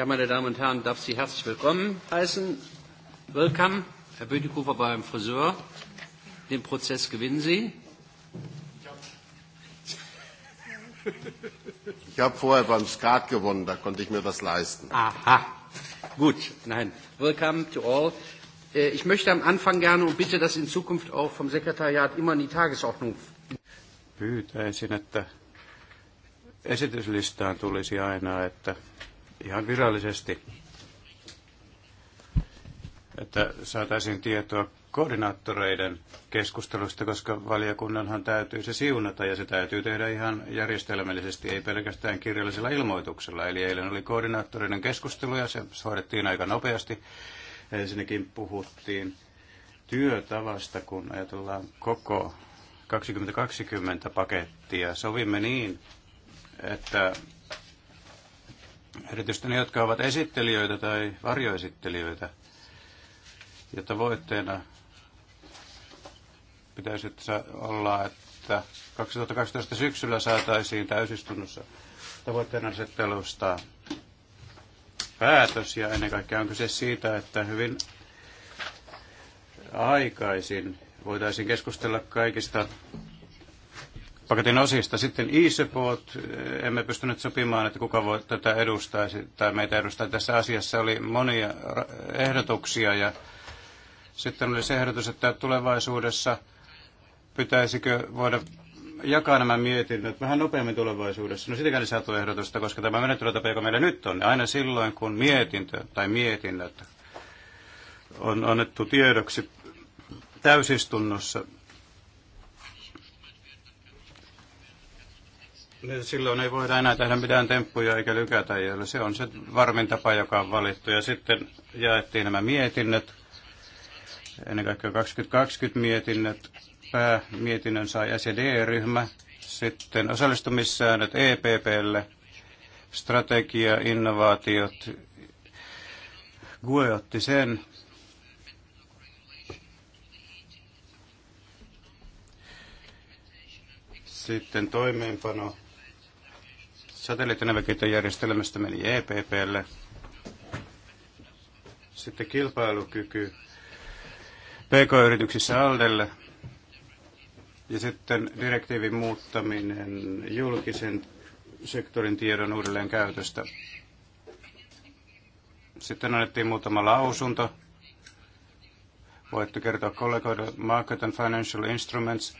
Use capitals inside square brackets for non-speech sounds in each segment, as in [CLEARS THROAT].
Ja, meine Damen und Herren, darf Sie herzlich willkommen heißen. Willkommen, Herr Bütikofer beim Friseur. Den Prozess gewinnen Sie. Ich habe vorher beim Skat gewonnen, da konnte ich mir das leisten. Aha. Gut, nein. Welcome to all. Äh, ich möchte am Anfang gerne und bitte, dass in Zukunft auch vom Sekretariat immer in die Tagesordnung. Pyytäisin, että esityslistaan tulisi aina, että ihan virallisesti, että saataisiin tietoa koordinaattoreiden keskustelusta, koska valiokunnanhan täytyy se siunata ja se täytyy tehdä ihan järjestelmällisesti, ei pelkästään kirjallisella ilmoituksella. Eli eilen oli koordinaattoreiden keskustelu ja se hoidettiin aika nopeasti. Ensinnäkin puhuttiin työtavasta, kun ajatellaan koko 2020 pakettia. Sovimme niin, että erityisesti ne, jotka ovat esittelijöitä tai varjoesittelijöitä, ja tavoitteena pitäisi olla, että 2012 syksyllä saataisiin täysistunnossa tavoitteen asettelusta päätös, ja ennen kaikkea on kyse siitä, että hyvin aikaisin voitaisiin keskustella kaikista paketin osista. Sitten e-support, eh, emme pystyneet sopimaan, että kuka voi tätä edustaisi tai meitä edustaa. Tässä asiassa oli monia ehdotuksia ja sitten oli se ehdotus, että tulevaisuudessa pitäisikö voida jakaa nämä mietinnöt vähän nopeammin tulevaisuudessa. No sitäkään ei saatu ehdotusta, koska tämä menettelytapa, joka meillä nyt on, niin aina silloin kun mietintö tai mietinnöt on annettu tiedoksi täysistunnossa, niin silloin ei voida enää tehdä mitään temppuja eikä lykätä, Eli se on se varmin tapa, joka on valittu. Ja sitten jaettiin nämä mietinnöt, ennen kaikkea 2020 mietinnöt, päämietinnön sai SED-ryhmä, sitten osallistumissäännöt EPPlle, strategia, innovaatiot, GUE otti sen, sitten toimeenpano satelliittinavigointojärjestelmästä meni EPPlle. Sitten kilpailukyky PK-yrityksissä Aldelle. Ja sitten direktiivin muuttaminen julkisen sektorin tiedon uudelleen käytöstä. Sitten annettiin muutama lausunto. Voitte kertoa kollegoille Market and Financial Instruments.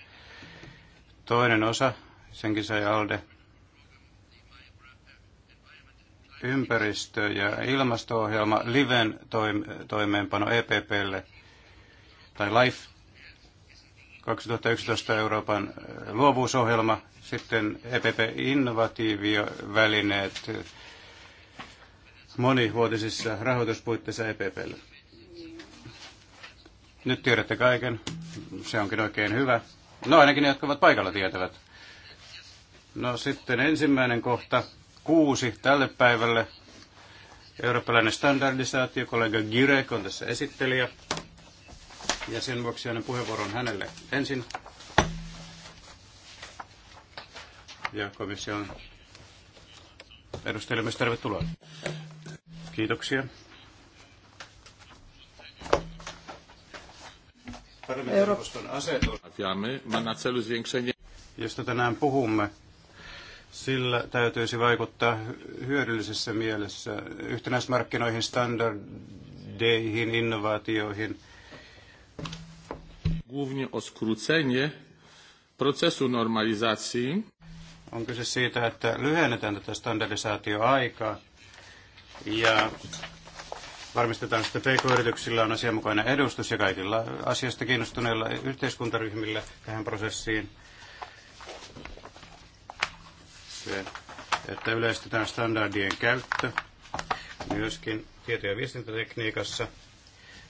Toinen osa, senkin sai Alde ympäristö- ja ilmasto-ohjelma Liven toimeenpano EPPlle tai LIFE 2011 Euroopan äh, luovuusohjelma, sitten EPP innovatiiviovälineet monivuotisissa rahoituspuitteissa EPPlle. Nyt tiedätte kaiken. Se onkin oikein hyvä. No ainakin ne, jotka ovat paikalla, tietävät. No sitten ensimmäinen kohta kuusi tälle päivälle. Eurooppalainen standardisaatio, kollega Girek on tässä esittelijä. Ja sen vuoksi annan puheenvuoron hänelle ensin. Ja komission edustajille myös tervetuloa. Kiitoksia. Euroopan asetus, niin? josta tänään puhumme, sillä täytyisi vaikuttaa hyödyllisessä mielessä yhtenäismarkkinoihin, standardeihin, innovaatioihin. Głównie o skrócenie procesu normalizacji. On kyse siitä, että lyhennetään tätä standardisaatioaikaa ja varmistetaan, että PK-yrityksillä on asianmukainen edustus ja kaikilla asiasta kiinnostuneilla yhteiskuntaryhmillä tähän prosessiin – tarpeeseen, että yleistetään standardien käyttö myöskin tieto- ja viestintätekniikassa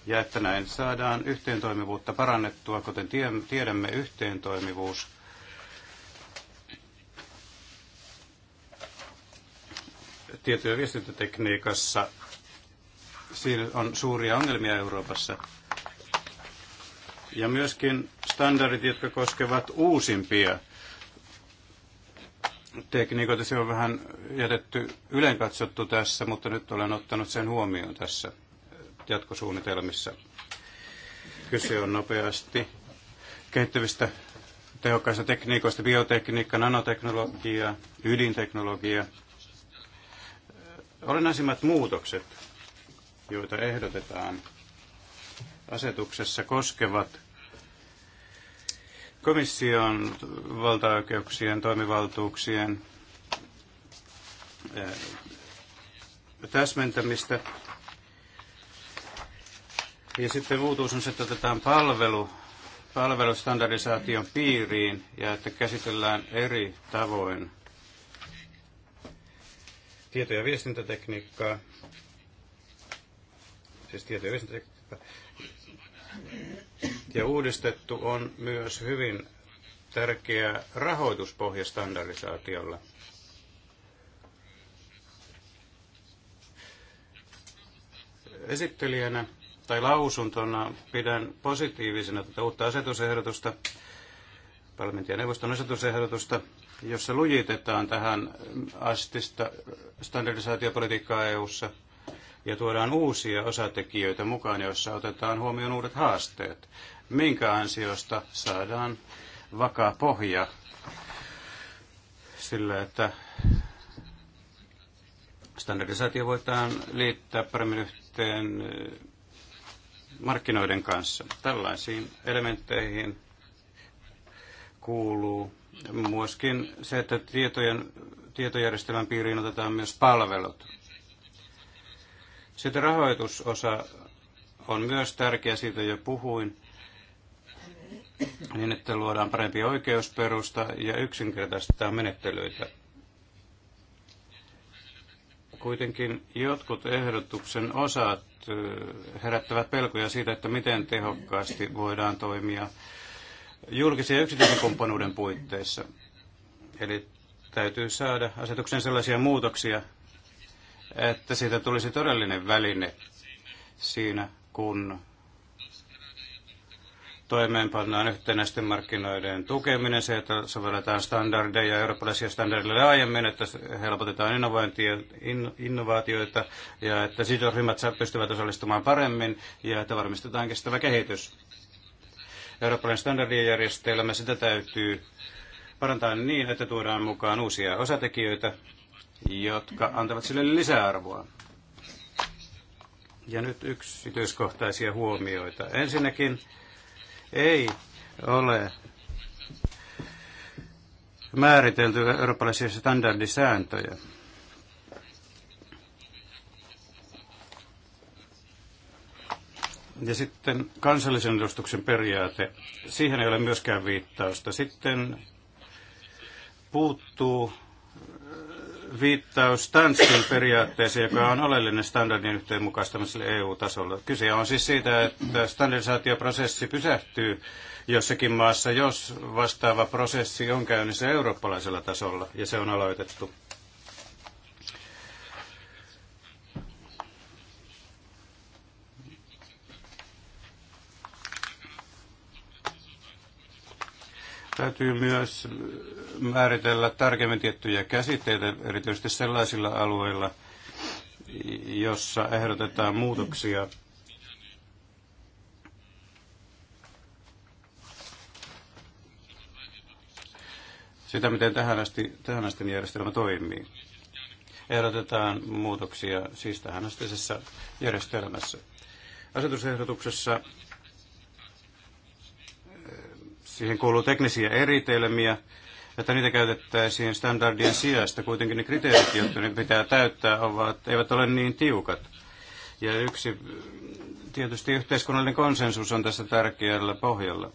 ja että näin saadaan yhteentoimivuutta parannettua, kuten tiedämme yhteentoimivuus tieto- ja viestintätekniikassa siinä on suuria ongelmia Euroopassa. Ja myöskin standardit, jotka koskevat uusimpia tekniikoita se on vähän jätetty ylenkatsottu tässä, mutta nyt olen ottanut sen huomioon tässä jatkosuunnitelmissa. Kyse on nopeasti kehittyvistä tehokkaista tekniikoista, biotekniikka, nanoteknologia, ydinteknologia. Olennaisimmat muutokset, joita ehdotetaan asetuksessa, koskevat komission valtaoikeuksien, toimivaltuuksien eh, täsmentämistä. Ja sitten uutuus on se, että otetaan palvelu palvelustandardisaation piiriin ja että käsitellään eri tavoin tieto- ja viestintätekniikkaa, siis tieto- ja viestintätekniikkaa, ja uudistettu on myös hyvin tärkeä rahoituspohja standardisaatiolla. Esittelijänä tai lausuntona pidän positiivisena tätä uutta asetusehdotusta, parlamentin ja neuvoston asetusehdotusta, jossa lujitetaan tähän astista standardisaatiopolitiikkaa EU-ssa – ja tuodaan uusia osatekijöitä mukaan, joissa otetaan huomioon uudet haasteet, minkä ansiosta saadaan vakaa pohja sillä, että standardisaatio voidaan liittää paremmin yhteen eh, markkinoiden kanssa. Tällaisiin elementteihin kuuluu myöskin se, että tietojen, tietojärjestelmän piiriin otetaan myös palvelut. Sitten rahoitusosa on myös tärkeä, siitä jo puhuin, niin että luodaan parempi oikeusperusta ja yksinkertaistetaan menettelyitä. Kuitenkin jotkut ehdotuksen osat herättävät pelkoja siitä, että miten tehokkaasti voidaan toimia julkisen ja yksityisen kumppanuuden puitteissa. Eli täytyy saada asetuksen sellaisia muutoksia, että siitä tulisi todellinen väline siinä, kun toimeenpannaan yhtenäisten markkinoiden tukeminen, se, että sovelletaan standardeja, eurooppalaisia standardeja laajemmin, että helpotetaan innovaatioita ja että sidosryhmät pystyvät osallistumaan paremmin ja että varmistetaan kestävä kehitys. Eurooppalainen standardien järjestelmä, sitä täytyy parantaa niin, että tuodaan mukaan uusia osatekijöitä, jotka antavat sille lisäarvoa. Ja nyt yksityiskohtaisia huomioita. Ensinnäkin ei ole määritelty eurooppalaisia standardisääntöjä. Ja sitten kansallisen edustuksen periaate, siihen ei ole myöskään viittausta. Sitten puuttuu viittaus Tanskin periaatteeseen, joka on oleellinen standardin yhteenmukaistamiselle EU-tasolla. Kyse on siis siitä, että standardisaatioprosessi pysähtyy jossakin maassa, jos vastaava prosessi on käynnissä eurooppalaisella tasolla ja se on aloitettu. Täytyy myös määritellä tarkemmin tiettyjä käsitteitä, erityisesti sellaisilla alueilla, jossa ehdotetaan muutoksia sitä, miten tähän asti, tähän asti järjestelmä toimii. Ehdotetaan muutoksia siis tähän järjestelmässä. Asetusehdotuksessa siihen kuuluu teknisiä eritelmiä, että niitä käytettäisiin standardien sijasta. Kuitenkin ne kriteerit, jotka ne pitää täyttää, ovat, eivät ole niin tiukat. Ja yksi, tietysti yhteiskunnallinen konsensus on tässä tärkeällä pohjalla.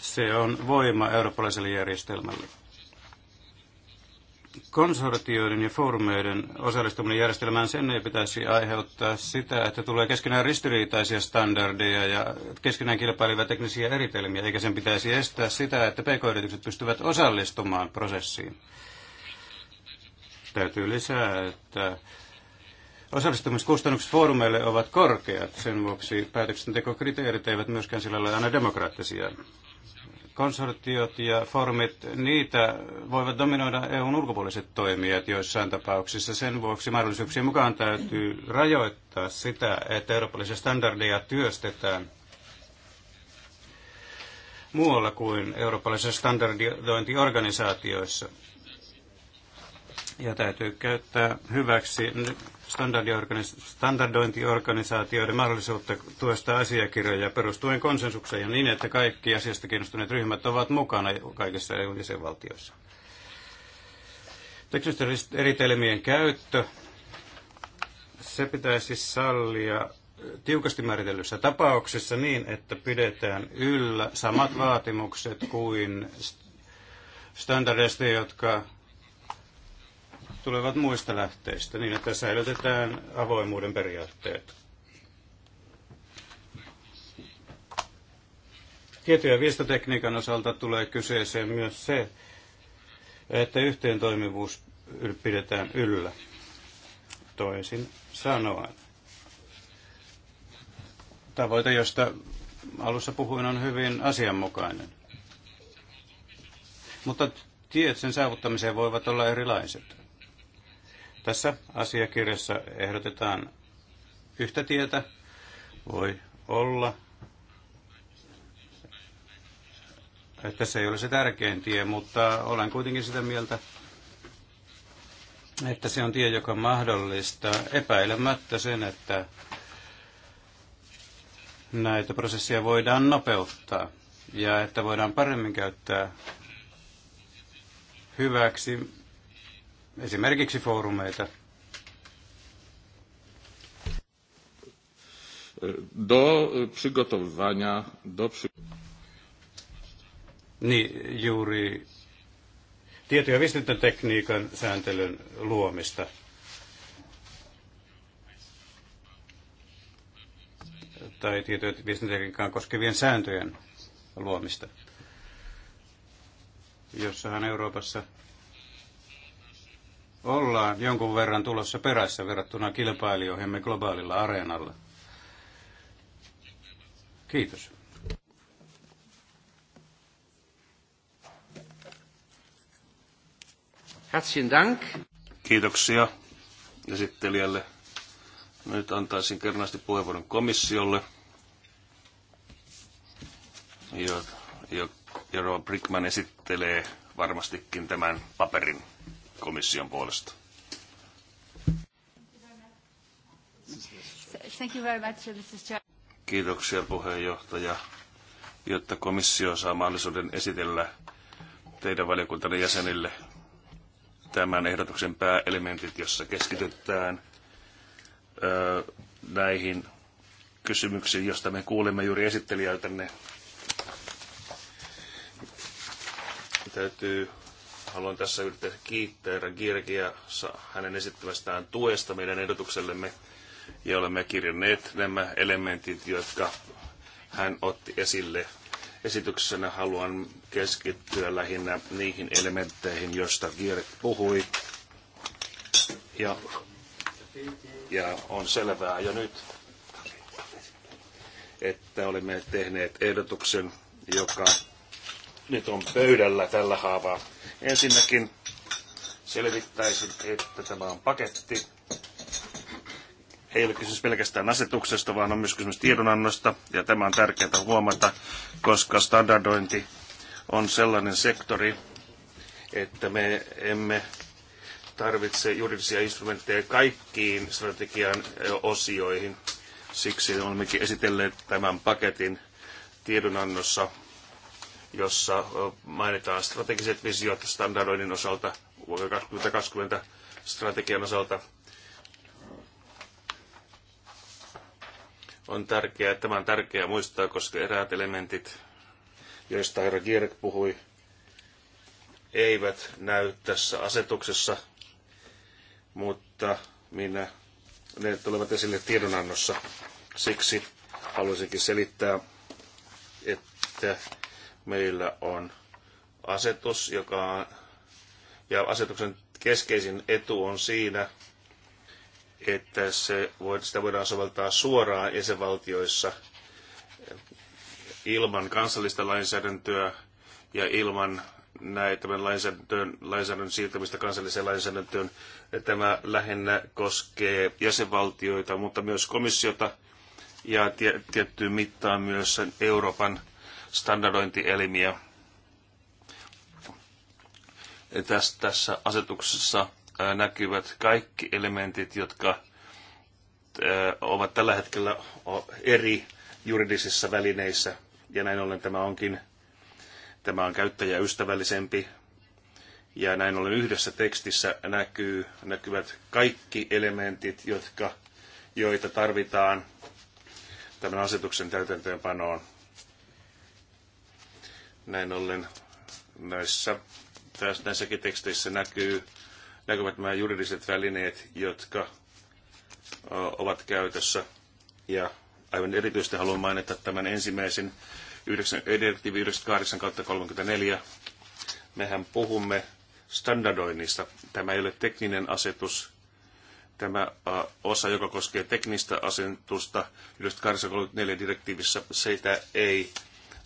Se on voima eurooppalaiselle järjestelmälle konsortioiden ja foorumeiden osallistuminen järjestelmään, sen ei pitäisi aiheuttaa sitä, että tulee keskenään ristiriitaisia standardeja ja keskenään kilpailevia teknisiä eritelmiä, eikä sen pitäisi estää sitä, että pk-yritykset pystyvät osallistumaan prosessiin. Täytyy lisää, että osallistumiskustannukset foorumeille ovat korkeat, sen vuoksi päätöksentekokriteerit eivät myöskään sillä ole aina demokraattisia konsortiot ja formit, niitä voivat dominoida EUn ulkopuoliset toimijat joissain tapauksissa. Sen vuoksi mahdollisuuksien mukaan täytyy rajoittaa sitä, että eurooppalaisia standardeja työstetään muualla kuin eurooppalaisissa standardointiorganisaatioissa. Ja täytyy käyttää hyväksi standardointiorganisaatioiden mahdollisuutta tuosta asiakirjoja perustuen konsensukseen ja niin, että kaikki asiasta kiinnostuneet ryhmät ovat mukana kaikissa EU-jäsenvaltioissa. Teknisten eritelmien käyttö, se pitäisi sallia tiukasti määritellyssä tapauksessa niin, että pidetään yllä samat vaatimukset kuin standardeista, jotka tulevat muista lähteistä niin, että säilytetään avoimuuden periaatteet. Tieto- ja viestotekniikan osalta tulee kyseeseen myös se, että yhteen toimivuus pidetään yllä. Toisin sanoen. Tavoite, josta alussa puhuin, on hyvin asianmukainen. Mutta tiet sen saavuttamiseen voivat olla erilaiset. Tässä asiakirjassa ehdotetaan yhtä tietä. Voi olla, että se ei ole se tärkein tie, mutta olen kuitenkin sitä mieltä, että se on tie, joka mahdollistaa epäilemättä sen, että näitä prosesseja voidaan nopeuttaa ja että voidaan paremmin käyttää hyväksi esimerkiksi foorumeita. Do przygotowywania, do przy... Niin, juuri tieto- ja viestintätekniikan sääntelyn luomista. Tai tieto- ja viestintätekniikkaa koskevien sääntöjen luomista jossahan Euroopassa ollaan jonkun verran tulossa perässä verrattuna kilpailijoihimme globaalilla areenalla. Kiitos. Herzlichen Dank. Kiitoksia esittelijälle. Nyt antaisin kernaasti puheenvuoron komissiolle. Ja, ja, ja Brickman esittelee varmastikin tämän paperin komission puolesta. Thank you very much, Kiitoksia puheenjohtaja, jotta komissio saa mahdollisuuden esitellä teidän valiokuntanne jäsenille tämän ehdotuksen pääelementit, jossa keskitytään ö, näihin kysymyksiin, josta me kuulimme juuri esittelijältänne. Täytyy Haluan tässä yhteydessä kiittää Ragirgia hänen esittämästään tuesta meidän ehdotuksellemme ja olemme kirjanneet nämä elementit, jotka hän otti esille. Esityksenä haluan keskittyä lähinnä niihin elementteihin, joista Gierek puhui. Ja, ja on selvää jo nyt, että olemme tehneet ehdotuksen, joka nyt on pöydällä tällä haavaa. Ensinnäkin selvittäisin, että tämä on paketti. Ei ole kysymys pelkästään asetuksesta, vaan on myös kysymys tiedonannosta. Ja tämä on tärkeää huomata, koska standardointi on sellainen sektori, että me emme tarvitse juridisia instrumentteja kaikkiin strategian osioihin. Siksi olemmekin esitelleet tämän paketin tiedonannossa jossa mainitaan strategiset visiot standardoinnin osalta, vuoden 2020 strategian osalta. On tärkeää, tämä on tärkeää muistaa, koska eräät elementit, joista herra Gierek puhui, eivät näy tässä asetuksessa, mutta minä, ne tulevat esille tiedonannossa. Siksi haluaisinkin selittää, että Meillä on asetus, joka ja asetuksen keskeisin etu on siinä, että se, sitä voidaan soveltaa suoraan jäsenvaltioissa ilman kansallista lainsäädäntöä ja ilman näitä lainsäädännön, lainsäädännön siirtämistä kansalliseen lainsäädäntöön. Tämä lähinnä koskee jäsenvaltioita, mutta myös komissiota ja tiettyyn mittaan myös Euroopan standardointielimiä. Tässä, tässä asetuksessa näkyvät kaikki elementit, jotka ovat tällä hetkellä eri juridisissa välineissä. Ja näin ollen tämä onkin tämä on käyttäjäystävällisempi. Ja näin ollen yhdessä tekstissä näkyy, näkyvät kaikki elementit, jotka, joita tarvitaan tämän asetuksen täytäntöönpanoon. Näin ollen näissä, näissäkin teksteissä näkyy, näkyvät nämä juridiset välineet, jotka ovat käytössä. Ja aivan erityisesti haluan mainita tämän ensimmäisen direktiivi 98 34. Mehän puhumme standardoinnista. Tämä ei ole tekninen asetus. Tämä osa, joka koskee teknistä asetusta 9834 direktiivissä, sitä ei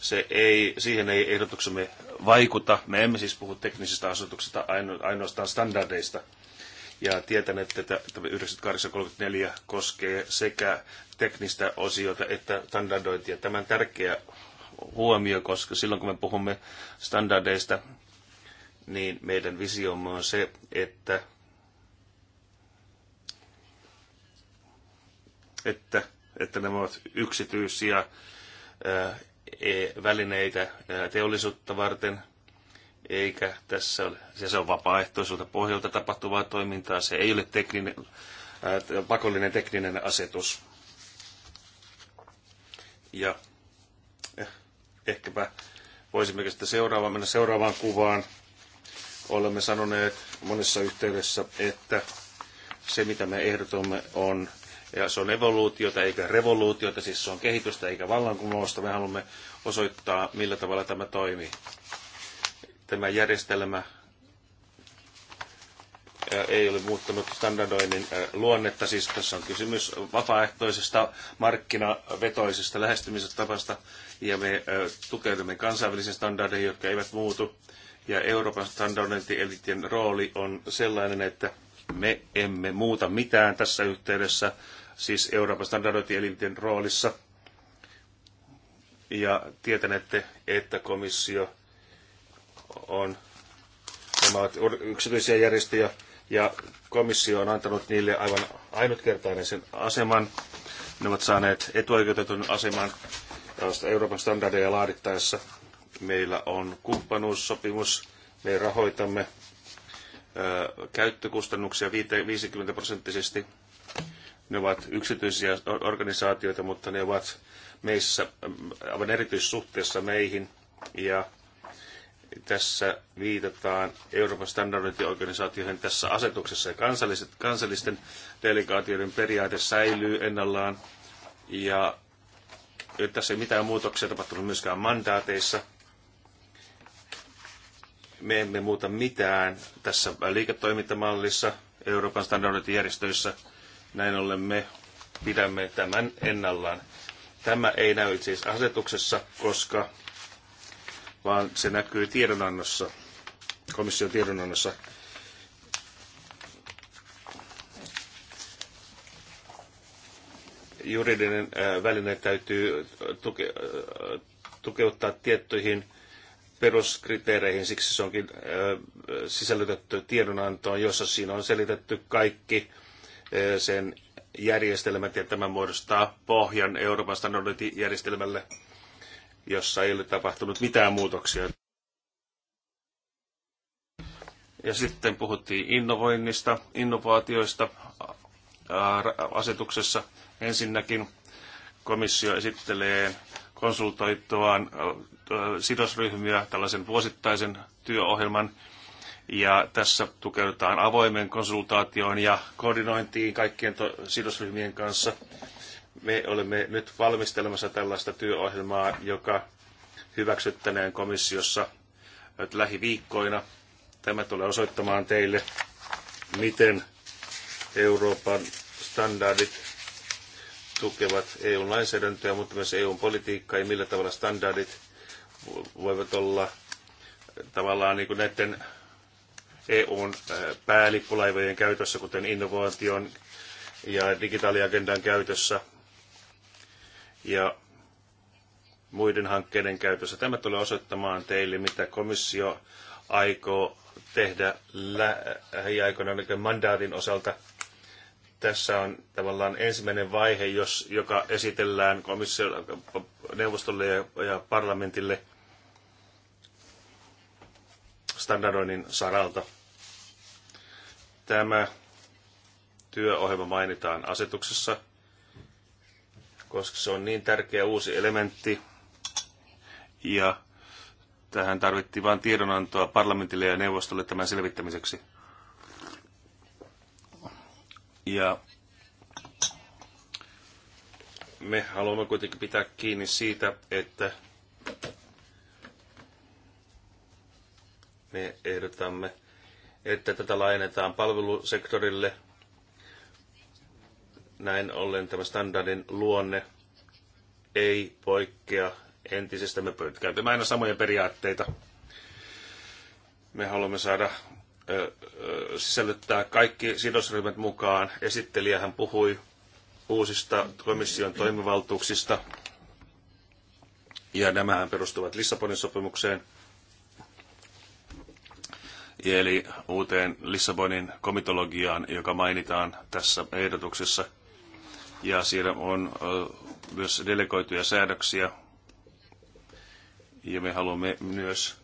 se ei, siihen ei ehdotuksemme vaikuta. Me emme siis puhu teknisistä asetuksista, ainoastaan standardeista. Ja tietän, että tämä 9834 koskee sekä teknistä osiota että standardointia. Tämän tärkeä huomio, koska silloin kun me puhumme standardeista, niin meidän visiomme on se, että, että, että nämä ovat yksityisiä E, välineitä teollisuutta varten, eikä tässä ole, se on vapaaehtoisuutta pohjalta tapahtuvaa toimintaa, se ei ole tekninen, ää, pakollinen tekninen asetus. Ja eh, ehkäpä voisimmeko sitten seuraavaan, mennä seuraavaan kuvaan. Olemme sanoneet monessa yhteydessä, että se mitä me ehdotamme on ja se on evoluutiota eikä revoluutiota, siis se on kehitystä eikä vallankumousta. Me haluamme osoittaa, millä tavalla tämä toimii. Tämä järjestelmä ei ole muuttanut standardoinnin luonnetta. Siis tässä on kysymys vapaaehtoisesta markkinavetoisesta lähestymisestä ja me tukeudumme kansainvälisiin standardeihin, jotka eivät muutu. Ja Euroopan standardointielitien rooli on sellainen, että me emme muuta mitään tässä yhteydessä, siis Euroopan standardointielinten roolissa. Ja tietänette, että komissio on, nämä ovat yksityisiä järjestöjä, ja komissio on antanut niille aivan ainutkertainen sen aseman. Ne ovat saaneet etuoikeutetun aseman Euroopan standardeja laadittaessa. Meillä on kumppanuussopimus, me rahoitamme käyttökustannuksia 50 prosenttisesti. Ne ovat yksityisiä organisaatioita, mutta ne ovat meissä aivan erityissuhteessa meihin. Ja tässä viitataan Euroopan standardointiorganisaatioihin tässä asetuksessa ja kansalliset, kansallisten delegaatioiden periaate säilyy ennallaan. Ja tässä ei mitään muutoksia tapahtunut myöskään mandaateissa – me emme muuta mitään tässä liiketoimintamallissa Euroopan standardointijärjestöissä. Näin ollen me pidämme tämän ennallaan. Tämä ei näy siis asetuksessa, koska vaan se näkyy tiedonannossa, komission tiedonannossa. Juridinen äh, väline täytyy tuke, äh, tukeuttaa tiettyihin peruskriteereihin, siksi se onkin sisällytetty tiedonantoon, jossa siinä on selitetty kaikki sen järjestelmät ja tämä muodostaa pohjan Euroopan standardijärjestelmälle, jossa ei ole tapahtunut mitään muutoksia. Ja sitten puhuttiin innovoinnista, innovaatioista asetuksessa. Ensinnäkin komissio esittelee konsultoittuaan sidosryhmiä tällaisen vuosittaisen työohjelman. Ja tässä tukeudutaan avoimen konsultaatioon ja koordinointiin kaikkien sidosryhmien kanssa. Me olemme nyt valmistelemassa tällaista työohjelmaa, joka hyväksyttäneen komissiossa lähiviikkoina. Tämä tulee osoittamaan teille, miten Euroopan standardit tukevat eu lainsäädäntöä, mutta myös eu politiikkaa ja millä tavalla standardit voivat olla tavallaan niin kuin näiden EUn äh, päälippulaivojen käytössä, kuten innovaation ja digitaaliagendan käytössä ja muiden hankkeiden käytössä. Tämä tulee osoittamaan teille, mitä komissio aikoo tehdä lähiaikoina mandaatin osalta – tässä on tavallaan ensimmäinen vaihe, jos, joka esitellään komissio, neuvostolle ja, ja parlamentille standardoinnin saralta. Tämä työohjelma mainitaan asetuksessa, koska se on niin tärkeä uusi elementti. Ja tähän tarvittiin vain tiedonantoa parlamentille ja neuvostolle tämän selvittämiseksi ja me haluamme kuitenkin pitää kiinni siitä, että me ehdotamme, että tätä laajennetaan palvelusektorille. Näin ollen tämä standardin luonne ei poikkea entisestä. Me käytämme aina samoja periaatteita. Me haluamme saada sisällyttää kaikki sidosryhmät mukaan. Esittelijähän puhui uusista komission toimivaltuuksista, ja nämähän perustuvat Lissabonin sopimukseen, eli uuteen Lissabonin komitologiaan, joka mainitaan tässä ehdotuksessa. Ja siellä on myös delegoituja säädöksiä, ja me haluamme myös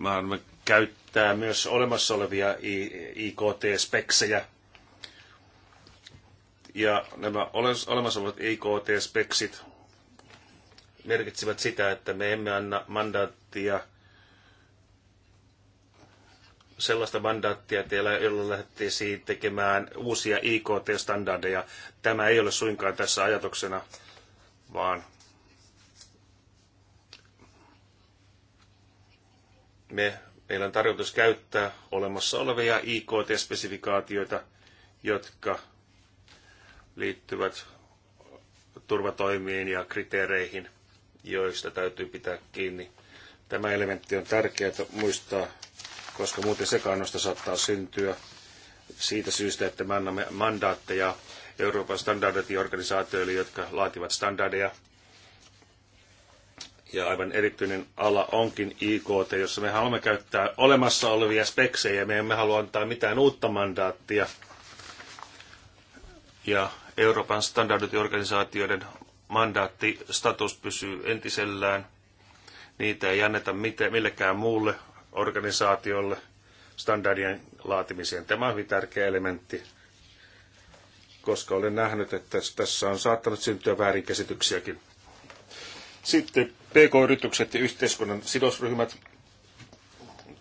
maailma käyttää myös olemassa olevia IKT-speksejä. Ja nämä olemassa olevat IKT-speksit merkitsevät sitä, että me emme anna mandaattia sellaista mandaattia, jolla lähdettiin tekemään uusia IKT-standardeja. Tämä ei ole suinkaan tässä ajatuksena, vaan me, meillä on tarkoitus käyttää olemassa olevia IKT-spesifikaatioita, jotka liittyvät turvatoimiin ja kriteereihin, joista täytyy pitää kiinni. Tämä elementti on tärkeää muistaa, koska muuten sekaannosta saattaa syntyä siitä syystä, että me annamme mandaatteja Euroopan standardointiorganisaatioille, jotka laativat standardeja, ja aivan erityinen ala onkin IKT, jossa me haluamme käyttää olemassa olevia speksejä, me emme halua antaa mitään uutta mandaattia. Ja Euroopan standardiorganisaatioiden mandaattistatus pysyy entisellään. Niitä ei anneta mitään, millekään muulle organisaatiolle standardien laatimiseen. Tämä on hyvin tärkeä elementti, koska olen nähnyt, että tässä on saattanut syntyä väärinkäsityksiäkin sitten PK-yritykset ja yhteiskunnan sidosryhmät.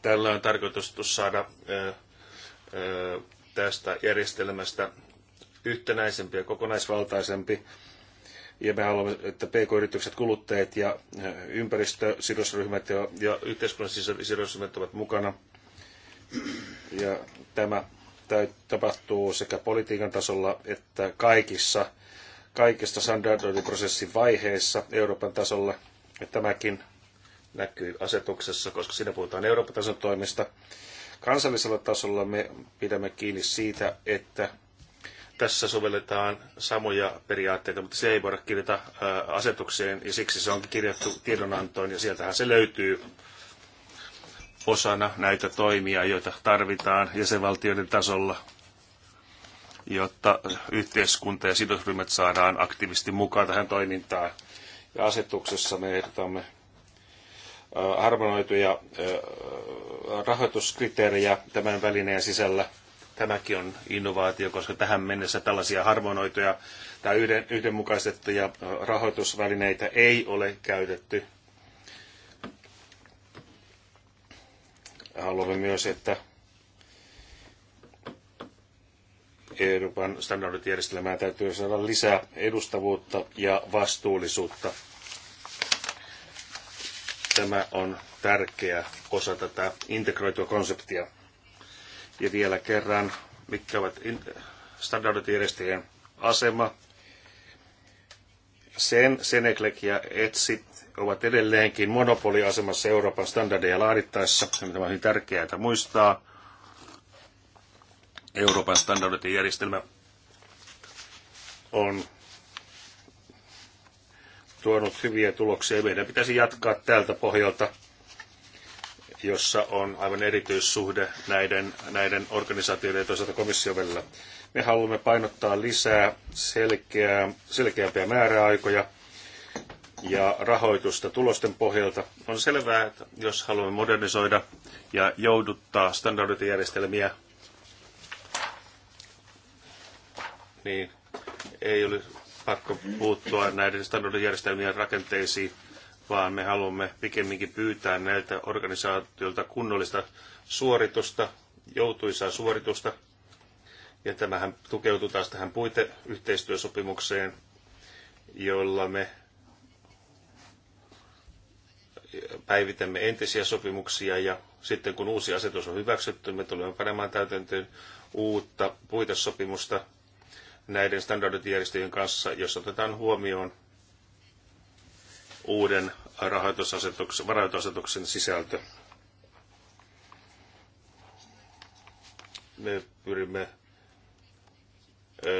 Tällä on tarkoitus saada tästä järjestelmästä yhtenäisempi ja kokonaisvaltaisempi. Ja me haluamme, että pk-yritykset, kuluttajat ja ympäristösidosryhmät ja, ja yhteiskunnan sidosryhmät ovat mukana. Ja tämä tapahtuu sekä politiikan tasolla että kaikissa kaikista standardointiprosessin vaiheissa Euroopan tasolla. Ja tämäkin näkyy asetuksessa, koska siinä puhutaan Euroopan tason toimista. Kansallisella tasolla me pidämme kiinni siitä, että tässä sovelletaan samoja periaatteita, mutta se ei voida kirjata asetukseen ja siksi se on kirjattu tiedonantoon ja sieltähän se löytyy osana näitä toimia, joita tarvitaan jäsenvaltioiden tasolla jotta yhteiskunta ja sidosryhmät saadaan aktiivisesti mukaan tähän toimintaan. Ja asetuksessa me ehdotamme harmonoituja rahoituskriteerejä tämän välineen sisällä. Tämäkin on innovaatio, koska tähän mennessä tällaisia harmonoituja tai yhden, yhdenmukaistettuja rahoitusvälineitä ei ole käytetty. Haluamme myös, että Euroopan standardijärjestelmää täytyy saada lisää edustavuutta ja vastuullisuutta. Tämä on tärkeä osa tätä integroitua konseptia. Ja vielä kerran, mitkä ovat standardijärjestöjen asema. Sen, Seneklek ja ETSI ovat edelleenkin monopoliasemassa Euroopan standardeja laadittaessa. Tämä on hyvin tärkeää muistaa Euroopan standardin järjestelmä on tuonut hyviä tuloksia. Meidän pitäisi jatkaa tältä pohjalta, jossa on aivan erityissuhde näiden, näiden organisaatioiden ja toisaalta komission välillä. Me haluamme painottaa lisää selkeä, selkeämpiä määräaikoja ja rahoitusta tulosten pohjalta. On selvää, että jos haluamme modernisoida ja jouduttaa standardijärjestelmiä, niin ei ole pakko puuttua näiden standardijärjestelmien rakenteisiin, vaan me haluamme pikemminkin pyytää näiltä organisaatioilta kunnollista suoritusta, joutuisaa suoritusta. Ja tämähän tukeutuu taas tähän puiteyhteistyösopimukseen, jolla me päivitämme entisiä sopimuksia ja sitten kun uusi asetus on hyväksytty, me tulemme panemaan täytäntöön uutta puitesopimusta, näiden standardointijärjestöjen kanssa, jos otetaan huomioon uuden rahoitusasetuksen, varoitusasetuksen sisältö. Me pyrimme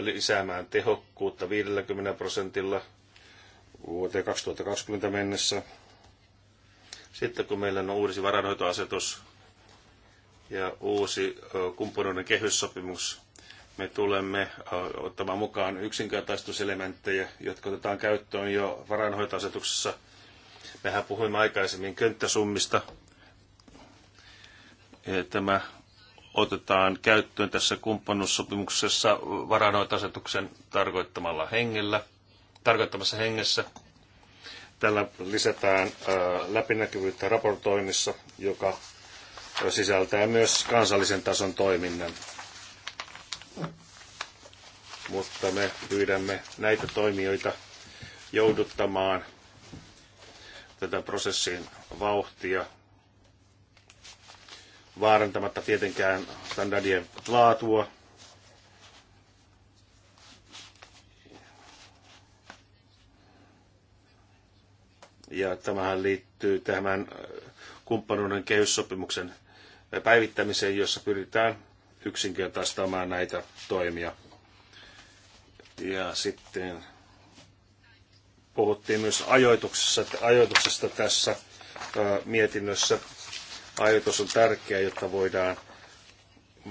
lisäämään tehokkuutta 50 prosentilla vuoteen 2020 mennessä. Sitten kun meillä on uusi varanhoitoasetus ja uusi kumppanuuden kehyssopimus, me tulemme ottamaan mukaan yksinkertaistuselementtejä, jotka otetaan käyttöön jo varainhoitoasetuksessa. Mehän puhuimme aikaisemmin könttäsummista. Tämä otetaan käyttöön tässä kumppanuussopimuksessa varainhoitoasetuksen tarkoittamalla hengellä, tarkoittamassa hengessä. Tällä lisätään läpinäkyvyyttä raportoinnissa, joka sisältää myös kansallisen tason toiminnan. Mutta me pyydämme näitä toimijoita jouduttamaan tätä prosessin vauhtia vaarantamatta tietenkään standardien laatua. Ja tämähän liittyy tähän kumppanuuden kehyssopimuksen päivittämiseen, jossa pyritään yksinkertaistamaan näitä toimia. Ja sitten puhuttiin myös ajoituksesta, ajoituksesta tässä mietinnössä. Ajoitus on tärkeä, jotta voidaan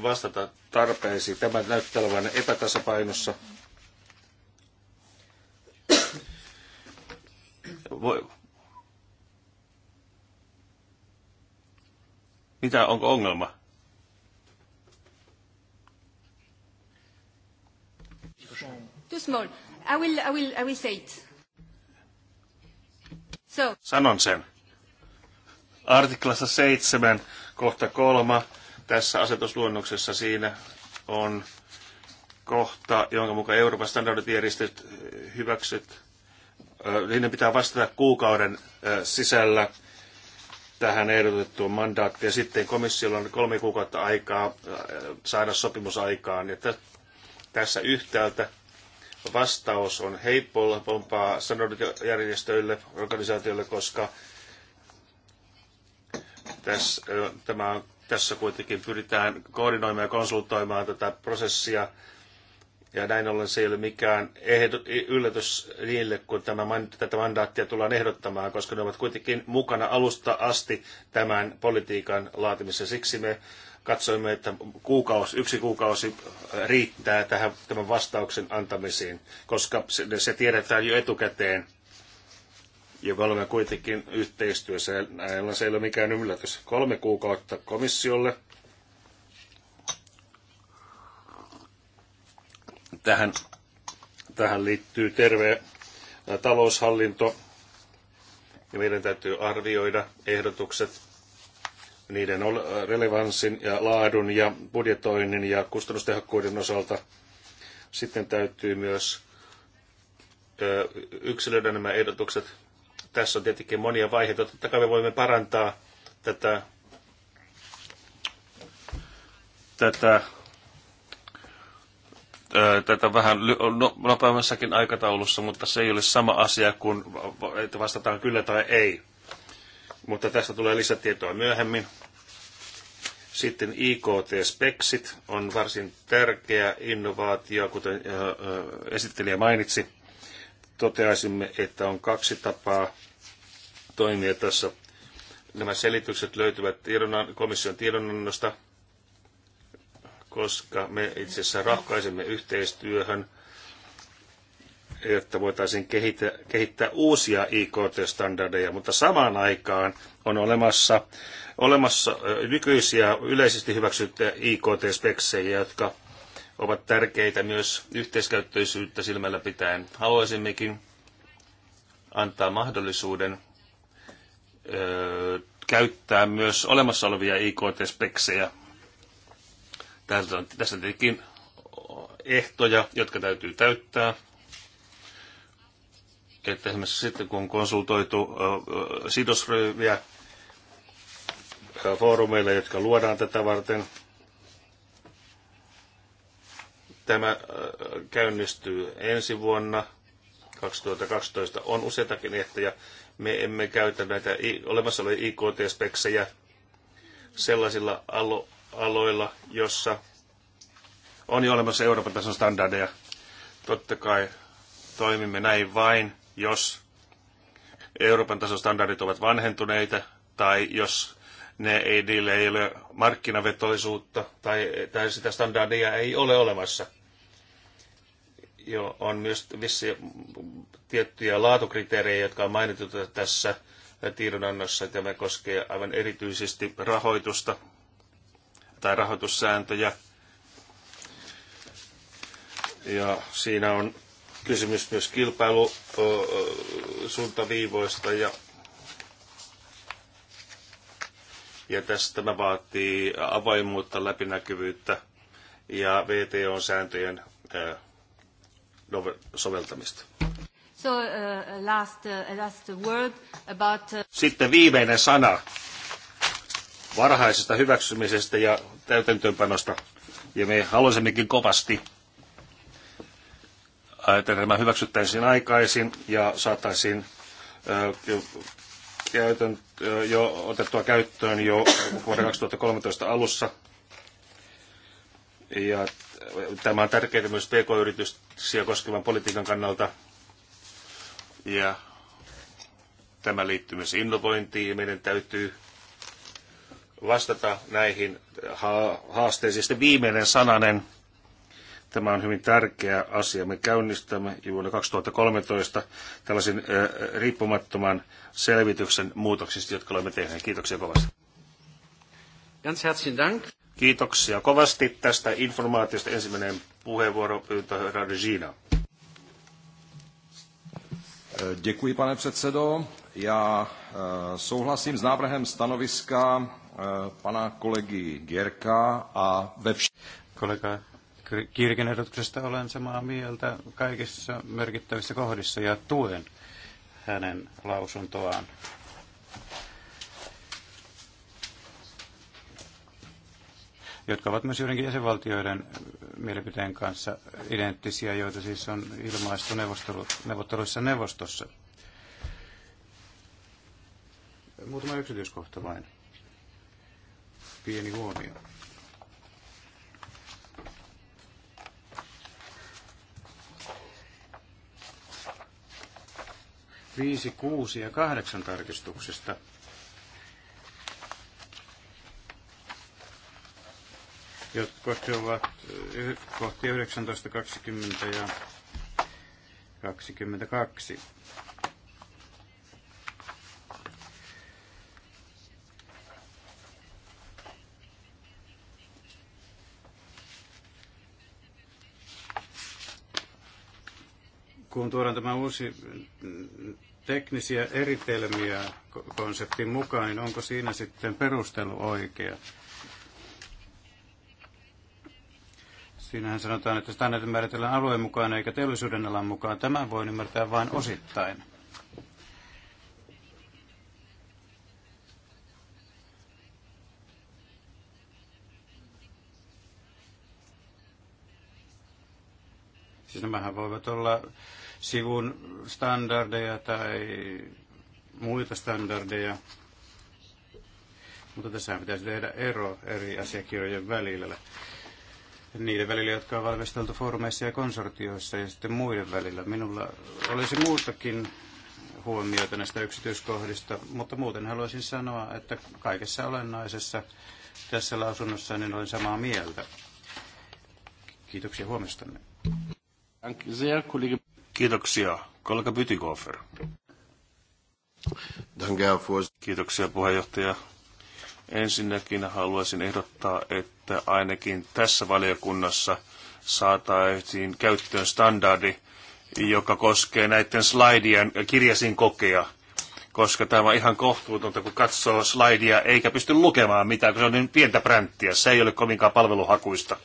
vastata tarpeisiin. Tämä näyttää olevan epätasapainossa. Voi. Mitä, onko ongelma? Too small. I will, I will, I will say it. So. Sanon sen. Artiklassa 7, kohta 3 tässä asetusluonnoksessa siinä on kohta, jonka mukaan Euroopan standardit järjestöt eh, hyväksyt, eh, niiden pitää vastata kuukauden eh, sisällä tähän ehdotettuun mandaattiin. Ja sitten komissiolla on kolme kuukautta aikaa saada sopimusaikaan. Ja tässä yhtäältä vastaus on heippolampaa järjestöille, organisaatioille, koska tässä, tämä on, tässä kuitenkin pyritään koordinoimaan ja konsultoimaan tätä prosessia. Ja näin ollen se ei ole mikään ehdot yllätys niille, kun tämä, tätä mandaattia tullaan ehdottamaan, koska ne ovat kuitenkin mukana alusta asti tämän politiikan laatimisessa. Siksi me katsoimme, että kuukausi, yksi kuukausi riittää tähän tämän vastauksen antamiseen, koska se, se tiedetään jo etukäteen. Ja me olemme kuitenkin yhteistyössä, näillä se ei ole mikään yllätys. Kolme kuukautta komissiolle. Tähän, tähän liittyy terve taloushallinto. Ja meidän täytyy arvioida ehdotukset niiden relevanssin ja laadun ja budjetoinnin ja kustannustehokkuuden osalta. Sitten täytyy myös yksilöidä nämä ehdotukset. Tässä on tietenkin monia vaiheita. Totta kai me voimme parantaa tätä, tätä, tätä vähän no, nopeammassakin aikataulussa, mutta se ei ole sama asia kuin, että vastataan kyllä tai ei mutta tästä tulee lisätietoa myöhemmin. Sitten IKT-speksit on varsin tärkeä innovaatio, kuten esittelijä mainitsi. Toteaisimme, että on kaksi tapaa toimia tässä. Nämä selitykset löytyvät tiedonan, komission tiedonannosta, koska me itse asiassa rahkaisemme yhteistyöhön – että voitaisiin kehittää, kehittää uusia IKT-standardeja, mutta samaan aikaan on olemassa, olemassa nykyisiä yleisesti hyväksyttyjä IKT-speksejä, jotka ovat tärkeitä myös yhteiskäyttöisyyttä silmällä pitäen. Haluaisimmekin antaa mahdollisuuden ö, käyttää myös olemassa olevia IKT-speksejä. Tässä on, tässä on tietenkin ehtoja, jotka täytyy täyttää – että esimerkiksi sitten kun on konsultoitu sidosryhmiä foorumeille, jotka luodaan tätä varten, tämä käynnistyy ensi vuonna 2012. On useitakin ehtoja. Me emme käytä näitä olemassa olevia IKT-speksejä sellaisilla alo- aloilla, jossa on jo olemassa Euroopan tason standardeja. Totta kai toimimme näin vain, jos Euroopan tason standardit ovat vanhentuneita tai jos ne ei, niille ei ole markkinavetollisuutta tai, tai sitä standardia ei ole olemassa. Jo, on myös vissi, tiettyjä laatukriteerejä, jotka on mainittu tässä tiedonannossa. Tämä koskee aivan erityisesti rahoitusta tai rahoitussääntöjä. Ja siinä on kysymys myös kilpailusuuntaviivoista ja ja tässä tämä vaatii avoimuutta, läpinäkyvyyttä ja VTO-sääntöjen soveltamista. So, uh, last, uh, last word about, uh... Sitten viimeinen sana varhaisesta hyväksymisestä ja täytäntöönpanosta. Ja me haluaisimmekin kovasti että tämä hyväksyttäisiin aikaisin ja saataisiin käytön, jo otettua käyttöön jo vuoden 2013 alussa. Ja tämä on tärkeää myös pk-yrityksiä koskevan politiikan kannalta. Ja tämä liittyy myös innovointiin. Meidän täytyy vastata näihin haasteisiin. Sitten viimeinen sananen Tämä on hyvin tärkeä asia. Me käynnistämme vuonna 2013 tällaisen riippumattoman selvityksen muutoksista, jotka olemme tehneet. Kiitoksia kovasti. Ganz herzlichen Dank. Kiitoksia kovasti tästä informaatiosta. Ensimmäinen puheenvuoro pyytää herra Děkuji, pane předsedo. Já souhlasím s návrhem stanoviska pana kolegy Gierka a ve všech... Kolega Kirkin ehdotuksesta olen samaa mieltä kaikissa merkittävissä kohdissa ja tuen hänen lausuntoaan. jotka ovat myös joidenkin jäsenvaltioiden mielipiteen kanssa identtisiä, joita siis on ilmaistu neuvotteluissa neuvostossa. Muutama yksityiskohta vain. Pieni huomio. 5, 6 ja 8 tarkistuksesta. jotka ovat kohti 19, 20 ja 22. kun tuodaan tämä uusi teknisiä eritelmiä konseptin mukaan, niin onko siinä sitten perustelu oikea? Siinähän sanotaan, että standardit määritellään alueen mukaan eikä teollisuuden alan mukaan. Tämän voi ymmärtää vain osittain. Siis nämähän voivat olla sivun standardeja tai muita standardeja, mutta tässä pitäisi tehdä ero eri asiakirjojen välillä. Niiden välillä, jotka on valmisteltu foorumeissa ja konsortioissa ja sitten muiden välillä. Minulla olisi muutakin huomioita näistä yksityiskohdista, mutta muuten haluaisin sanoa, että kaikessa olennaisessa tässä lausunnossa niin olen samaa mieltä. Kiitoksia huomestanne. Kiitoksia. Kollega Bytikofer. Kiitoksia puheenjohtaja. Ensinnäkin haluaisin ehdottaa, että ainakin tässä valiokunnassa saataisiin käyttöön standardi, joka koskee näiden slaidien kirjasin kokea, koska tämä on ihan kohtuutonta, kun katsoo slaidia eikä pysty lukemaan mitään, kun se on niin pientä pränttiä. Se ei ole kovinkaan palveluhakuista.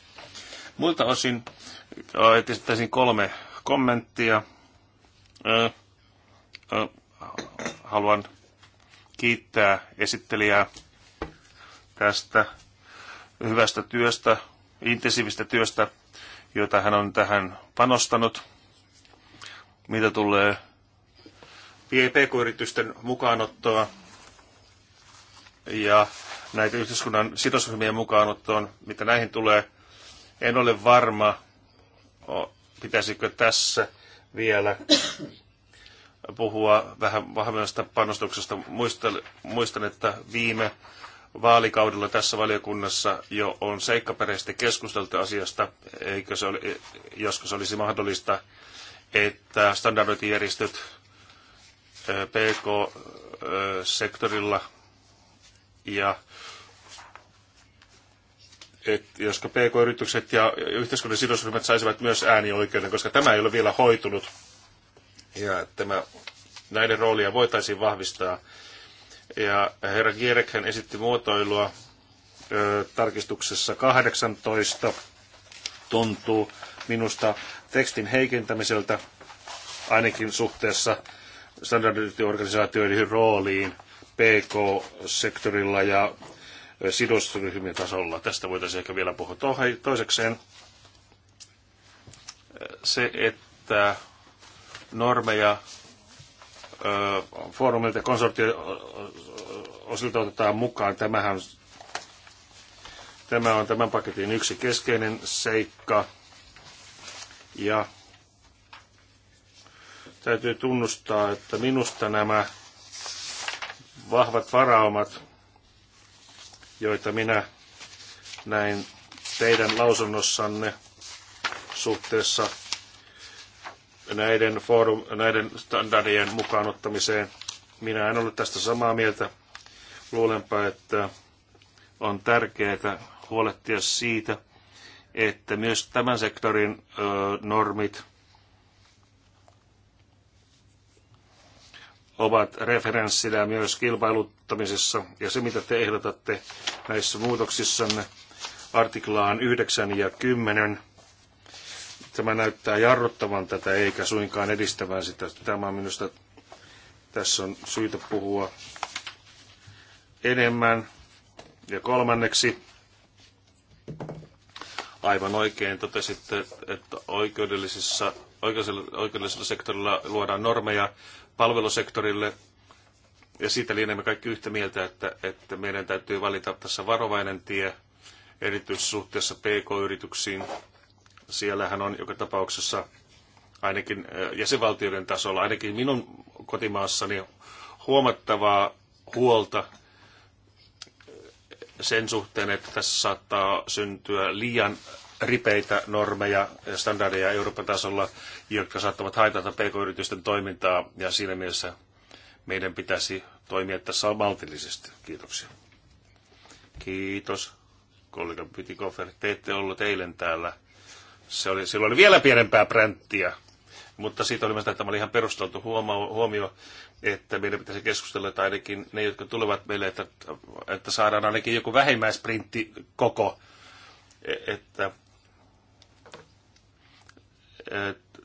Muilta osin Äh, esittäisin kolme kommenttia. Haluan kiittää esittelijää tästä hyvästä työstä, intensiivistä työstä, jota hän on tähän panostanut. Mitä tulee PK-yritysten mukaanottoa ja näitä yhteiskunnan sidosryhmien mukaanottoon, mitä näihin tulee, en ole varma, pitäisikö tässä vielä puhua vähän vahvemmasta panostuksesta. Muistan, muistan, että viime vaalikaudella tässä valiokunnassa jo on seikkaperäisesti keskusteltu asiasta, eikö se ole, joskus olisi mahdollista, että standardointijärjestöt PK-sektorilla ja että josko PK-yritykset ja yhteiskunnan sidosryhmät saisivat myös äänioikeuden, koska tämä ei ole vielä hoitunut. Ja tämä, näiden roolia voitaisiin vahvistaa. Ja herra Gierekhän esitti muotoilua ö, tarkistuksessa 18. Tuntuu minusta tekstin heikentämiseltä ainakin suhteessa standardiorganisaatioiden rooliin PK-sektorilla ja sidosryhmien tasolla. Tästä voitaisiin ehkä vielä puhua toisekseen. Se, että normeja foorumilta ja konsortio osilta otetaan mukaan, tämähän, tämä on tämän paketin yksi keskeinen seikka. Ja täytyy tunnustaa, että minusta nämä vahvat varaumat joita minä näin teidän lausunnossanne suhteessa näiden, forum, näiden standardien mukaan ottamiseen. Minä en ollut tästä samaa mieltä. Luulenpa, että on tärkeää huolehtia siitä, että myös tämän sektorin ö, normit ovat referenssinä myös kilpailuttamisessa. Ja se, mitä te ehdotatte, näissä muutoksissanne artiklaan 9 ja 10. Tämä näyttää jarruttavan tätä eikä suinkaan edistävän sitä. Tämä on minusta, tässä on syytä puhua enemmän. Ja kolmanneksi, aivan oikein totesitte, että oikeudellisessa, oikeudellisella, oikeudellisella sektorilla luodaan normeja palvelusektorille ja siitä lienemme kaikki yhtä mieltä, että, että meidän täytyy valita tässä varovainen tie, erityisesti suhteessa PK-yrityksiin. Siellähän on joka tapauksessa ainakin jäsenvaltioiden tasolla, ainakin minun kotimaassani, huomattavaa huolta sen suhteen, että tässä saattaa syntyä liian ripeitä normeja ja standardeja Euroopan tasolla, jotka saattavat haitata pk-yritysten toimintaa, ja siinä mielessä meidän pitäisi toimia tässä maltillisesti. Kiitoksia. Kiitos. Kollega Pytikofer, te ette ollut eilen täällä. Se oli, silloin oli vielä pienempää bränttiä, mutta siitä oli myös, että tämä oli ihan perusteltu huomio, että meidän pitäisi keskustella, että ainakin ne, jotka tulevat meille, että, että saadaan ainakin joku vähimmäisprintti koko, e, että, että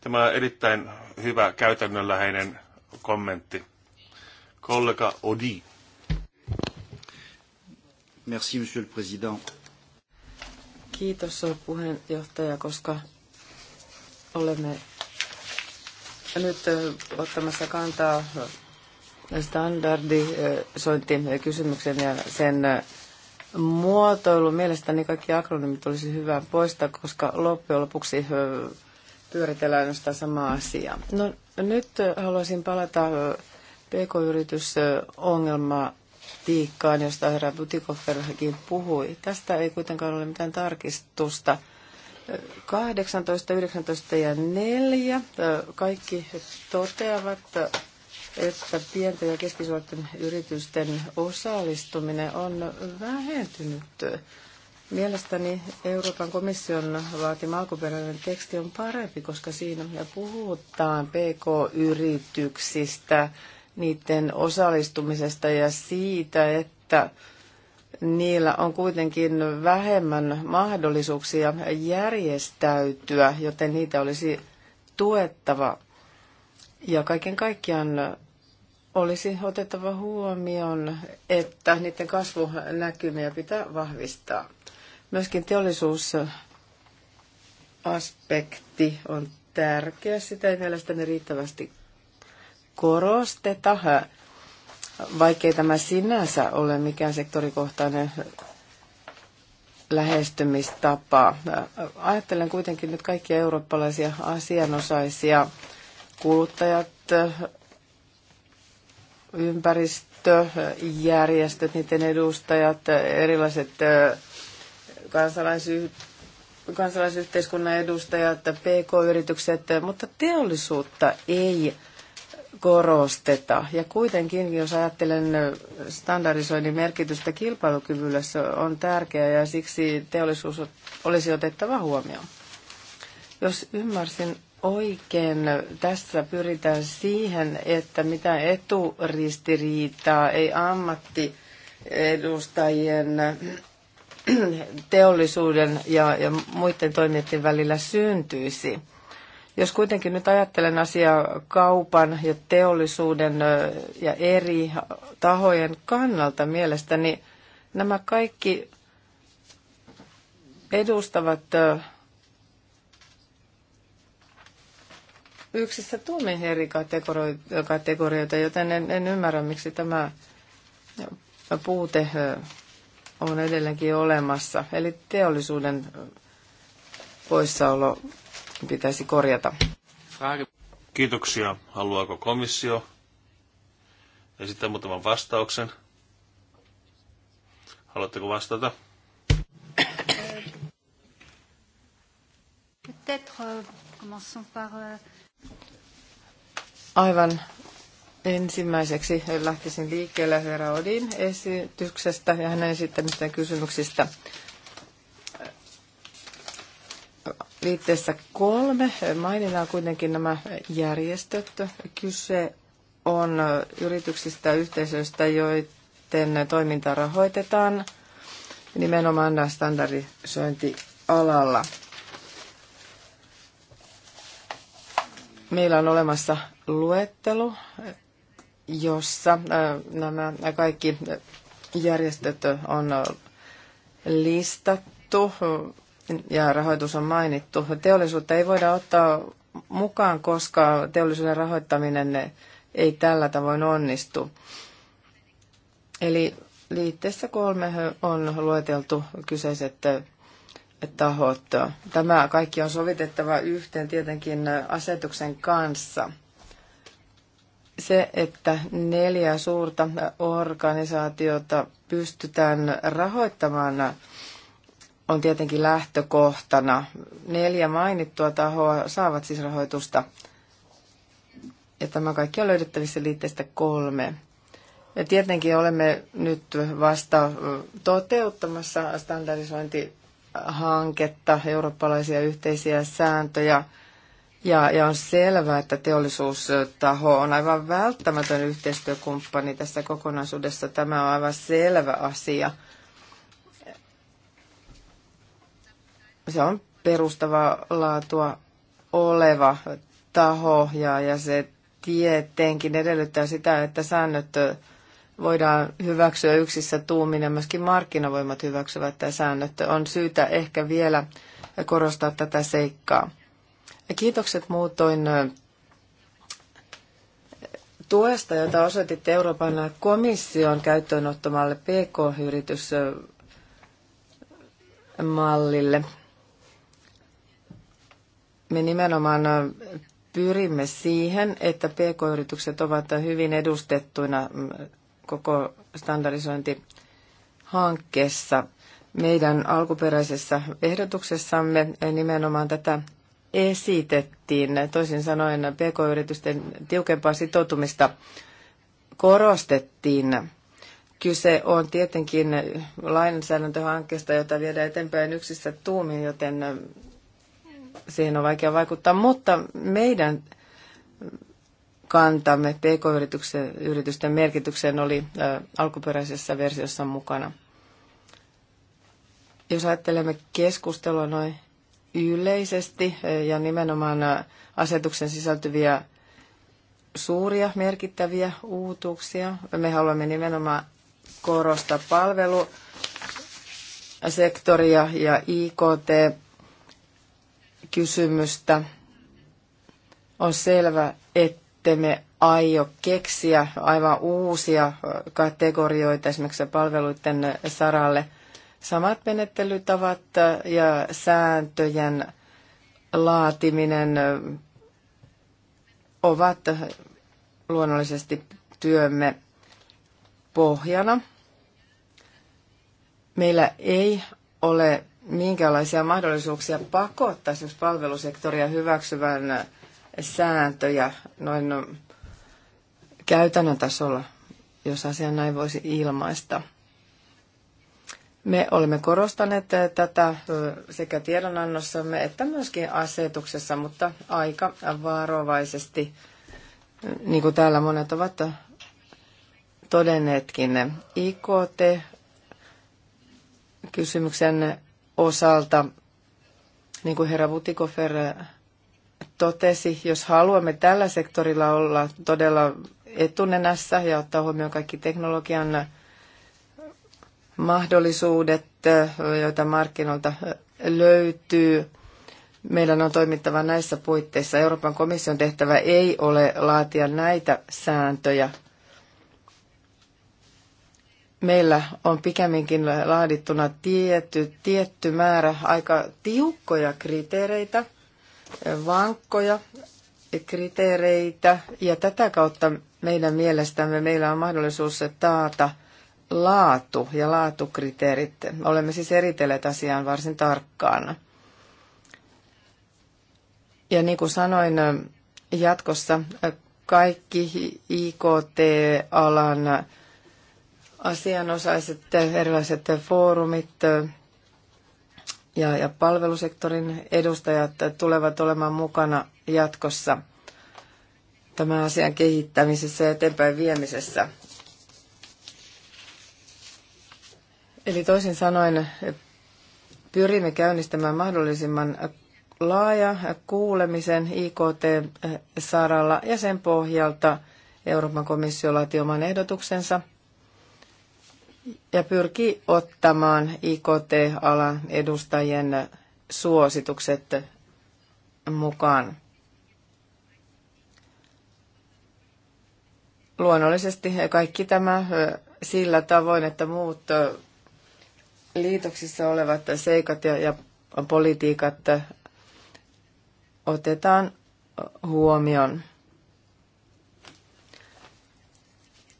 tämä on erittäin hyvä käytännönläheinen kommentti. Kollega Odi. Merci, monsieur le président. Kiitos puheenjohtaja, koska olemme nyt ottamassa kantaa standardisointin kysymyksen ja sen muotoilu. Mielestäni kaikki akronymit olisi hyvä poistaa, koska loppujen lopuksi pyöritellään sitä samaa asiaa. No, nyt haluaisin palata pk-yritysongelmatiikkaan, josta herra Butikofferkin puhui. Tästä ei kuitenkaan ole mitään tarkistusta. 18, 19 ja 4 kaikki toteavat, että pienten ja keskisuorten yritysten osallistuminen on vähentynyt Mielestäni Euroopan komission vaatima alkuperäinen teksti on parempi, koska siinä puhutaan PK-yrityksistä, niiden osallistumisesta ja siitä, että niillä on kuitenkin vähemmän mahdollisuuksia järjestäytyä, joten niitä olisi tuettava. Ja kaiken kaikkiaan olisi otettava huomioon, että niiden kasvunäkymiä pitää vahvistaa. Myöskin teollisuusaspekti on tärkeä. Sitä ei mielestäni riittävästi korosteta, vaikkei tämä sinänsä ole mikään sektorikohtainen lähestymistapa. Ajattelen kuitenkin nyt kaikkia eurooppalaisia asianosaisia, kuluttajat, ympäristöjärjestöt, niiden edustajat, erilaiset kansalaisyh- kansalaisyhteiskunnan edustajat, PK-yritykset, mutta teollisuutta ei korosteta. Ja kuitenkin, jos ajattelen standardisoinnin merkitystä kilpailukyvylle, se on tärkeää ja siksi teollisuus olisi otettava huomioon. Jos ymmärsin oikein, tässä pyritään siihen, että mitä eturistiriitaa ei ammatti edustajien [CLEARS THROAT] teollisuuden ja, ja muiden toimijoiden välillä syntyisi. Jos kuitenkin nyt ajattelen asiaa kaupan ja teollisuuden ja eri tahojen kannalta mielestäni, niin nämä kaikki edustavat yksissä tuumin eri kategorioita, joten en, en ymmärrä, miksi tämä puute on edelleenkin olemassa. Eli teollisuuden poissaolo pitäisi korjata. Kiitoksia. Haluaako komissio esittää muutaman vastauksen? Haluatteko vastata? Euh, euh, Aivan Ensimmäiseksi lähtisin liikkeelle herra Odin esityksestä ja hänen esittämistään kysymyksistä. Liitteessä kolme mainitaan kuitenkin nämä järjestöt. Kyse on yrityksistä ja yhteisöistä, joiden toimintaa rahoitetaan nimenomaan standardisointialalla. Meillä on olemassa luettelo jossa äh, nämä kaikki järjestöt on äh, listattu ja rahoitus on mainittu. Teollisuutta ei voida ottaa mukaan, koska teollisuuden rahoittaminen ei tällä tavoin onnistu. Eli liitteessä kolme on lueteltu kyseiset äh, tahot. Tämä kaikki on sovitettava yhteen tietenkin asetuksen kanssa – se, että neljä suurta organisaatiota pystytään rahoittamaan, on tietenkin lähtökohtana. Neljä mainittua tahoa saavat siis rahoitusta. Ja tämä kaikki on löydettävissä liitteestä kolme. Ja tietenkin olemme nyt vasta toteuttamassa standardisointihanketta, eurooppalaisia yhteisiä sääntöjä – ja, ja on selvää, että teollisuustaho on aivan välttämätön yhteistyökumppani tässä kokonaisuudessa. Tämä on aivan selvä asia. Se on perustava laatua oleva taho ja, ja se tietenkin edellyttää sitä, että säännöt voidaan hyväksyä yksissä tuumin ja myöskin markkinavoimat hyväksyvät tämä säännöt. On syytä ehkä vielä korostaa tätä seikkaa. Kiitokset muutoin tuesta, jota osoititte Euroopan komission käyttöön ottamalle PK-yritysmallille. Me nimenomaan pyrimme siihen, että PK-yritykset ovat hyvin edustettuina koko standardisointihankkeessa. Meidän alkuperäisessä ehdotuksessamme e, nimenomaan tätä esitettiin. Toisin sanoen pk-yritysten tiukempaa sitoutumista korostettiin. Kyse on tietenkin lainsäädäntöhankkeesta, jota viedään eteenpäin yksissä tuumiin, joten siihen on vaikea vaikuttaa. Mutta meidän kantamme pk-yritysten merkitykseen oli alkuperäisessä versiossa mukana. Jos ajattelemme keskustelua noin yleisesti ja nimenomaan asetuksen sisältyviä suuria merkittäviä uutuuksia. Me haluamme nimenomaan korostaa palvelusektoria ja IKT-kysymystä. On selvä, että me aio keksiä aivan uusia kategorioita esimerkiksi palveluiden saralle – samat menettelytavat äh, ja sääntöjen laatiminen äh, ovat luonnollisesti työmme pohjana. Meillä ei ole minkälaisia mahdollisuuksia pakottaa esimerkiksi palvelusektoria hyväksyvän äh, sääntöjä noin no, käytännön tasolla, jos asia näin voisi ilmaista – me olemme korostaneet eh, tätä eh, sekä tiedonannossamme että myöskin asetuksessa, mutta aika varovaisesti, eh, niin kuin täällä monet ovat todenneetkin. IKT-kysymyksen osalta, niin kuin herra Vutikofer totesi, jos haluamme tällä sektorilla olla todella etunenässä ja ottaa huomioon kaikki teknologian mahdollisuudet, joita markkinoilta löytyy. Meidän on toimittava näissä puitteissa. Euroopan komission tehtävä ei ole laatia näitä sääntöjä. Meillä on pikemminkin laadittuna tietty, tietty määrä aika tiukkoja kriteereitä, vankkoja kriteereitä, ja tätä kautta meidän mielestämme meillä on mahdollisuus taata – laatu ja laatukriteerit. Olemme siis eritelleet asiaan varsin tarkkaan. Ja niin kuin sanoin, jatkossa kaikki IKT-alan asianosaiset, erilaiset foorumit ja, ja palvelusektorin edustajat tulevat olemaan mukana jatkossa tämän asian kehittämisessä ja eteenpäin viemisessä. Eli toisin sanoen pyrimme käynnistämään mahdollisimman laaja kuulemisen IKT-saralla ja sen pohjalta Euroopan komissio laati oman ehdotuksensa ja pyrkii ottamaan IKT-alan edustajien suositukset mukaan. Luonnollisesti kaikki tämä sillä tavoin, että muut liitoksissa olevat seikat ja, ja politiikat otetaan huomioon.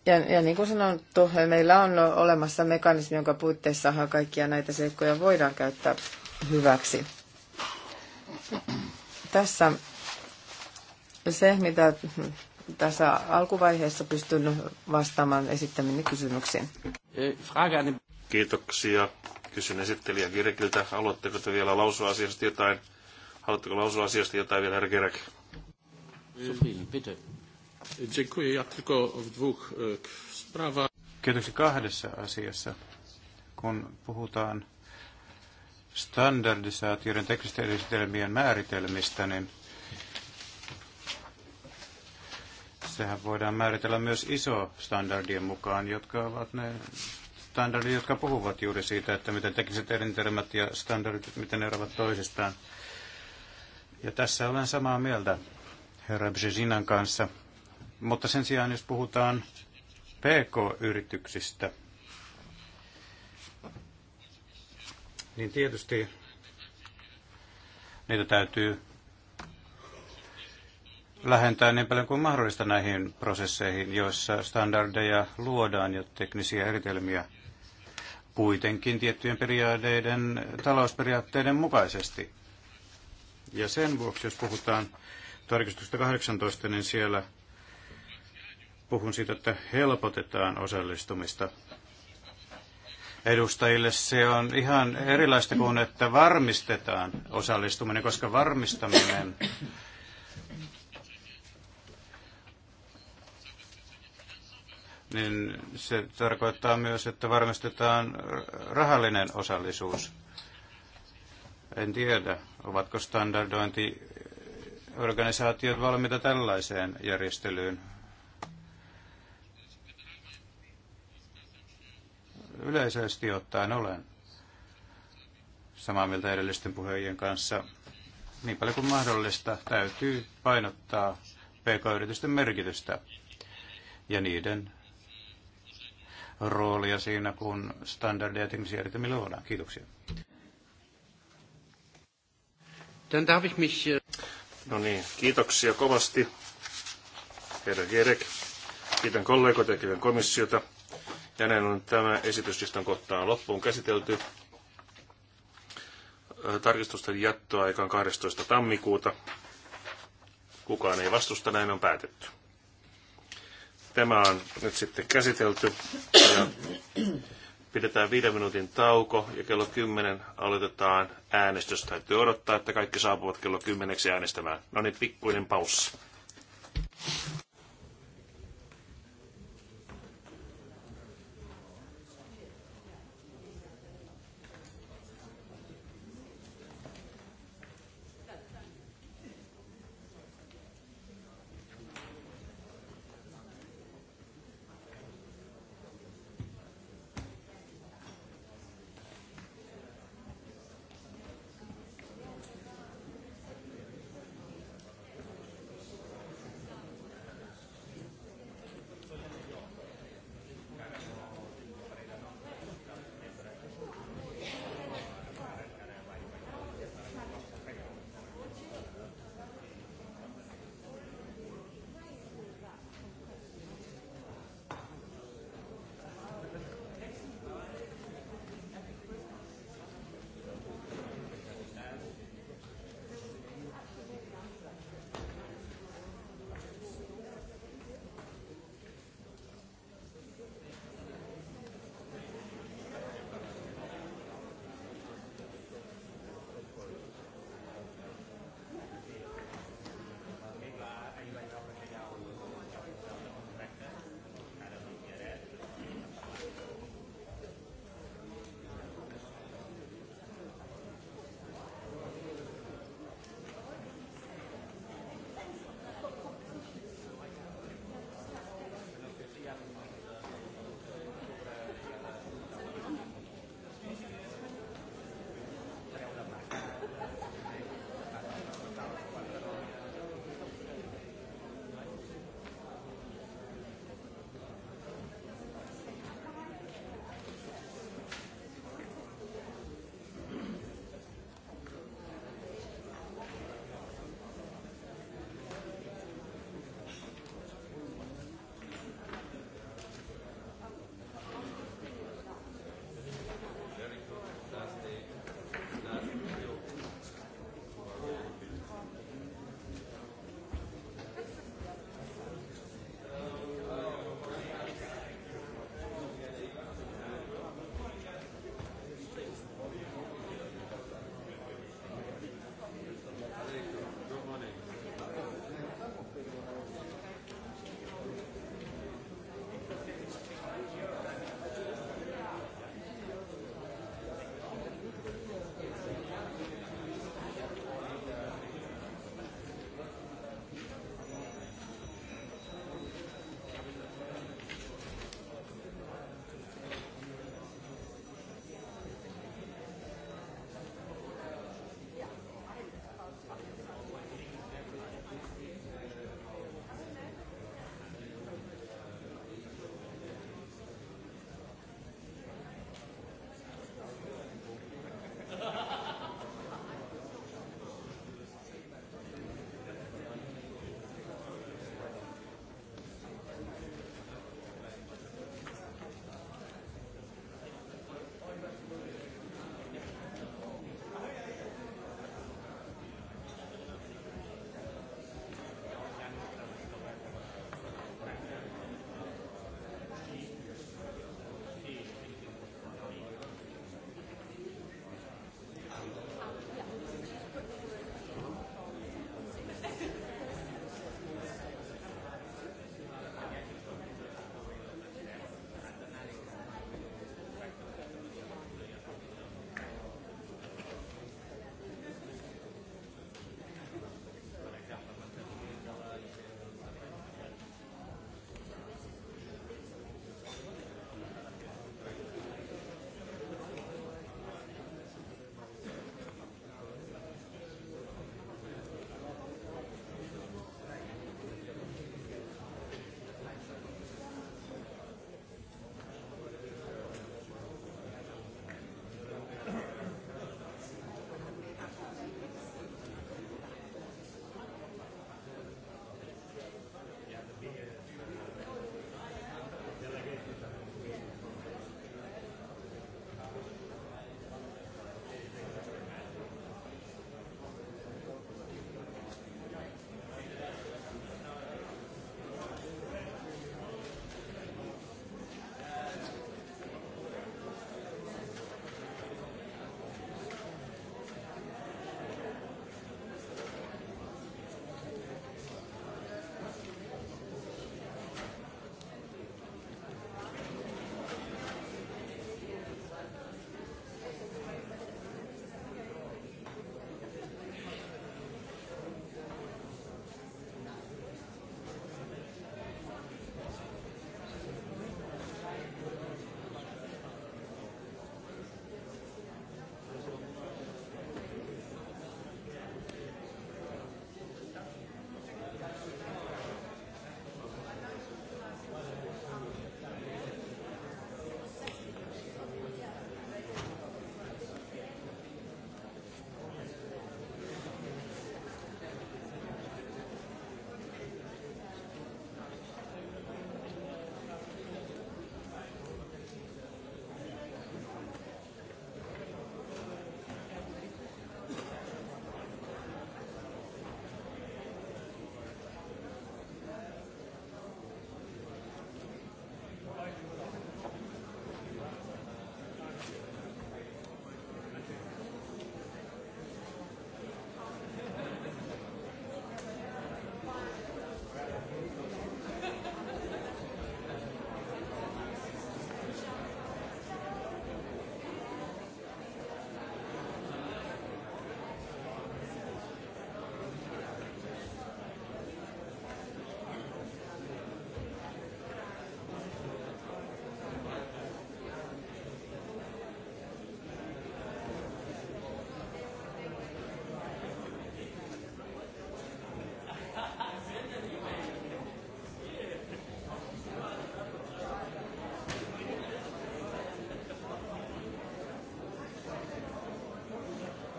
Ja, ja niin kuin sanottu, meillä on olemassa mekanismi, jonka puitteissa kaikkia näitä seikkoja voidaan käyttää hyväksi. Tässä se, mitä tässä alkuvaiheessa pystyn vastaamaan esittämiin kysymyksiin. Kiitoksia. Kysyn esittelijä Girekiltä, haluatteko te vielä lausua asiasta jotain? Haluatteko lausua asiasta jotain vielä, herra Girek? Ja e, Kiitoksia kahdessa asiassa. Kun puhutaan standardisaatioiden tekstiedistelmien määritelmistä, niin sehän voidaan määritellä myös iso standardien mukaan, jotka ovat ne standardit, jotka puhuvat juuri siitä, että miten tekniset erintermät ja standardit, miten ne eroavat toisistaan. Ja tässä olen samaa mieltä herra Bzezinan kanssa. Mutta sen sijaan, jos puhutaan PK-yrityksistä, niin tietysti niitä täytyy lähentää niin paljon kuin mahdollista näihin prosesseihin, joissa standardeja luodaan ja teknisiä eritelmiä kuitenkin tiettyjen periaatteiden, talousperiaatteiden mukaisesti. Ja sen vuoksi, jos puhutaan tarkistusta 18, niin siellä puhun siitä, että helpotetaan osallistumista edustajille. Se on ihan erilaista kuin, että varmistetaan osallistuminen, koska varmistaminen niin se tarkoittaa myös, että varmistetaan rahallinen osallisuus. En tiedä, ovatko standardointiorganisaatiot valmiita tällaiseen järjestelyyn. Yleisesti ottaen olen samaa mieltä edellisten puheenjohtajien kanssa. Niin paljon kuin mahdollista täytyy painottaa pk-yritysten merkitystä ja niiden roolia siinä, kun standardeja ja teknisiä järjestelmiä luodaan. Kiitoksia. Dann darf ich mich... Äh, no niin, kiitoksia kovasti, herra Gerek. Kiitän kollegoita ja kiitän komissiota. Ja näin on tämä esityslistan kohtaan loppuun käsitelty. Äh, tarkistusten jättöaika on 12. tammikuuta. Kukaan ei vastusta, näin on päätetty. Tämä on nyt sitten käsitelty ja pidetään viiden minuutin tauko ja kello 10 aloitetaan äänestys. Täytyy odottaa, että kaikki saapuvat kello kymmeneksi äänestämään. No niin, pikkuinen paussi.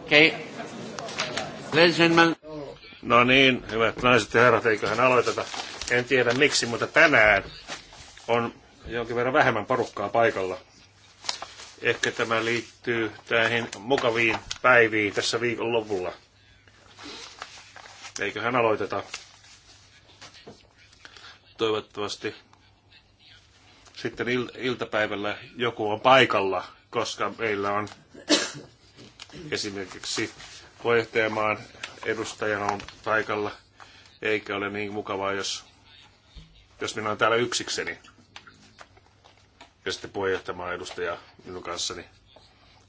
Okei. Okay. No niin, hyvät naiset ja herrat, eiköhän aloiteta. En tiedä miksi, mutta tänään on jonkin verran vähemmän porukkaa paikalla. Ehkä tämä liittyy tähän mukaviin päiviin tässä viikon lopulla. Eiköhän aloiteta. Toivottavasti sitten il- iltapäivällä joku on paikalla, koska meillä on esimerkiksi puheenjohtajamaan edustajana on paikalla, eikä ole niin mukavaa, jos, jos minä olen täällä yksikseni. Ja sitten puheenjohtajamaan edustaja minun kanssani.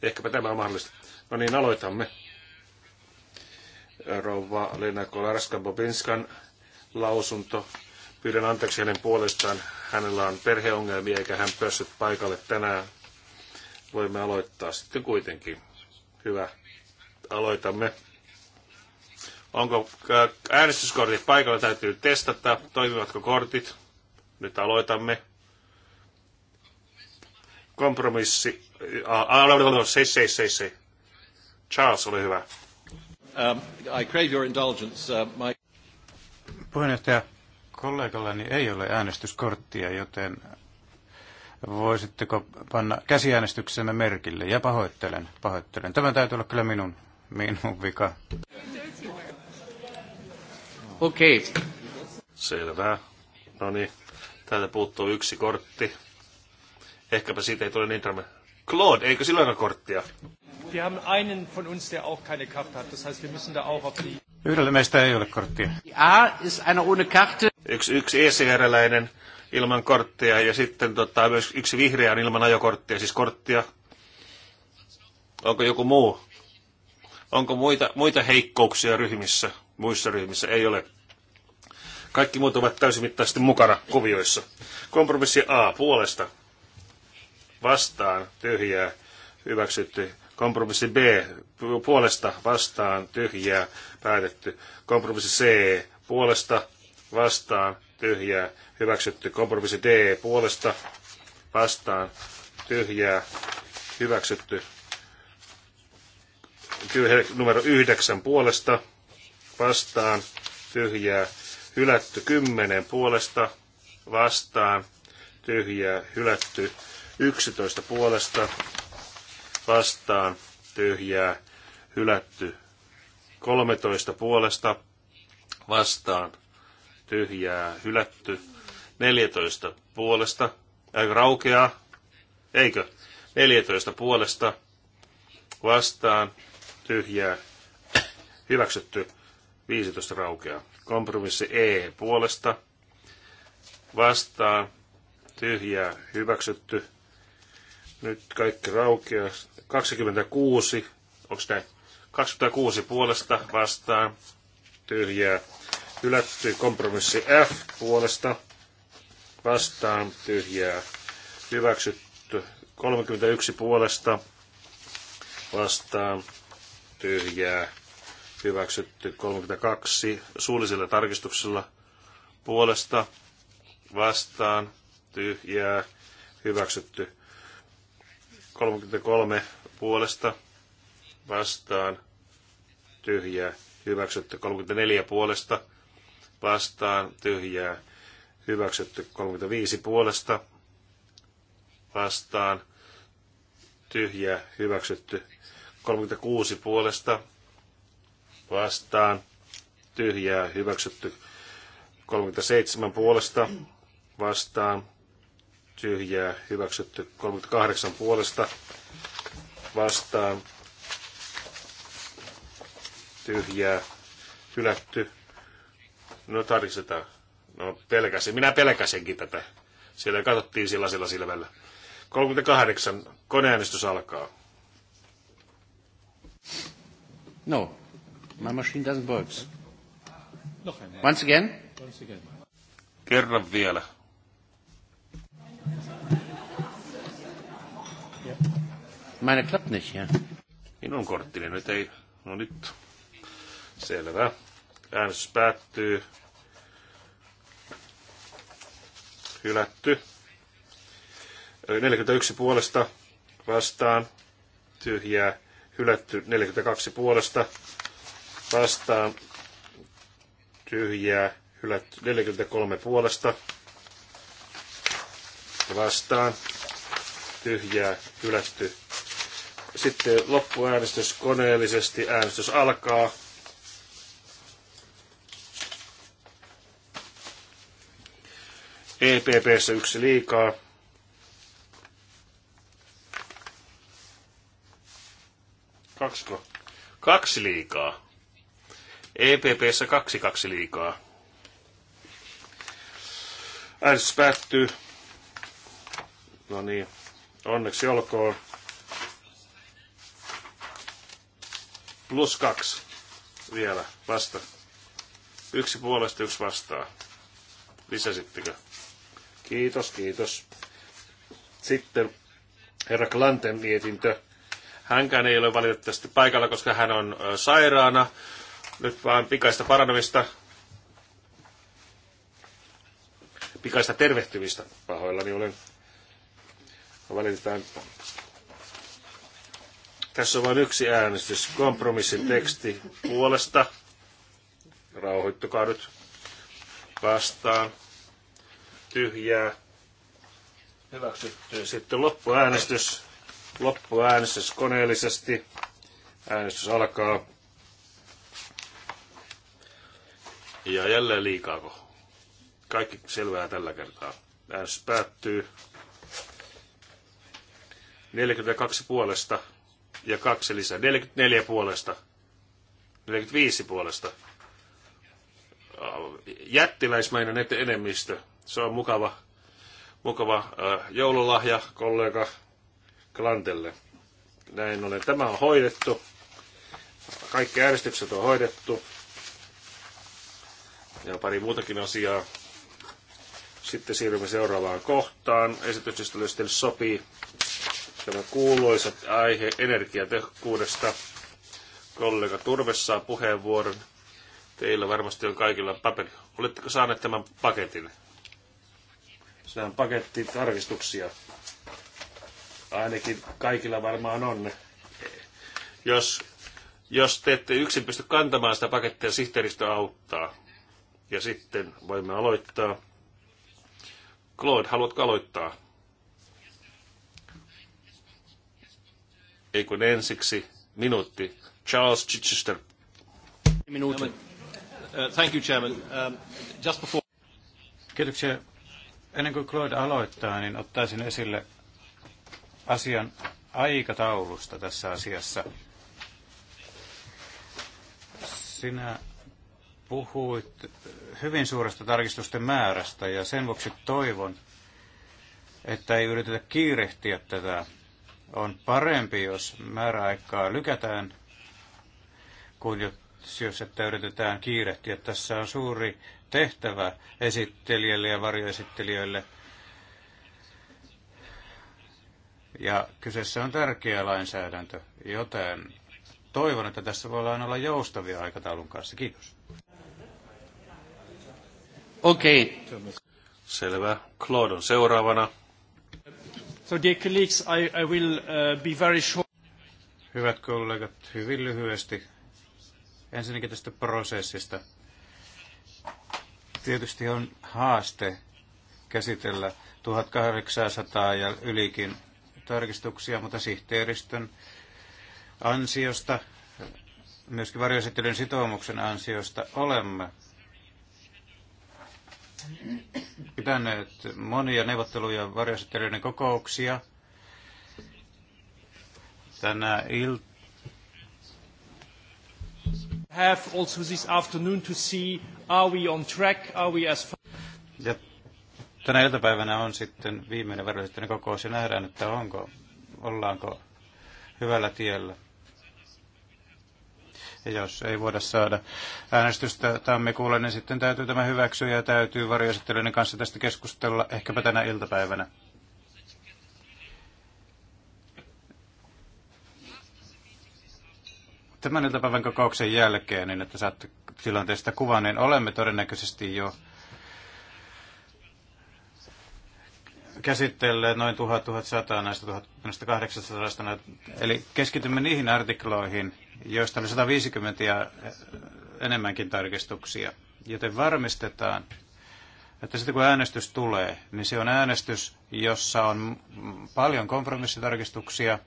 Ehkäpä tämä on mahdollista. No niin, aloitamme. Rouva Lena Kolarska-Bobinskan lausunto. Pyydän anteeksi hänen puolestaan. Hänellä on perheongelmia eikä hän päässyt paikalle tänään. Voimme aloittaa sitten kuitenkin. Hyvä. Aloitamme. Onko äh, äänestyskortit paikalla? Täytyy testata. Toimivatko kortit? Nyt aloitamme. Kompromissi. Seis, seis, seis, seis. Charles, ole hyvä. Um, I crave your indulgence, uh, my... Puheenjohtaja, kollegallani ei ole äänestyskorttia, joten Voisitteko panna käsiäänestyksemme merkille? Ja pahoittelen, pahoittelen. Tämä täytyy olla kyllä minun, minun vika. Okei. Okay. Selvä. No niin, täältä puuttuu yksi kortti. Ehkäpä siitä ei tule niin tämä. Claude, eikö silloin ole korttia? Wir haben einen von uns, der auch keine Karte hat. Das heißt, wir müssen da auch auf die... Yhdellä meistä ei ole korttia. A ist einer ohne Karte. Yksi, yksi ECR-läinen ilman korttia ja sitten tota, myös yksi vihreä on ilman ajokorttia, siis korttia. Onko joku muu? Onko muita, muita heikkouksia ryhmissä, muissa ryhmissä? Ei ole. Kaikki muut ovat täysimittaisesti mukana kuvioissa. Kompromissi A puolesta. Vastaan tyhjää. Hyväksytty. Kompromissi B puolesta vastaan tyhjää päätetty. Kompromissi C puolesta vastaan tyhjää, hyväksytty. Kompromissi D puolesta vastaan, tyhjää, hyväksytty. Numero 9 puolesta vastaan, tyhjää, hylätty. 10 puolesta vastaan, tyhjää, hylätty. 11 puolesta vastaan, tyhjää, hylätty. 13 puolesta vastaan, tyhjää hylätty. 14 puolesta, äh, raukeaa, eikö? 14 puolesta vastaan tyhjää hyväksytty. 15 raukeaa. Kompromissi E puolesta vastaan tyhjää hyväksytty. Nyt kaikki raukeaa. 26, onko näin? 26 puolesta vastaan tyhjää Hylätty kompromissi F puolesta vastaan tyhjää. Hyväksytty 31 puolesta vastaan tyhjää. Hyväksytty 32 suullisella tarkistuksella puolesta vastaan tyhjää. Hyväksytty 33 puolesta vastaan tyhjää. Hyväksytty 34 puolesta vastaan tyhjää hyväksytty 35 puolesta vastaan tyhjää hyväksytty 36 puolesta vastaan tyhjää hyväksytty 37 puolesta vastaan tyhjää hyväksytty 38 puolesta vastaan tyhjää hylätty No tarkistetaan. No pelkäsin. Minä pelkäsenkin tätä. Siellä katsottiin sillä silmällä. 38. Koneäänestys alkaa. No. My machine doesn't work. Once again? Once again. Kerran vielä. Meine klappt nicht, ja. Minun korttini nyt ei... No nyt. Selvä. Äänestys päättyy. Hylätty. 41 puolesta vastaan. Tyhjää. Hylätty 42 puolesta vastaan. Tyhjää. Hylätty 43 puolesta vastaan. Tyhjää. Hylätty sitten loppuäänestys koneellisesti. Äänestys alkaa. EPPssä yksi liikaa. Kaksiko? Kaksi liikaa. EPPssä kaksi kaksi liikaa. Äänestys päättyy. No niin, onneksi olkoon. Plus kaksi vielä vasta. Yksi puolesta, yksi vastaa. Lisäsittekö? Kiitos, kiitos. Sitten herra Klanten mietintö. Hänkään ei ole valitettavasti paikalla, koska hän on sairaana. Nyt vaan pikaista paranemista, pikaista tervehtymistä pahoillani olen. Valitetaan. Tässä on vain yksi äänestys. Kompromissin teksti puolesta. Rauhoittukaa nyt vastaan tyhjää hyväksytty. Sitten loppuäänestys. Loppuäänestys koneellisesti. Äänestys alkaa. Ja jälleen liikaako? Kaikki selvää tällä kertaa. Äänestys päättyy. 42 puolesta ja kaksi lisää. 44 puolesta. 45 puolesta. Jättiläismäinen enemmistö. Se on mukava, mukava äh, joululahja kollega Klantelle. Näin ollen tämä on hoidettu. Kaikki äänestykset on hoidettu. Ja pari muutakin asiaa. Sitten siirrymme seuraavaan kohtaan. Esityksestä, sopii, tämä kuuluisa aihe energiatehokkuudesta. Kollega turvessa saa puheenvuoron. Teillä varmasti on kaikilla paperi. Oletteko saaneet tämän paketin? Se on paketti tarkistuksia. Ainakin kaikilla varmaan on. Jos, jos te ette yksin pysty kantamaan sitä pakettia, sihteeristö auttaa. Ja sitten voimme aloittaa. Claude, haluatko aloittaa? Ei kun ensiksi minuutti. Charles Chichester. Minuutti. Uh, thank you, Chairman. Um, just before... Kiitoksia Ennen kuin Claude aloittaa, niin ottaisin esille asian aikataulusta tässä asiassa. Sinä puhuit hyvin suuresta tarkistusten määrästä ja sen vuoksi toivon, että ei yritetä kiirehtiä tätä. On parempi, jos määräaikaa lykätään, kuin jos että yritetään kiirehtiä. Tässä on suuri tehtävä esittelijälle ja varjoesittelijöille. Ja kyseessä on tärkeä lainsäädäntö, joten toivon, että tässä voidaan olla joustavia aikataulun kanssa. Kiitos. Okei. Okay. Selvä. Claude on seuraavana. So dear colleagues, I, I will uh, be very short. Hyvät kollegat, hyvin lyhyesti. Ensinnäkin tästä prosessista. Tietysti on haaste käsitellä 1800 ja ylikin tarkistuksia, mutta sihteeristön ansiosta, myöskin varjoesittelyn sitoumuksen ansiosta olemme pitäneet monia neuvotteluja varjoesittelyiden kokouksia. Tänä ilta have also this afternoon to see Are we on track? Are we as ja tänä iltapäivänä on sitten viimeinen varoitettuinen kokous ja nähdään, että onko, ollaanko hyvällä tiellä. Ja jos ei voida saada äänestystä tammikuulle, niin sitten täytyy tämä hyväksyä ja täytyy varjoesittelyiden kanssa tästä keskustella ehkäpä tänä iltapäivänä. Tämän iltapäivän kokouksen jälkeen, niin että saatte tilanteesta kuvan, niin olemme todennäköisesti jo käsitelleet noin 1100 näistä 1800. Eli keskitymme niihin artikloihin, joista on 150 ja enemmänkin tarkistuksia. Joten varmistetaan, että sitten kun äänestys tulee, niin se on äänestys, jossa on paljon kompromissitarkistuksia –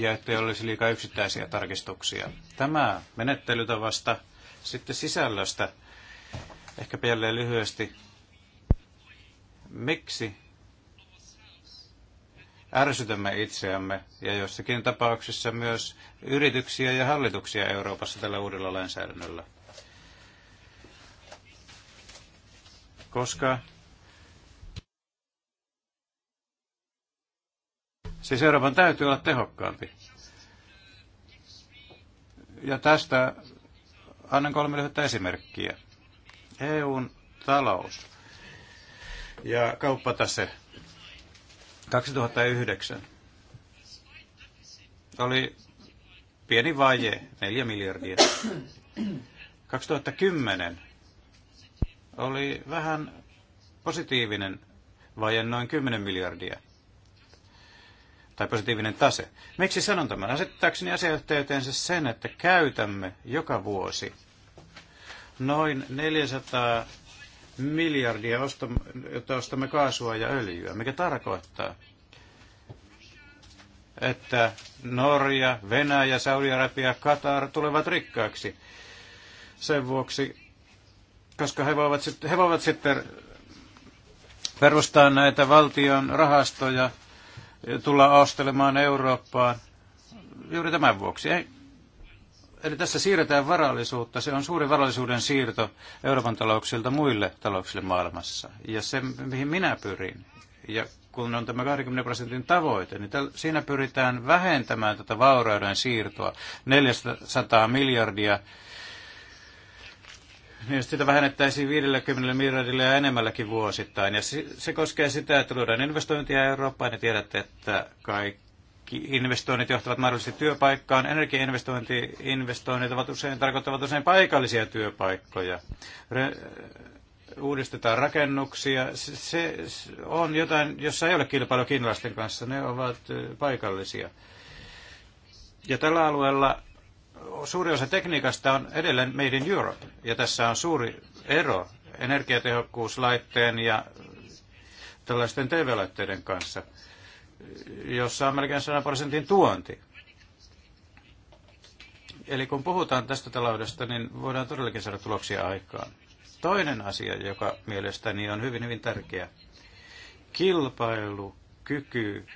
ja ettei olisi liikaa yksittäisiä tarkistuksia. Tämä menettelytavasta sitten sisällöstä ehkä jälleen lyhyesti. Miksi ärsytämme itseämme ja jossakin tapauksessa myös yrityksiä ja hallituksia Euroopassa tällä uudella lainsäädännöllä? Koska Se seuraavan täytyy olla tehokkaampi. Ja tästä annan kolme lyhyttä esimerkkiä. EUn talous ja kauppatase 2009 oli pieni vaje, 4 miljardia. 2010 oli vähän positiivinen vaje, noin 10 miljardia tai positiivinen tase. Miksi sanon tämän? Asettaakseni asiayhteyteensä sen, että käytämme joka vuosi noin 400 miljardia, jota ostamme kaasua ja öljyä, mikä tarkoittaa, että Norja, Venäjä, Saudi-Arabia, Katar tulevat rikkaaksi. Sen vuoksi, koska he voivat, he voivat sitten perustaa näitä valtion rahastoja tulla ostelemaan Eurooppaan juuri tämän vuoksi. Ei. Eli tässä siirretään varallisuutta. Se on suuri varallisuuden siirto Euroopan talouksilta muille talouksille maailmassa. Ja se, mihin minä pyrin, ja kun on tämä 20 prosentin tavoite, niin täl, siinä pyritään vähentämään tätä vaurauden siirtoa 400 miljardia niin sitä vähennettäisiin 50 miljardille ja enemmälläkin vuosittain. Ja se koskee sitä, että luodaan investointia Eurooppaan ja tiedätte, että kaikki investoinnit johtavat mahdollisesti työpaikkaan. Energiainvestoinnit ovat usein, tarkoittavat usein paikallisia työpaikkoja. Re- uudistetaan rakennuksia. Se, se on jotain, jossa ei ole kilpailu kiinalaisten kanssa. Ne ovat paikallisia. Ja tällä alueella suuri osa tekniikasta on edelleen Made in Europe, ja tässä on suuri ero energiatehokkuuslaitteen ja tällaisten TV-laitteiden kanssa, jossa on melkein 100 prosentin tuonti. Eli kun puhutaan tästä taloudesta, niin voidaan todellakin saada tuloksia aikaan. Toinen asia, joka mielestäni on hyvin, hyvin tärkeä, kilpailukyky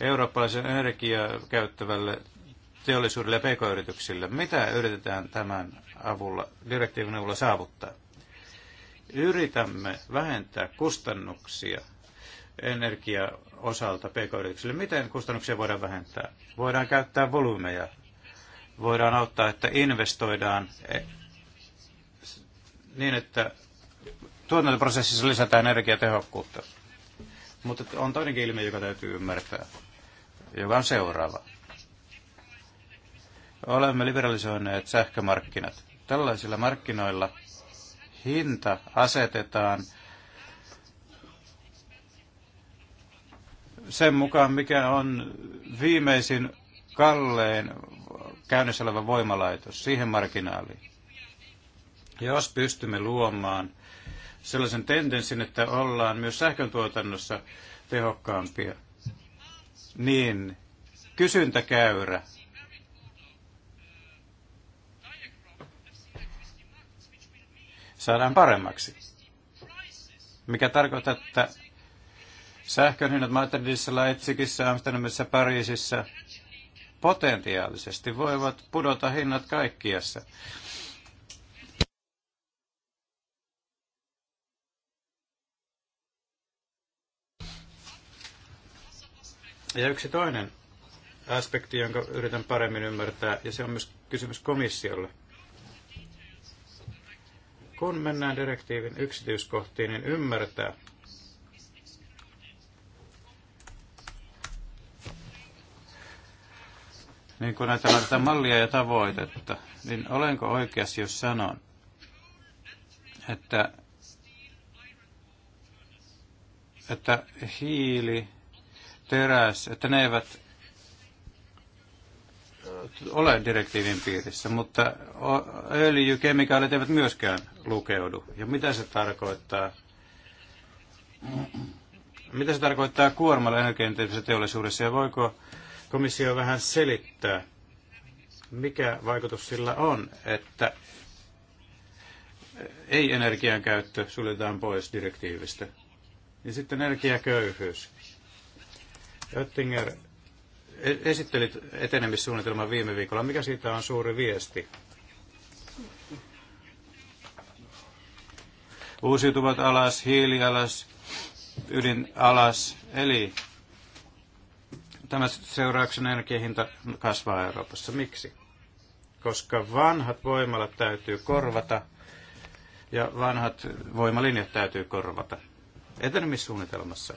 eurooppalaisen energiaa käyttävälle teollisuudelle ja pk-yrityksille. Mitä yritetään tämän avulla, direktiivin avulla saavuttaa? Yritämme vähentää kustannuksia osalta pk-yrityksille. Miten kustannuksia voidaan vähentää? Voidaan käyttää volyymeja. Voidaan auttaa, että investoidaan e, niin, että tuotantoprosessissa lisätään energiatehokkuutta. Mutta on toinenkin ilmiö, joka täytyy ymmärtää, joka on seuraava. Olemme liberalisoineet sähkömarkkinat. Tällaisilla markkinoilla hinta asetetaan sen mukaan, mikä on viimeisin kallein käynnissä oleva voimalaitos siihen markkinaaliin. Jos pystymme luomaan sellaisen tendenssin, että ollaan myös sähköntuotannossa tehokkaampia, niin kysyntäkäyrä saadaan paremmaksi. Mikä tarkoittaa, että sähkön hinnat Madridissa, Leipzigissä, Amsterdamissa, Pariisissa potentiaalisesti voivat pudota hinnat kaikkiassa. Ja yksi toinen aspekti, jonka yritän paremmin ymmärtää, ja se on myös kysymys komissiolle. Kun mennään direktiivin yksityiskohtiin, niin ymmärtää, niin kun näitä tätä mallia ja tavoitetta, niin olenko oikeassa, jos sanon, että, että hiili, teräs, että ne eivät ole direktiivin piirissä, mutta öljykemikaalit eivät myöskään lukeudu. Ja mitä se tarkoittaa? Mitä se tarkoittaa kuormalla energiaintensiivisessä teollisuudessa ja voiko komissio vähän selittää, mikä vaikutus sillä on, että ei-energian käyttö suljetaan pois direktiivistä. Ja sitten energiaköyhyys. Oettinger esittelit etenemissuunnitelman viime viikolla. Mikä siitä on suuri viesti? Uusiutuvat alas, hiili alas, ydin alas. Eli tämä seurauksena energiahinta kasvaa Euroopassa. Miksi? Koska vanhat voimalat täytyy korvata ja vanhat voimalinjat täytyy korvata etenemissuunnitelmassa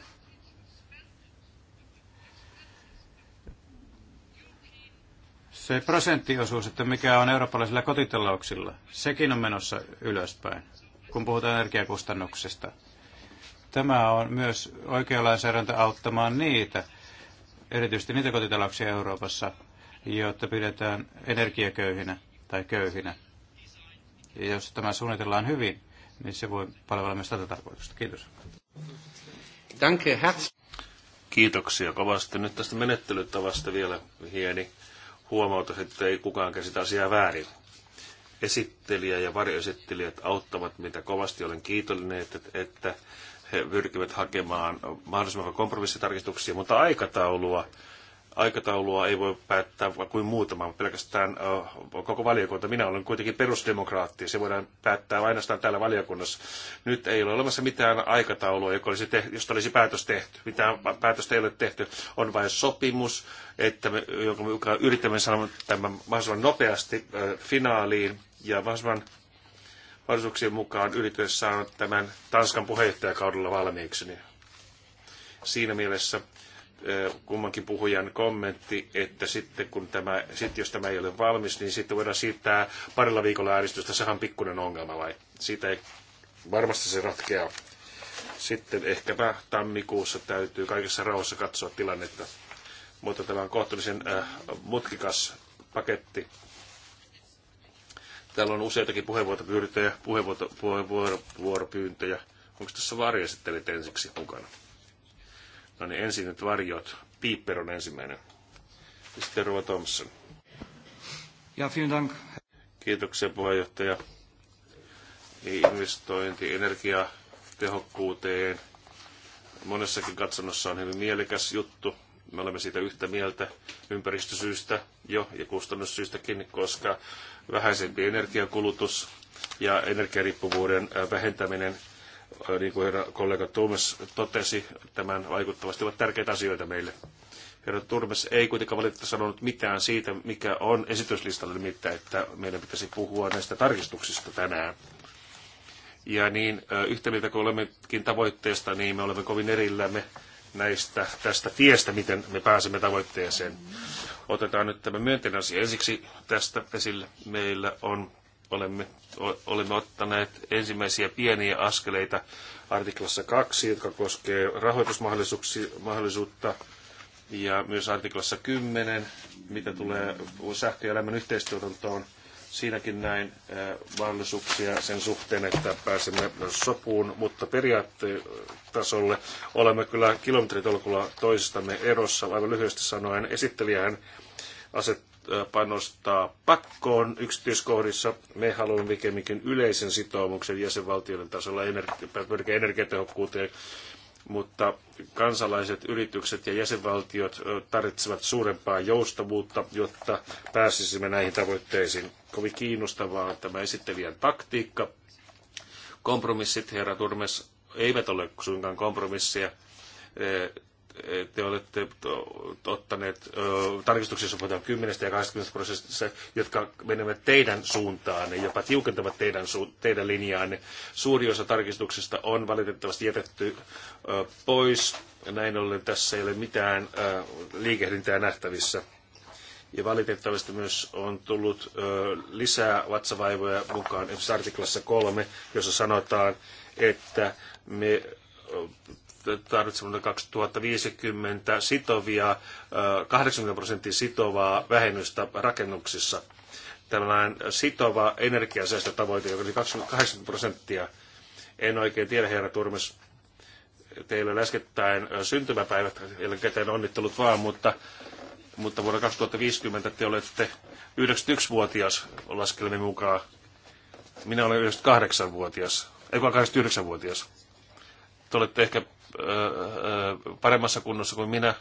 se prosenttiosuus, että mikä on eurooppalaisilla kotitalouksilla, sekin on menossa ylöspäin, kun puhutaan energiakustannuksista. Tämä on myös oikea lainsäädäntö auttamaan niitä, erityisesti niitä kotitalouksia Euroopassa, joita pidetään energiaköyhinä tai köyhinä. Ja jos tämä suunnitellaan hyvin, niin se voi palvella myös tätä tarkoitusta. Kiitos. Kiitoksia kovasti. Nyt tästä menettelytavasta vielä hieni huomautus, että ei kukaan käsitä asiaa väärin. Esittelijä ja varjoesittelijät auttavat mitä kovasti. Olen kiitollinen, että, että he pyrkivät hakemaan mahdollisimman kompromissitarkistuksia, mutta aikataulua aikataulua ei voi päättää kuin muutama, pelkästään koko valiokunta. Minä olen kuitenkin perusdemokraatti, se voidaan päättää ainoastaan täällä valiokunnassa. Nyt ei ole olemassa mitään aikataulua, joka olisi josta olisi päätös tehty. Mitään päätöstä ei ole tehty. On vain sopimus, että me, joka yritämme saada tämän mahdollisimman nopeasti finaaliin ja mahdollisimman mahdollisuuksien mukaan yritys saada tämän Tanskan puheenjohtajakaudella valmiiksi. Niin siinä mielessä kummankin puhujan kommentti, että sitten kun tämä, sit jos tämä ei ole valmis, niin sitten voidaan siirtää parilla viikolla äänestystä. Sehän on pikkuinen ongelma vai? Siitä ei varmasti se ratkeaa. Sitten ehkäpä tammikuussa täytyy kaikessa rauhassa katsoa tilannetta. Mutta tämä on kohtuullisen äh, mutkikas paketti. Täällä on useitakin puheenvuoropyyntöjä, puheenvuoropyyntöjä. Onko tässä varjesittelijät ensiksi mukana? No niin, ensin nyt varjot. Piipper on ensimmäinen. Ja sitten Rova Thompson. Ja, vielen dank. Kiitoksia puheenjohtaja. Investointi energiatehokkuuteen monessakin katsonnossa on hyvin mielekäs juttu. Me olemme siitä yhtä mieltä ympäristösyistä jo ja kustannussyistäkin, koska vähäisempi energiakulutus ja energiariippuvuuden vähentäminen Äh, niin kuin herra kollega Tuomas totesi, tämän vaikuttavasti ovat tärkeitä asioita meille. Herra Turmes ei kuitenkaan valitettavasti sanonut mitään siitä, mikä on esityslistalla, nimittäin, että meidän pitäisi puhua näistä tarkistuksista tänään. Ja niin yhtä mieltä kuin olemmekin tavoitteesta, niin me olemme kovin erillämme näistä, tästä tiestä, miten me pääsemme tavoitteeseen. Otetaan nyt tämä myönteinen asia ensiksi tästä esille. Meillä on olemme, olemme ottaneet ensimmäisiä pieniä askeleita artiklassa 2, joka koskee rahoitusmahdollisuutta, ja myös artiklassa 10, mitä tulee sähkö- ja lämmön yhteistuotantoon, siinäkin näin mahdollisuuksia sen suhteen, että pääsemme sopuun, mutta periaattetasolle olemme kyllä kilometritolkulla toisistamme erossa. Aivan lyhyesti sanoen, esittelijähän aset, panostaa pakkoon yksityiskohdissa. Me haluamme pikemminkin yleisen sitoumuksen jäsenvaltioiden tasolla energi- pyrkiä energiatehokkuuteen, mutta kansalaiset, yritykset ja jäsenvaltiot tarvitsevat suurempaa joustavuutta, jotta pääsisimme näihin tavoitteisiin. Kovin kiinnostavaa on tämä esittelijän taktiikka. Kompromissit, herra Turmes, eivät ole suinkaan kompromisseja te olette ottaneet tarkistuksia, jos puhutaan 10 ja 20 prosessissa, jotka menevät teidän suuntaanne, jopa tiukentavat teidän, teidän linjaanne. Suuri osa tarkistuksista on valitettavasti jätetty pois. Näin ollen tässä ei ole mitään liikehdintää nähtävissä. Ja valitettavasti myös on tullut lisää vatsavaivoja mukaan, esimerkiksi artiklassa kolme, jossa sanotaan, että me tarvitsemme 2050 sitovia, 80 prosenttia sitovaa vähennystä rakennuksissa. Tällainen sitova energiasäästötavoite, joka oli 80 prosenttia. En oikein tiedä, herra Turmes, teillä äskettäin syntymäpäivät, eläkäteen onnittelut vaan, mutta, mutta vuonna 2050 te olette 91-vuotias laskelmien mukaan. Minä olen 98-vuotias, ei 89-vuotias. Te olette ehkä paremmassa kunnossa kuin minä,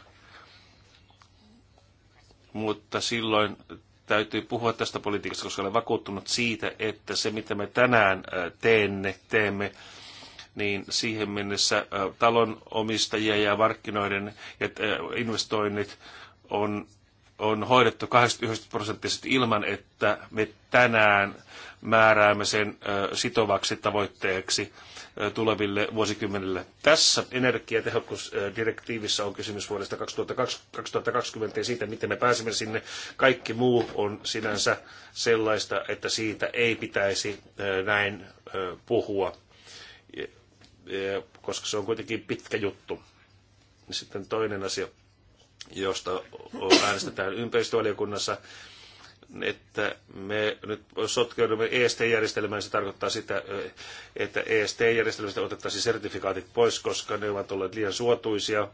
mutta silloin täytyy puhua tästä politiikasta, koska olen vakuuttunut siitä, että se mitä me tänään teemme, teemme niin siihen mennessä talon omistajia ja markkinoiden ja investoinnit on, on hoidettu 80 prosenttisesti ilman, että me tänään määräämme sen sitovaksi tavoitteeksi tuleville vuosikymmenille. Tässä energiatehokkuusdirektiivissä on kysymys vuodesta 2020 ja siitä, miten me pääsemme sinne. Kaikki muu on sinänsä sellaista, että siitä ei pitäisi näin puhua, koska se on kuitenkin pitkä juttu. Sitten toinen asia, josta äänestetään ympäristövaliokunnassa, että me nyt sotkeudumme EST-järjestelmään, se tarkoittaa sitä, että EST-järjestelmästä otettaisiin sertifikaatit pois, koska ne ovat olleet liian suotuisia.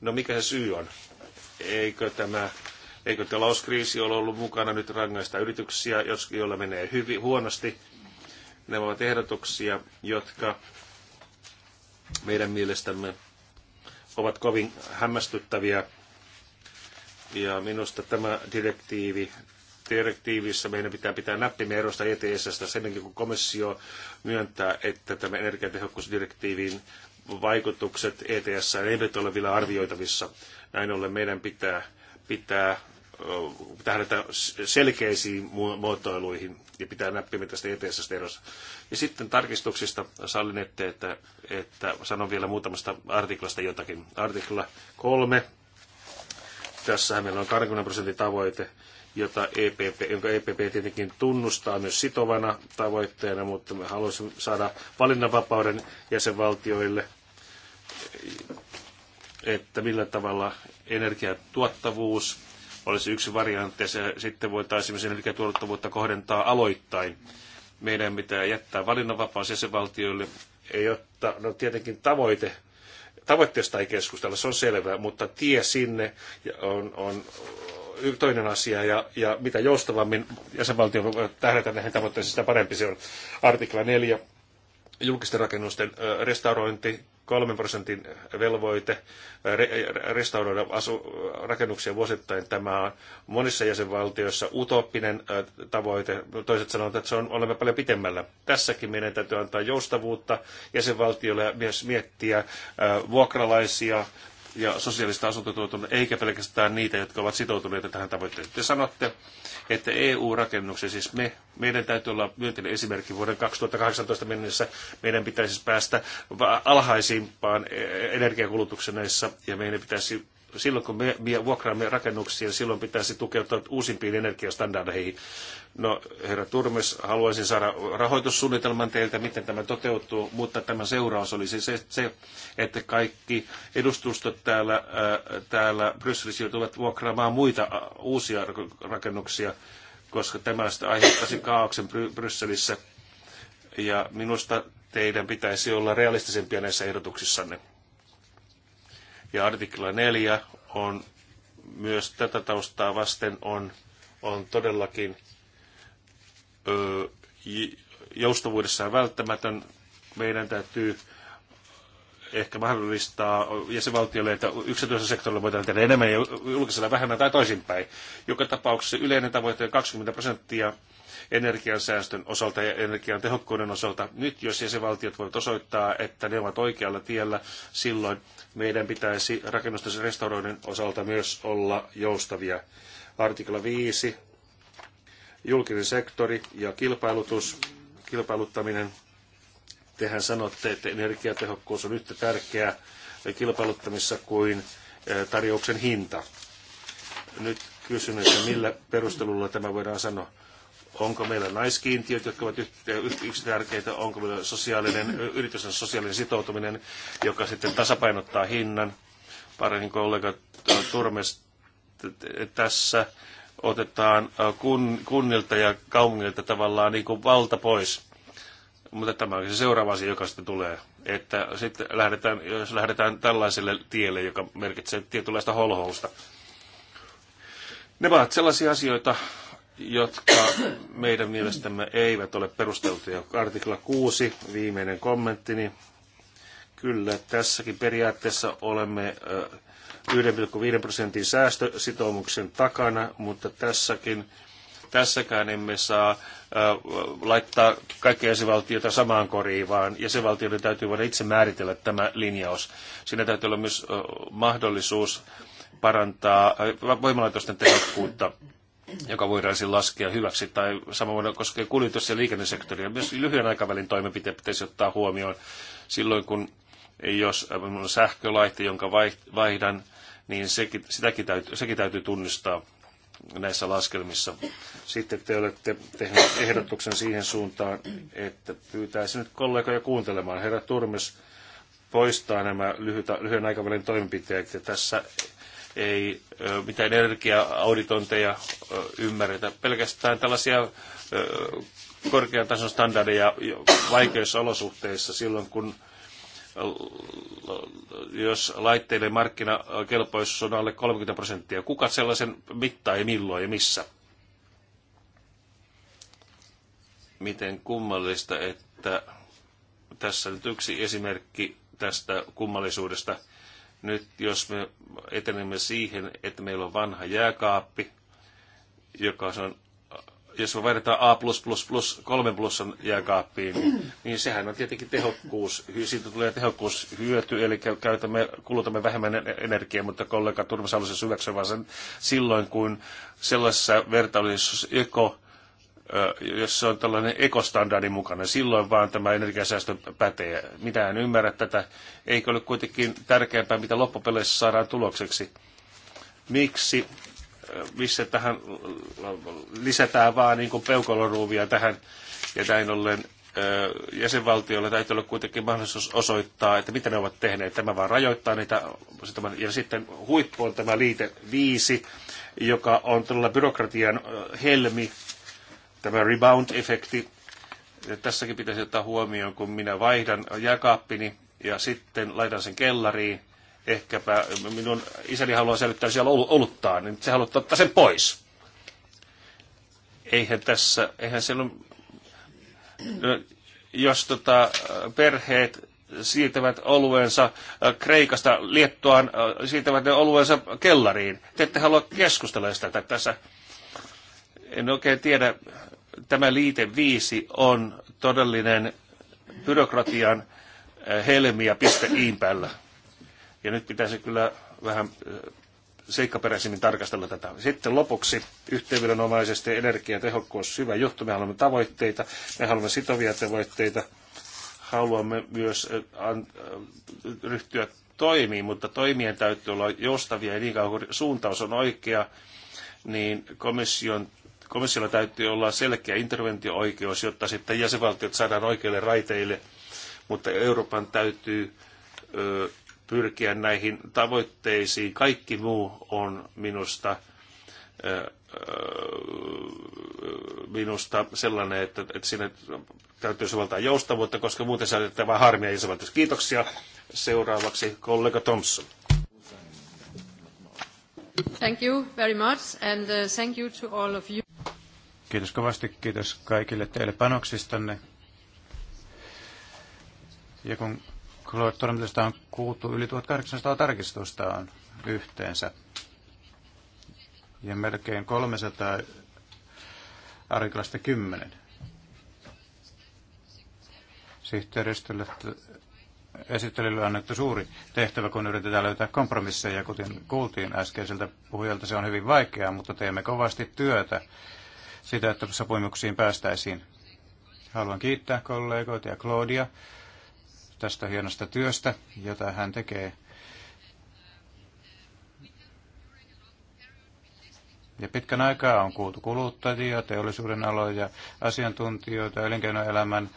No mikä se syy on? Eikö tämä eikö talouskriisi ole ollut mukana nyt rangaista yrityksiä, joskin joilla menee hyvin, huonosti. Ne ovat ehdotuksia, jotka meidän mielestämme ovat kovin hämmästyttäviä. Ja minusta tämä direktiivi direktiivissä meidän pitää pitää näppimme erosta ETS-stä sen kun komissio myöntää, että tämä energiatehokkuusdirektiivin vaikutukset ETS eivät ole vielä arvioitavissa. Näin ollen meidän pitää, pitää tähdätä selkeisiin muotoiluihin ja pitää näppimme tästä ETS erossa. Ja sitten tarkistuksista sallinette, että, että sanon vielä muutamasta artiklasta jotakin. Artikla kolme. Tässähän meillä on 20 prosentin tavoite jota EPP, jonka EPP tietenkin tunnustaa myös sitovana tavoitteena, mutta me haluaisimme saada valinnanvapauden jäsenvaltioille, että millä tavalla energiatuottavuus olisi yksi variantti, ja se, sitten voitaisiin energiatuottavuutta kohdentaa aloittain. Meidän pitää jättää valinnanvapaus jäsenvaltioille, jotta, no tietenkin tavoite tavoitteesta ei keskustella, se on selvää, mutta tie sinne on, on, toinen asia, ja, ja mitä joustavammin jäsenvaltio voi tähdätä näihin tavoitteisiin, sitä parempi se on. Artikla 4, julkisten rakennusten restaurointi, kolmen prosentin velvoite restauroida asu, rakennuksia vuosittain. Tämä on monissa jäsenvaltioissa utoppinen tavoite. Toiset sanovat, että se on, olemme paljon pitemmällä. Tässäkin meidän täytyy antaa joustavuutta jäsenvaltioille ja myös miettiä vuokralaisia, ja sosiaalista asuntotuotantoa, eikä pelkästään niitä, jotka ovat sitoutuneita tähän tavoitteeseen. Te sanotte, että EU-rakennuksen, siis me, meidän täytyy olla myönteinen esimerkki vuoden 2018 mennessä, meidän pitäisi päästä alhaisimpaan e- e- energiakulutuksen näissä, ja meidän pitäisi silloin kun me, me vuokraamme rakennuksia, silloin pitäisi tukeutua uusimpiin energiastandardeihin. No, herra Turmes, haluaisin saada rahoitussuunnitelman teiltä, miten tämä toteutuu, mutta tämä seuraus oli se, se, että kaikki edustustot täällä, äh, täällä Brysselissä joutuvat vuokraamaan muita äh, uusia rakennuksia, koska tämä aiheuttaisi kaauksen Bry- Brysselissä. Ja minusta teidän pitäisi olla realistisempia näissä ehdotuksissanne. Ja artikla 4 on myös tätä taustaa vasten on, on todellakin ö, joustavuudessaan välttämätön. Meidän täytyy ehkä mahdollistaa jäsenvaltiolle, että yksityisellä sektorilla voidaan tehdä enemmän ja julkisella vähemmän tai toisinpäin. Joka tapauksessa yleinen tavoite on 20 prosenttia energiansäästön osalta ja energian tehokkuuden osalta. Nyt jos jäsenvaltiot voivat osoittaa, että ne ovat oikealla tiellä, silloin meidän pitäisi rakennusten restauroinnin osalta myös olla joustavia. Artikla 5, julkinen sektori ja kilpailutus, kilpailuttaminen. Tehän sanotte, että energiatehokkuus on yhtä tärkeää kilpailuttamissa kuin eh, tarjouksen hinta. Nyt kysyn, että millä perustelulla tämä voidaan sanoa. Onko meillä naiskiintiöt, jotka ovat yksi tärkeitä, onko meillä sosiaalinen, yritysten sosiaalinen sitoutuminen, joka sitten tasapainottaa hinnan. Parin kollega Turmes tässä otetaan kun, kunnilta ja kaupungilta tavallaan niin kuin valta pois. Mutta tämä on se seuraava asia, joka sitten tulee. Että sitten lähdetään, jos lähdetään tällaiselle tielle, joka merkitsee tietynlaista holhousta. Ne ovat sellaisia asioita, jotka meidän mielestämme eivät ole perusteltuja. Artikla 6, viimeinen kommenttini. Kyllä, tässäkin periaatteessa olemme 1,5 prosentin säästösitoumuksen takana, mutta tässäkin, tässäkään emme saa laittaa kaikkia jäsenvaltioita samaan koriin, vaan jäsenvaltioiden täytyy voida itse määritellä tämä linjaus. Siinä täytyy olla myös mahdollisuus parantaa voimalaitosten tehokkuutta joka voidaan siis laskea hyväksi, tai sama voidaan koskea kuljetus- ja liikennesektoria. Myös lyhyen aikavälin toimenpiteet pitäisi ottaa huomioon silloin, kun jos on äh, sähkölaite, jonka vaihdan, niin sekin, sitäkin täytyy, sekin täytyy tunnistaa näissä laskelmissa. Sitten te olette tehneet ehdotuksen siihen suuntaan, että pyytäisin nyt kollegoja kuuntelemaan. Herra Turmes poistaa nämä lyhyt, lyhyen aikavälin toimenpiteet, ja tässä ei mitään energia-auditonteja ymmärretä. Pelkästään tällaisia korkean tason standardeja vaikeissa olosuhteissa silloin, kun jos laitteiden markkinakelpoisuus on alle 30 prosenttia. Kuka sellaisen mittaa ja milloin ja missä? Miten kummallista, että tässä nyt yksi esimerkki tästä kummallisuudesta – nyt jos me etenemme siihen, että meillä on vanha jääkaappi, joka on, jos me vaihdetaan A+++, 3 plussan jääkaappiin, niin sehän on tietenkin tehokkuus, siitä tulee tehokkuushyöty, eli käytämme, kulutamme vähemmän energiaa, mutta kollega Turva Salosen sen silloin, kun sellaisessa vertailussa joko jos se on tällainen ekostandardi mukana, silloin vaan tämä energiasäästö pätee. Mitä en ymmärrä tätä. Eikö ole kuitenkin tärkeämpää, mitä loppupeleissä saadaan tulokseksi? Miksi, missä tähän lisätään vaan niin peukaloruuvia tähän ja näin ollen jäsenvaltioilla täytyy olla kuitenkin mahdollisuus osoittaa, että mitä ne ovat tehneet. Tämä vaan rajoittaa niitä. Ja sitten huippu on tämä liite viisi, joka on todella byrokratian helmi, Tämä rebound-efekti, tässäkin pitäisi ottaa huomioon, kun minä vaihdan jääkaappini ja sitten laitan sen kellariin. Ehkäpä minun isäni haluaa säilyttää siellä oluttaa, niin se haluaa ottaa sen pois. Eihän tässä, eihän siellä on, no, jos tota, perheet siirtävät oluensa äh, Kreikasta Liettuaan, äh, siirtävät ne oluensa kellariin. Te ette halua keskustella sitä tässä. En oikein tiedä, tämä liite 5 on todellinen byrokratian eh, helmi ja piste iin päällä. Ja nyt pitäisi kyllä vähän eh, seikkaperäisemmin tarkastella tätä. Sitten lopuksi yhteenvedonomaisesti energiatehokkuus, syvä juttu. Me haluamme tavoitteita, me haluamme sitovia tavoitteita, haluamme myös eh, ryhtyä toimiin, mutta toimien täytyy olla joustavia ja niin kauan kuin suuntaus on oikea, niin komission Komissiolla täytyy olla selkeä interventio-oikeus, jotta sitten jäsenvaltiot saadaan oikeille raiteille, mutta Euroopan täytyy ö, pyrkiä näihin tavoitteisiin. Kaikki muu on minusta minusta sellainen, että, että siinä täytyy soveltaa joustavuutta, koska muuten saatetaan vain harmia jäsenvaltiossa. Kiitoksia. Seuraavaksi kollega Thompson. Thank you very much and uh, thank you to all of you. Kiitos kovasti, kiitos kaikille teille panoksistanne. Ja kun Claude on kuultu, yli 1800 tarkistusta on yhteensä. Ja melkein 300 artiklasta 10. Sihteeristölle esittelylle annettu suuri tehtävä, kun yritetään löytää kompromisseja. Kuten kuultiin äskeiseltä puhujalta, se on hyvin vaikeaa, mutta teemme kovasti työtä sitä, että sopimuksiin päästäisiin. Haluan kiittää kollegoita ja Claudia tästä hienosta työstä, jota hän tekee. Ja pitkän aikaa on kuultu kuluttajia, teollisuuden aloja, asiantuntijoita, elinkeinoelämän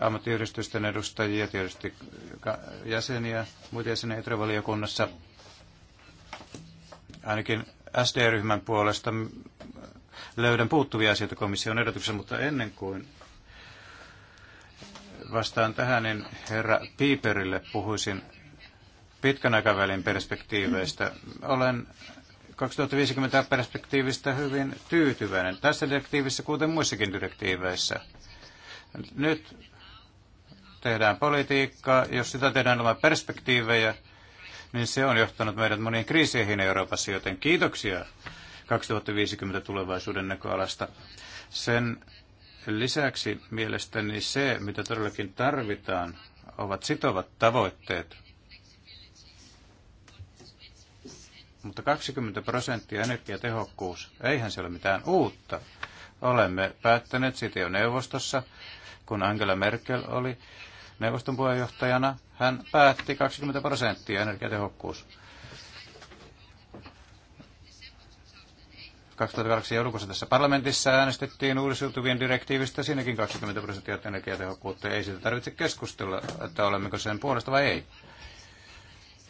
ammattiyhdistysten edustajia, tietysti jäseniä, muita jäseniä etrevaliokunnassa. Ainakin SD-ryhmän puolesta löydän puuttuvia asioita komission ehdotuksessa, mutta ennen kuin vastaan tähän, niin herra Piiperille puhuisin pitkän aikavälin perspektiiveistä. Olen 2050 perspektiivistä hyvin tyytyväinen. Tässä direktiivissä, kuten muissakin direktiiveissä. Nyt tehdään politiikkaa, jos sitä tehdään ilman perspektiivejä, niin se on johtanut meidät moniin kriiseihin Euroopassa, joten kiitoksia 2050 tulevaisuuden näköalasta. Sen lisäksi mielestäni se, mitä todellakin tarvitaan, ovat sitovat tavoitteet. Mutta 20 prosenttia energiatehokkuus, eihän se ole mitään uutta. Olemme päättäneet siitä jo neuvostossa, kun Angela Merkel oli neuvoston puheenjohtajana. Hän päätti 20 prosenttia energiatehokkuus. 2008 joulukuussa tässä parlamentissa äänestettiin uusiutuvien direktiivistä. Siinäkin 20 prosenttia energiatehokkuutta. Ei siitä tarvitse keskustella, että olemmeko sen puolesta vai ei.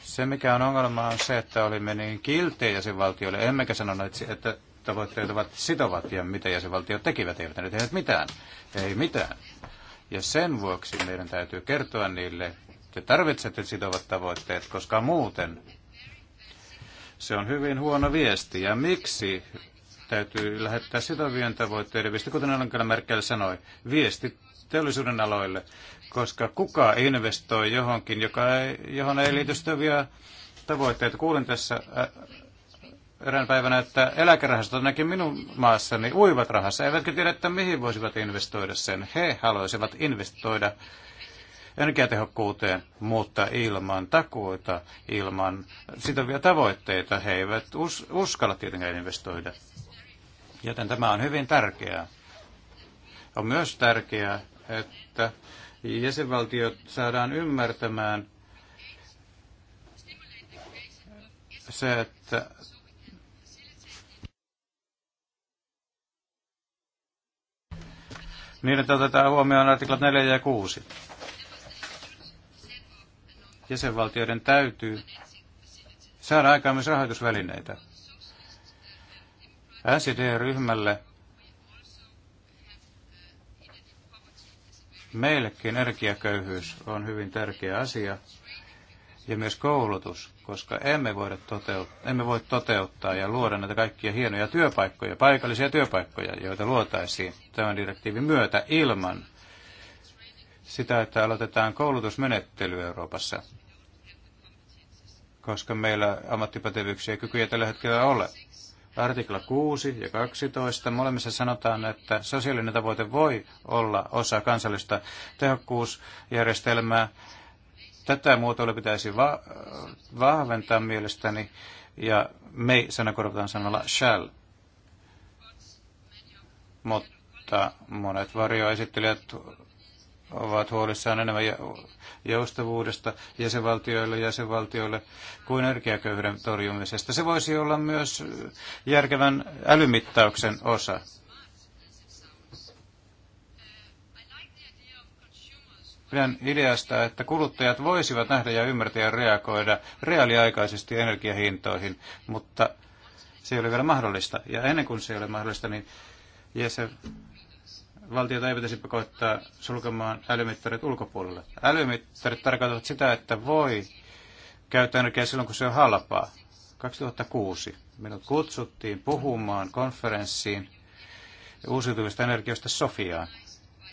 Se, mikä on ongelma, on se, että olimme niin kiltejä jäsenvaltioille. Emmekä sanoneet, että tavoitteet ovat sitovat ja mitä jäsenvaltiot tekivät. Eivät ne tehneet mitään. Ei mitään. Ja sen vuoksi meidän täytyy kertoa niille, että tarvitsette sitovat tavoitteet, koska muuten se on hyvin huono viesti. Ja miksi täytyy lähettää sitovien tavoitteiden viesti, kuten Angela Merkel sanoi, viesti teollisuuden aloille, koska kuka investoi johonkin, joka ei, johon ei liity sitovia tavoitteita. Kuulin tässä äh, erään päivänä, että eläkerahastot ainakin minun maassani uivat rahassa, eivätkä tiedä, että mihin voisivat investoida sen. He haluaisivat investoida energiatehokkuuteen, mutta ilman takuita, ilman sitovia tavoitteita he eivät us- uskalla tietenkään investoida. Joten tämä on hyvin tärkeää. On myös tärkeää, että jäsenvaltiot saadaan ymmärtämään se, että niin, että otetaan huomioon artiklat 4 ja 6. Jäsenvaltioiden täytyy saada aikaan myös rahoitusvälineitä. NCD-ryhmälle meillekin energiaköyhyys on hyvin tärkeä asia ja myös koulutus, koska emme, voida toteuttaa, emme voi toteuttaa ja luoda näitä kaikkia hienoja työpaikkoja, paikallisia työpaikkoja, joita luotaisiin tämän direktiivin myötä ilman sitä, että aloitetaan koulutusmenettely Euroopassa, koska meillä ammattipätevyyksiä ja kykyjä tällä hetkellä ole. Artikla 6 ja 12. Molemmissa sanotaan, että sosiaalinen tavoite voi olla osa kansallista tehokkuusjärjestelmää. Tätä muotoilua pitäisi va- vahventaa mielestäni, ja me sana korvataan sanalla shall. Mutta monet varjoesittelijät ovat huolissaan enemmän joustavuudesta jäsenvaltioille jäsenvaltioille kuin energiaköyhyyden torjumisesta. Se voisi olla myös järkevän älymittauksen osa. Pidän ideasta, että kuluttajat voisivat nähdä ja ymmärtää ja reagoida reaaliaikaisesti energiahintoihin, mutta se ei ole vielä mahdollista. Ja ennen kuin se ei ole mahdollista, niin jäsen, valtiota ei pitäisi pakottaa sulkemaan älymittarit ulkopuolelle. Älymittarit tarkoittavat sitä, että voi käyttää energiaa silloin, kun se on halpaa. 2006 minut kutsuttiin puhumaan konferenssiin uusiutuvista energioista Sofiaan.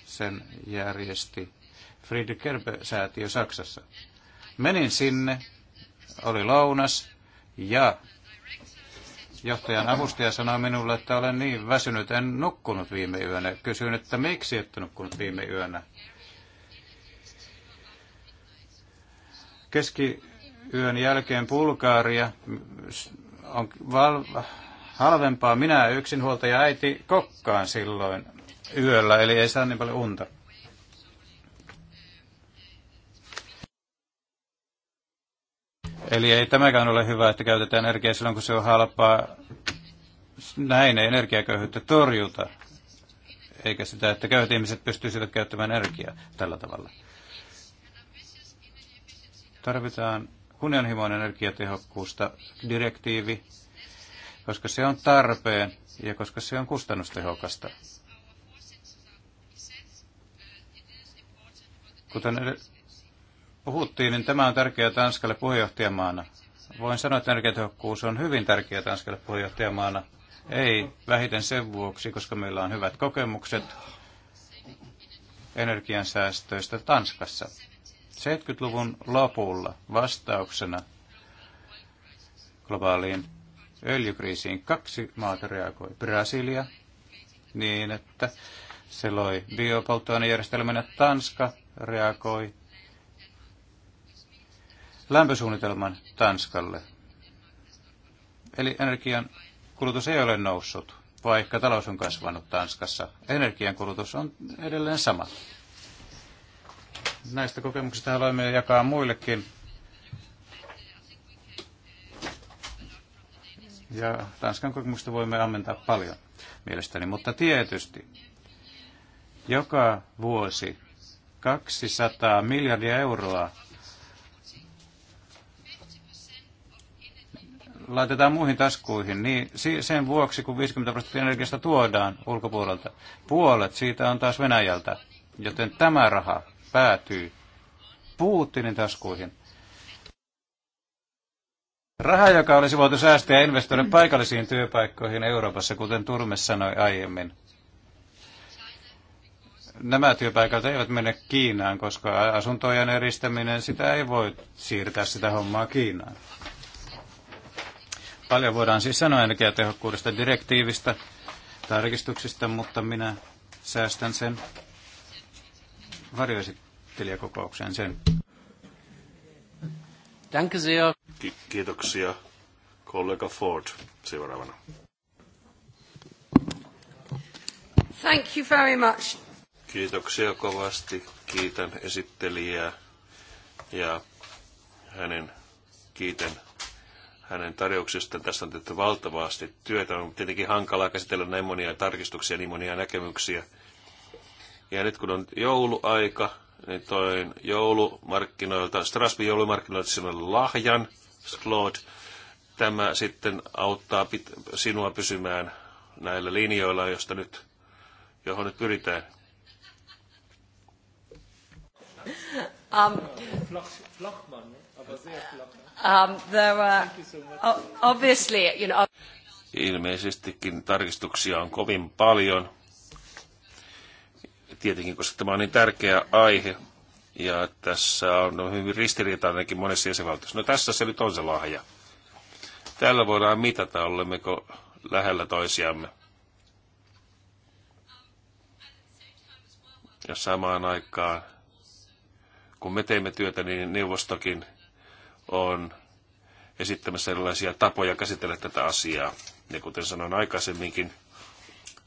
Sen järjesti Friedrich Kerbe-säätiö Saksassa. Menin sinne, oli lounas ja johtajan avustaja sanoi minulle, että olen niin väsynyt, en nukkunut viime yönä. Kysyin, että miksi et nukkunut viime yönä? Keskiyön jälkeen pulkaaria on val- halvempaa. Minä yksinhuoltaja äiti kokkaan silloin yöllä, eli ei saa niin paljon unta. Eli ei tämäkään ole hyvä, että käytetään energiaa silloin, kun se on halpaa. Näin ei energiaköyhyyttä torjuta, eikä sitä, että köyhät ihmiset pystyisivät käyttämään energiaa tällä tavalla. Tarvitaan kunnianhimoinen energiatehokkuusta direktiivi, koska se on tarpeen ja koska se on kustannustehokasta. Kuten puhuttiin, niin tämä on tärkeää Tanskalle puheenjohtajamaana. Voin sanoa, että energiatehokkuus on hyvin tärkeää Tanskalle puheenjohtajamaana. Ei vähiten sen vuoksi, koska meillä on hyvät kokemukset energiansäästöistä Tanskassa. 70-luvun lopulla vastauksena globaaliin öljykriisiin kaksi maata reagoi. Brasilia niin, että se loi biopolttoainejärjestelmän, ja Tanska reagoi lämpösuunnitelman Tanskalle. Eli energian kulutus ei ole noussut, vaikka talous on kasvanut Tanskassa. Energian kulutus on edelleen sama. Näistä kokemuksista haluamme jakaa muillekin. Ja Tanskan kokemuksista voimme ammentaa paljon mielestäni. Mutta tietysti joka vuosi 200 miljardia euroa laitetaan muihin taskuihin, niin sen vuoksi, kun 50 prosenttia energiasta tuodaan ulkopuolelta, puolet siitä on taas Venäjältä. Joten tämä raha päätyy Putinin taskuihin. Raha, joka olisi voitu säästää ja investoida paikallisiin työpaikkoihin Euroopassa, kuten Turme sanoi aiemmin. Nämä työpaikat eivät mene Kiinaan, koska asuntojen eristäminen, sitä ei voi siirtää sitä hommaa Kiinaan. Paljon voidaan siis sanoa energiatehokkuudesta direktiivistä tarkistuksista, mutta minä säästän sen varjoesittelijäkokoukseen sen. Danke sehr. Ki- kiitoksia kollega Ford seuraavana. Thank you very much. Kiitoksia kovasti. Kiitän esittelijää ja hänen kiitän hänen tarjouksestaan. Tässä on tehty valtavasti työtä. On tietenkin hankalaa käsitellä näin monia tarkistuksia, niin monia näkemyksiä. Ja nyt kun on jouluaika, niin toin joulumarkkinoilta, Strasbourgin joulumarkkinoilta sinulle lahjan, Claude. Tämä sitten auttaa sinua pysymään näillä linjoilla, josta nyt, johon nyt pyritään. Um. aber sehr flach. Um, there were, obviously, you know, Ilmeisestikin tarkistuksia on kovin paljon. Tietenkin, koska tämä on niin tärkeä aihe. Ja tässä on hyvin ristiriitainenkin monessa jäsenvaltiossa. No tässä se nyt on se lahja. Tällä voidaan mitata, olemmeko lähellä toisiamme. Ja samaan aikaan, kun me teemme työtä, niin neuvostokin – on esittämässä erilaisia tapoja käsitellä tätä asiaa. Ja kuten sanoin aikaisemminkin,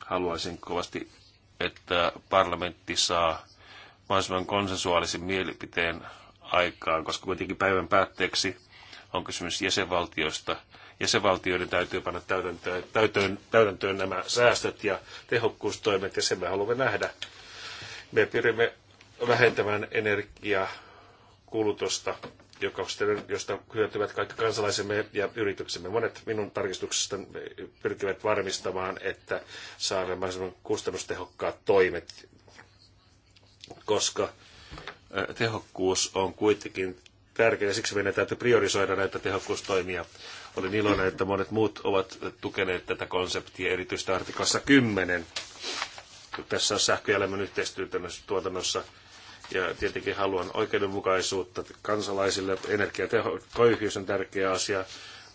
haluaisin kovasti, että parlamentti saa mahdollisimman konsensuaalisen mielipiteen aikaan, koska kuitenkin päivän päätteeksi on kysymys jäsenvaltioista. Jäsenvaltioiden täytyy panna täytäntöön, täytön, täytäntöön nämä säästöt ja tehokkuustoimet, ja sen me haluamme nähdä. Me pyrimme vähentämään energiakulutusta joka, josta hyötyvät kaikki kansalaisemme ja yrityksemme. Monet minun tarkistuksistani pyrkivät varmistamaan, että saamme mahdollisimman kustannustehokkaat toimet, koska tehokkuus on kuitenkin tärkeä ja siksi meidän täytyy priorisoida näitä tehokkuustoimia. Olin iloinen, että monet muut ovat tukeneet tätä konseptia, erityisesti artiklassa 10. Tässä on yhteistyö tuotannossa ja tietenkin haluan oikeudenmukaisuutta kansalaisille. Energiateho, on tärkeä asia,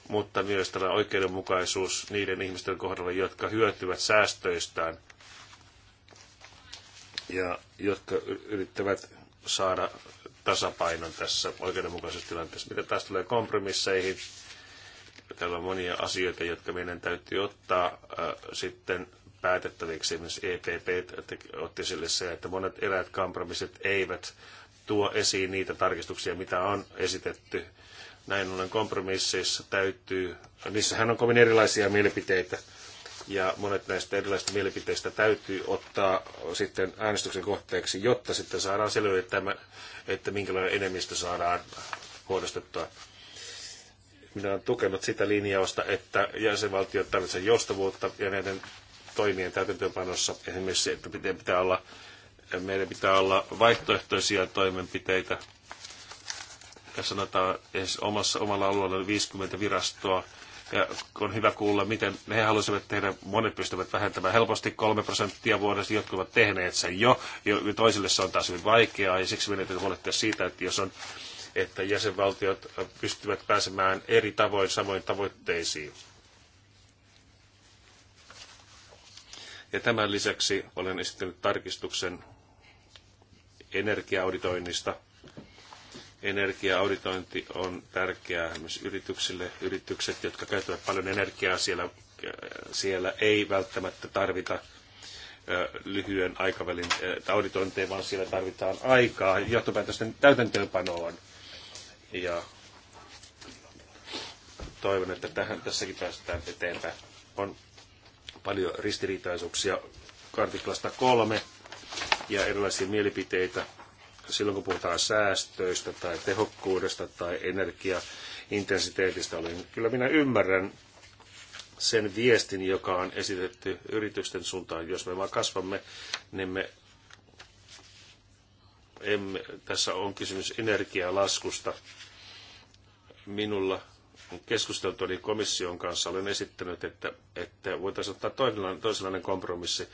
mutta myös tämä oikeudenmukaisuus niiden ihmisten kohdalla, jotka hyötyvät säästöistään ja jotka yrittävät saada tasapainon tässä oikeudenmukaisuustilanteessa. Mitä taas tulee kompromisseihin, täällä on monia asioita, jotka meidän täytyy ottaa äh, sitten päätettäviksi. Esimerkiksi EPP otti sille se, että monet eräät kompromissit eivät tuo esiin niitä tarkistuksia, mitä on esitetty. Näin ollen kompromisseissa täytyy, niissähän on kovin erilaisia mielipiteitä, ja monet näistä erilaisista mielipiteistä täytyy ottaa sitten äänestyksen kohteeksi, jotta sitten saadaan selville, että, että minkälainen enemmistö saadaan huodostettua. Minä olen tukenut sitä linjausta, että jäsenvaltiot tarvitsevat joustavuutta ja näiden toimien täytäntöönpanossa. Esimerkiksi että pitää olla, meidän pitää olla vaihtoehtoisia toimenpiteitä. Ja sanotaan omassa, omalla alueella 50 virastoa. Ja on hyvä kuulla, miten he haluaisivat tehdä, monet pystyvät vähentämään helposti 3 prosenttia vuodessa, jotkut ovat tehneet sen jo, toisille se on taas hyvin vaikeaa, ja siksi meidän täytyy huolehtia siitä, että jos on että jäsenvaltiot pystyvät pääsemään eri tavoin samoin tavoitteisiin. Ja tämän lisäksi olen esittänyt tarkistuksen energiaauditoinnista. Energiaauditointi on tärkeää myös yrityksille. Yritykset, jotka käyttävät paljon energiaa, siellä, siellä ei välttämättä tarvita lyhyen aikavälin auditointeja, vaan siellä tarvitaan aikaa johtopäätösten täytäntöönpanoon. Ja toivon, että tähän, tässäkin päästään eteenpäin. On paljon ristiriitaisuuksia artiklasta kolme ja erilaisia mielipiteitä silloin, kun puhutaan säästöistä tai tehokkuudesta tai energiaintensiteetistä. Olen, kyllä minä ymmärrän sen viestin, joka on esitetty yritysten suuntaan. Jos me vaan kasvamme, niin me emme, tässä on kysymys energialaskusta. Minulla Keskusteltu niin komission kanssa olen esittänyt, että, että voitaisiin ottaa toisenlainen, toisenlainen kompromissi,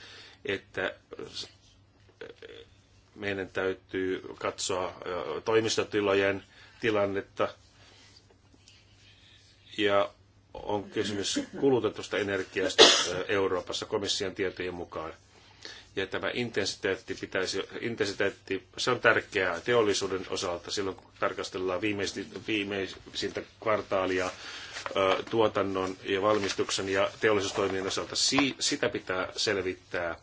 että meidän täytyy katsoa toimistotilojen tilannetta ja on kysymys kulutetusta energiasta Euroopassa komission tietojen mukaan ja tämä intensiteetti, pitäisi, intensiteetti se on tärkeää teollisuuden osalta silloin, kun tarkastellaan viimeisintä kvartaalia tuotannon ja valmistuksen ja teollisuustoimien osalta. Si, sitä pitää selvittää,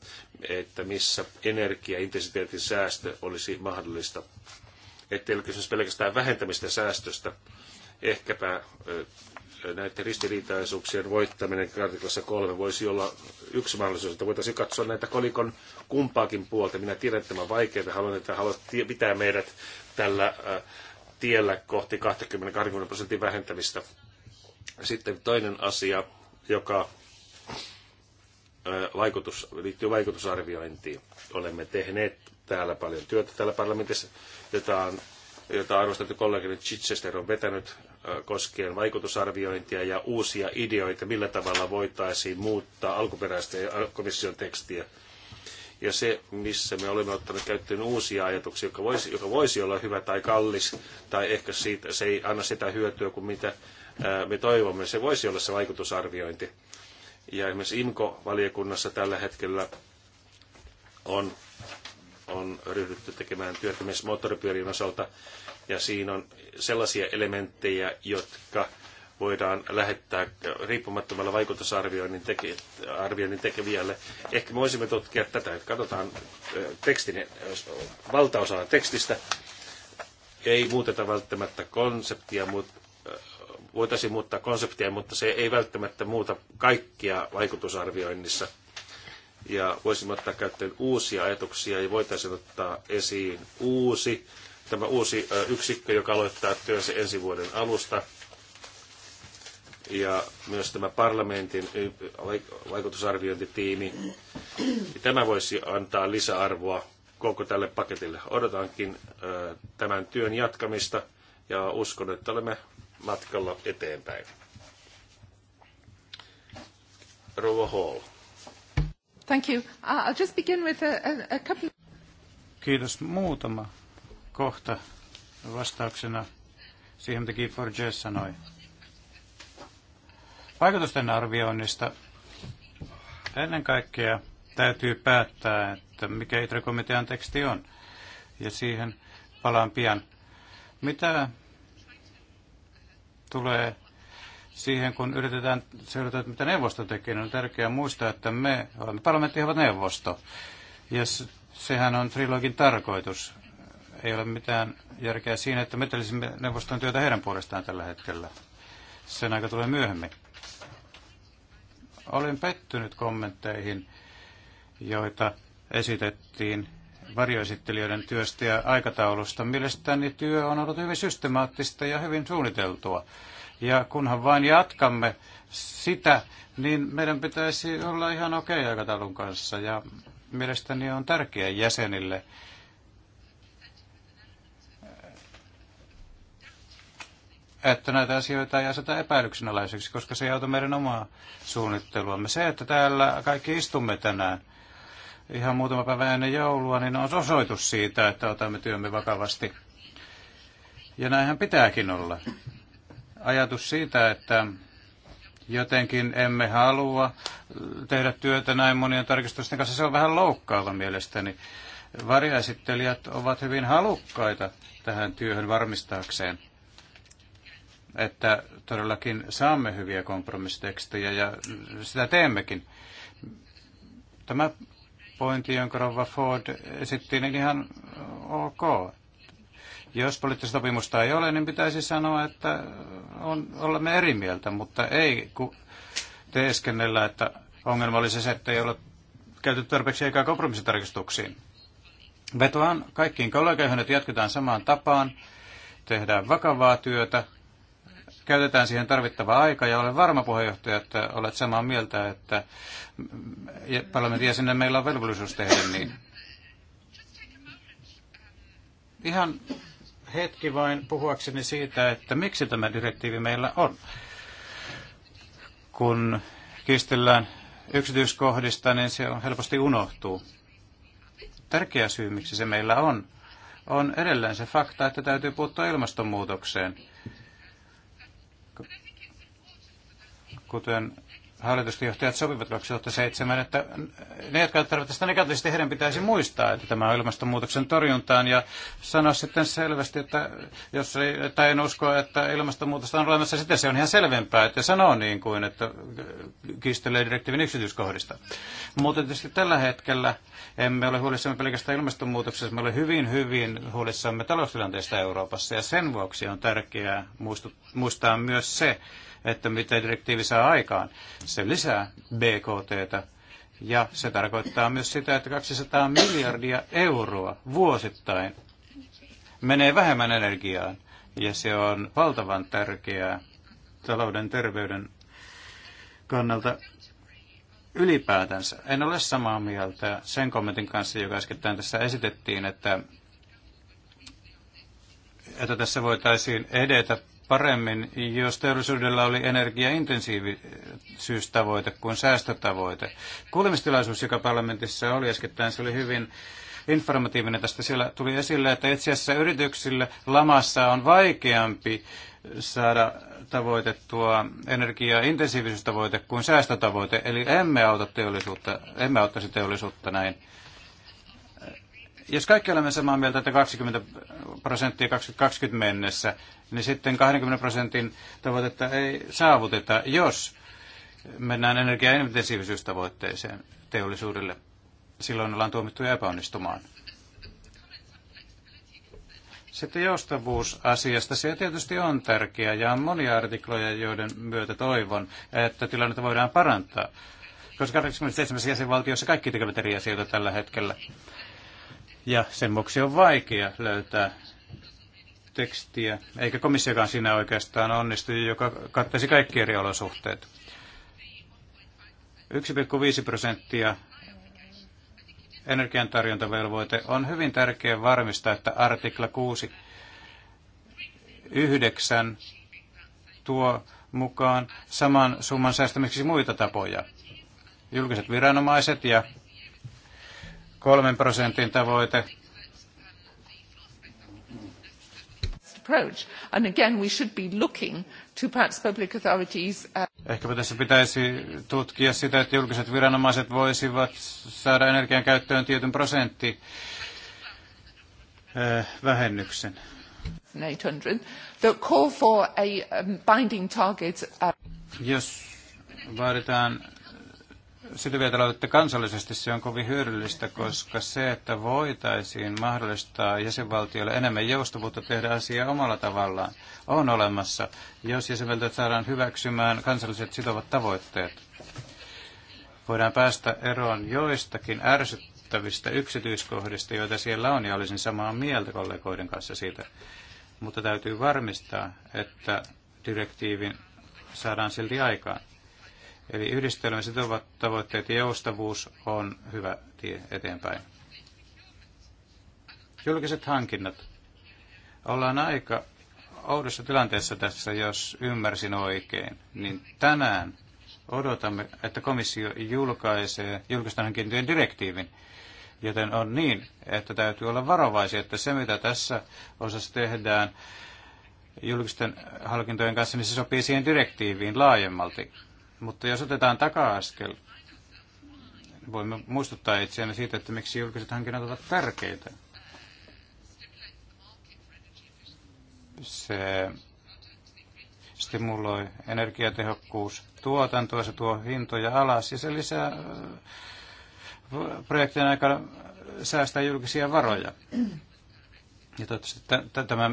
että missä energiaintensiteetin säästö olisi mahdollista. Ettei ole kysymys pelkästään vähentämistä säästöstä. Ehkäpä näiden ristiriitaisuuksien voittaminen artiklassa kolme voisi olla yksi mahdollisuus, että voitaisiin katsoa näitä kolikon kumpaakin puolta. Minä tiedän, että tämä on vaikeaa, haluan, että haluat pitää meidät tällä äh, tiellä kohti 20-20 prosentin vähentämistä. Sitten toinen asia, joka äh, vaikutus, liittyy vaikutusarviointiin. Olemme tehneet täällä paljon työtä täällä parlamentissa, jota on jota arvostettu kollegani Chichester on vetänyt koskien vaikutusarviointia ja uusia ideoita, millä tavalla voitaisiin muuttaa alkuperäistä komission tekstiä. Ja se, missä me olemme ottaneet käyttöön uusia ajatuksia, joka voisi, joka voisi olla hyvä tai kallis, tai ehkä siitä, se ei anna sitä hyötyä kuin mitä me toivomme, se voisi olla se vaikutusarviointi. Ja esimerkiksi imco valiokunnassa tällä hetkellä on on ryhdytty tekemään työtä myös moottoripyörien osalta, ja siinä on sellaisia elementtejä, jotka voidaan lähettää riippumattomalla vaikutusarvioinnin teke, arvioinnin tekevijälle. Ehkä me voisimme tutkia tätä, että katsotaan tekstin, valtaosa tekstistä. Ei muuteta välttämättä konseptia, mutta voitaisiin muuttaa konseptia, mutta se ei välttämättä muuta kaikkia vaikutusarvioinnissa – ja voisimme ottaa käyttöön uusia ajatuksia ja voitaisiin ottaa esiin uusi, tämä uusi yksikkö, joka aloittaa työnsä ensi vuoden alusta. Ja myös tämä parlamentin vaikutusarviointitiimi. Tämä voisi antaa lisäarvoa koko tälle paketille. Odotankin tämän työn jatkamista ja uskon, että olemme matkalla eteenpäin. Rouva Hall. Thank you. Uh, I'll just begin with a, couple of- Kiitos. Muutama kohta vastauksena siihen, mitä Guy Forget sanoi. Vaikutusten arvioinnista ennen kaikkea täytyy päättää, että mikä ITRE-komitean teksti on. Ja siihen palaan pian. Mitä tulee siihen, kun yritetään seurata, mitä neuvosto tekee, niin on tärkeää muistaa, että me olemme parlamentti ovat neuvosto. Ja sehän on trilogin tarkoitus. Ei ole mitään järkeä siinä, että me tekisimme neuvoston työtä heidän puolestaan tällä hetkellä. Sen aika tulee myöhemmin. Olen pettynyt kommentteihin, joita esitettiin varjoesittelijöiden työstä ja aikataulusta. Mielestäni työ on ollut hyvin systemaattista ja hyvin suunniteltua. Ja kunhan vain jatkamme sitä, niin meidän pitäisi olla ihan okei okay aikataulun kanssa. Ja mielestäni on tärkeää jäsenille että näitä asioita ei aseta epäilyksenalaiseksi, koska se ei auta meidän omaa suunnitteluamme. Se, että täällä kaikki istumme tänään ihan muutama päivä ennen joulua, niin on osoitus siitä, että otamme työmme vakavasti. Ja näinhän pitääkin olla ajatus siitä, että jotenkin emme halua tehdä työtä näin monien tarkistusten kanssa, se on vähän loukkaava mielestäni. Varjaesittelijät ovat hyvin halukkaita tähän työhön varmistaakseen, että todellakin saamme hyviä kompromissitekstejä ja sitä teemmekin. Tämä pointti, jonka Rova Ford esitti, niin ihan ok. Jos poliittista sopimusta ei ole, niin pitäisi sanoa, että on, olemme eri mieltä, mutta ei kun teeskennellä, että ongelma olisi se, että ei ole käyty tarpeeksi eikä kompromissitarkistuksiin. Vetoan kaikkiin kollegoihin, että jatketaan samaan tapaan, tehdään vakavaa työtä, käytetään siihen tarvittava aika ja olen varma puheenjohtaja, että olet samaa mieltä, että parlamentin jäsenen meillä on velvollisuus tehdä niin. Ihan hetki vain puhuakseni siitä, että miksi tämä direktiivi meillä on. Kun kistellään yksityiskohdista, niin se on helposti unohtuu. Tärkeä syy, miksi se meillä on, on edelleen se fakta, että täytyy puuttua ilmastonmuutokseen. Kuten hallitusjohtajat sopivat 2007, että ne, jotka tarvitsevat sitä negatiivisesti, heidän pitäisi muistaa, että tämä on ilmastonmuutoksen torjuntaan ja sanoa sitten selvästi, että jos ei, tai en usko, että ilmastonmuutosta on olemassa, sitten se on ihan selvempää, että sanoo niin kuin, että kiistelee direktiivin yksityiskohdista. Mutta tietysti tällä hetkellä emme ole huolissamme pelkästään ilmastonmuutoksessa, me olemme hyvin, hyvin huolissamme taloustilanteesta Euroopassa ja sen vuoksi on tärkeää muistaa myös se, että mitä direktiivi saa aikaan. Se lisää BKTtä ja se tarkoittaa myös sitä, että 200 miljardia euroa vuosittain menee vähemmän energiaan ja se on valtavan tärkeää talouden terveyden kannalta ylipäätänsä. En ole samaa mieltä sen kommentin kanssa, joka äsken tässä esitettiin, että, että tässä voitaisiin edetä paremmin, jos teollisuudella oli energiaintensiivisyystavoite kuin säästötavoite. Kuulemistilaisuus, joka parlamentissa oli äskettäin, se oli hyvin informatiivinen tästä. Siellä tuli esille, että itse asiassa yrityksille lamassa on vaikeampi saada tavoitettua energiaintensiivisyystavoite kuin säästötavoite. Eli emme auta teollisuutta, emme auttaisi teollisuutta näin. Jos kaikki olemme samaa mieltä, että 20 prosenttia 2020 mennessä niin sitten 20 prosentin tavoitetta ei saavuteta, jos mennään energiaintensiivisyystavoitteeseen teollisuudelle. Silloin ollaan tuomittu epäonnistumaan. Sitten joustavuusasiasta. Se tietysti on tärkeä ja on monia artikloja, joiden myötä toivon, että tilannetta voidaan parantaa. Koska 87 jäsenvaltiossa kaikki tekevät eri asioita tällä hetkellä. Ja sen vuoksi on vaikea löytää tekstiä, eikä komissiokaan siinä oikeastaan onnistu, joka kattaisi kaikki eri olosuhteet. 1,5 prosenttia energiantarjontavelvoite on hyvin tärkeä varmistaa, että artikla 6 9 tuo mukaan saman summan säästämiseksi muita tapoja. Julkiset viranomaiset ja kolmen prosentin tavoite approach. And again, we should be looking to perhaps public authorities. Uh, Ehkäpä tässä pitäisi tutkia sitä, että julkiset viranomaiset voisivat saada energian käyttöön tietyn prosentti vähennyksen. 800 that call for a um, binding target. Uh, Jos vaaditaan Sylviä taloutta kansallisesti se on kovin hyödyllistä, koska se, että voitaisiin mahdollistaa jäsenvaltioille enemmän joustavuutta tehdä asiaa omalla tavallaan, on olemassa, jos jäsenvaltiot saadaan hyväksymään kansalliset sitovat tavoitteet. Voidaan päästä eroon joistakin ärsyttävistä yksityiskohdista, joita siellä on, ja olisin samaa mieltä kollegoiden kanssa siitä. Mutta täytyy varmistaa, että direktiivin saadaan silti aikaan Eli yhdistelmä sitovat tavoitteet ja joustavuus on hyvä tie eteenpäin. Julkiset hankinnat. Ollaan aika oudossa tilanteessa tässä, jos ymmärsin oikein. Niin tänään odotamme, että komissio julkaisee julkisten hankintojen direktiivin. Joten on niin, että täytyy olla varovaisia, että se mitä tässä osassa tehdään julkisten hankintojen kanssa, niin se sopii siihen direktiiviin laajemmalti mutta jos otetaan taka-askel, voimme muistuttaa itseään siitä, että miksi julkiset hankinnat ovat tärkeitä. Se stimuloi energiatehokkuus tuotantoa, se tuo hintoja alas ja se lisää äh, projektien aikana säästää julkisia varoja. Ja toivottavasti tämä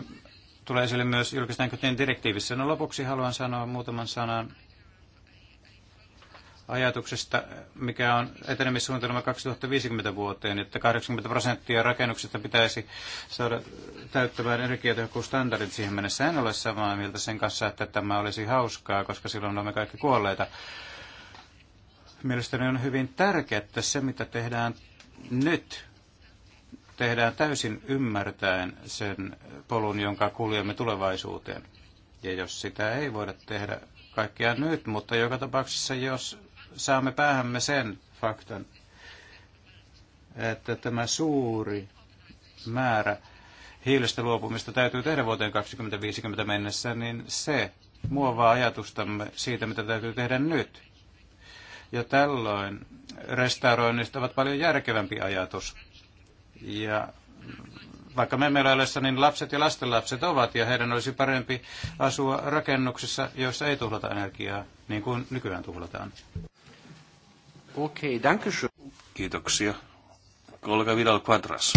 tulee esille myös julkisten direktiivissä. No lopuksi haluan sanoa muutaman sanan ajatuksesta, mikä on etenemissuunnitelma 2050 vuoteen, että 80 prosenttia rakennuksista pitäisi saada täyttämään energiatehokkuustandardit siihen mennessä. En ole samaa mieltä sen kanssa, että tämä olisi hauskaa, koska silloin olemme kaikki kuolleita. Mielestäni on hyvin tärkeää, että se mitä tehdään nyt, tehdään täysin ymmärtäen sen polun, jonka kuljemme tulevaisuuteen. Ja jos sitä ei voida tehdä kaikkea nyt, mutta joka tapauksessa jos saamme päähämme sen faktan, että tämä suuri määrä hiilestä luopumista täytyy tehdä vuoteen 2050 mennessä, niin se muovaa ajatustamme siitä, mitä täytyy tehdä nyt. Ja tällöin restauroinnista ovat paljon järkevämpi ajatus. Ja vaikka me meillä olessa, niin lapset ja lastenlapset ovat, ja heidän olisi parempi asua rakennuksissa, joissa ei tuhlata energiaa, niin kuin nykyään tuhlataan. Okei, okay, danke schön. Kiitoksia. Kollega Vidal Quadras.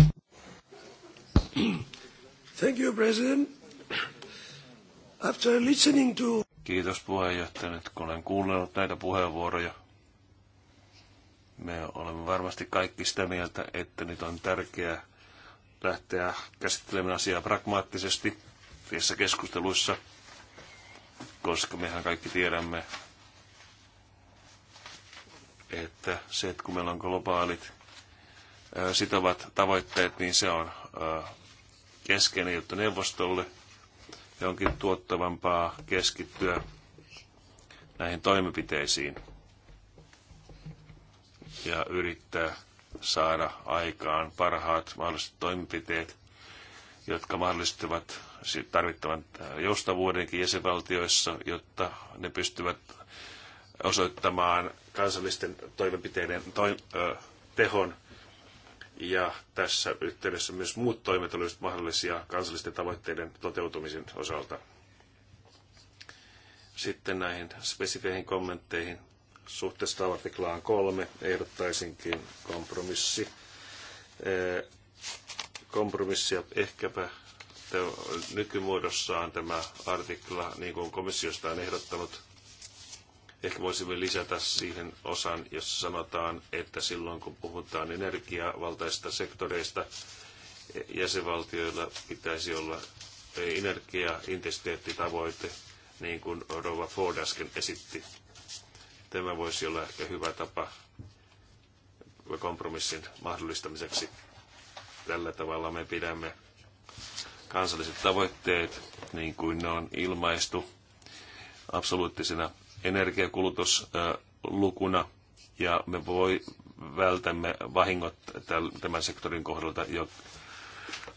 Thank you, President. After listening to... Kiitos puheenjohtaja, nyt kun olen kuunnellut näitä puheenvuoroja. Me olemme varmasti kaikki sitä mieltä, että nyt on tärkeää lähteä käsittelemään asiaa pragmaattisesti tässä keskusteluissa, koska mehän kaikki tiedämme, että se, että kun meillä on globaalit sitovat tavoitteet, niin se on keskeinen juttu neuvostolle ja onkin tuottavampaa keskittyä näihin toimenpiteisiin ja yrittää saada aikaan parhaat mahdolliset toimenpiteet, jotka mahdollistavat tarvittavan joustavuudenkin jäsenvaltioissa, jotta ne pystyvät osoittamaan kansallisten toimenpiteiden toi, ö, tehon. Ja tässä yhteydessä myös muut toimet olisivat mahdollisia kansallisten tavoitteiden toteutumisen osalta. Sitten näihin spesifeihin kommentteihin suhteessa artiklaan kolme ehdottaisinkin kompromissi. Kompromissia ehkäpä nykymuodossaan tämä artikla, niin kuin komissiosta on ehdottanut, Ehkä voisimme lisätä siihen osan, jossa sanotaan, että silloin kun puhutaan energiavaltaista sektoreista, jäsenvaltioilla pitäisi olla energiaintensiteettitavoite, niin kuin Rova Ford äsken esitti. Tämä voisi olla ehkä hyvä tapa kompromissin mahdollistamiseksi. Tällä tavalla me pidämme kansalliset tavoitteet, niin kuin ne on ilmaistu, absoluuttisina energiakulutuslukuna ja me voi vältämme vahingot tämän sektorin kohdalta jo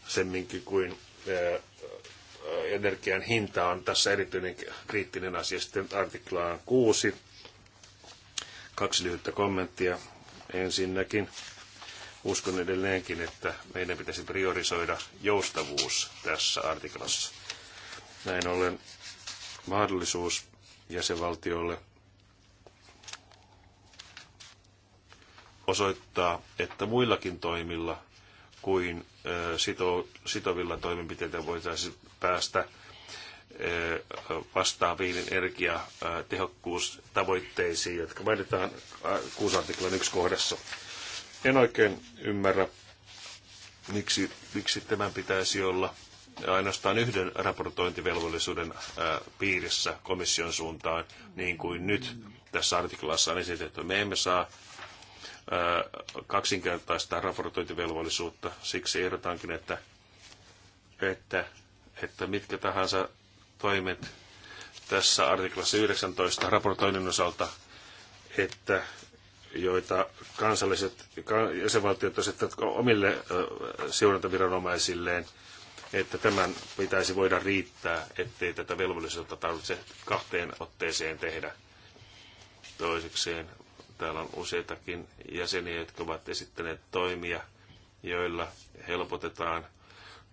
semminkin kuin energian hinta on tässä erityinen kriittinen asia. Sitten artiklaan kuusi. Kaksi lyhyttä kommenttia. Ensinnäkin uskon edelleenkin, että meidän pitäisi priorisoida joustavuus tässä artiklassa. Näin ollen mahdollisuus jäsenvaltioille osoittaa, että muillakin toimilla kuin sito, sitovilla toimenpiteillä voitaisiin päästä vastaaviin energiatehokkuustavoitteisiin, jotka mainitaan 6 artiklan yksi kohdassa. En oikein ymmärrä, miksi, miksi tämän pitäisi olla ainoastaan yhden raportointivelvollisuuden piirissä komission suuntaan, niin kuin nyt tässä artiklassa on esitetty. Me emme saa kaksinkertaista raportointivelvollisuutta. Siksi ehdotankin, että, että, että mitkä tahansa toimet tässä artiklassa 19 raportoinnin osalta, että joita kansalliset jäsenvaltiot asettavat omille seurantaviranomaisilleen, että tämän pitäisi voida riittää, ettei tätä velvollisuutta tarvitse kahteen otteeseen tehdä. Toisekseen täällä on useitakin jäseniä, jotka ovat esittäneet toimia, joilla helpotetaan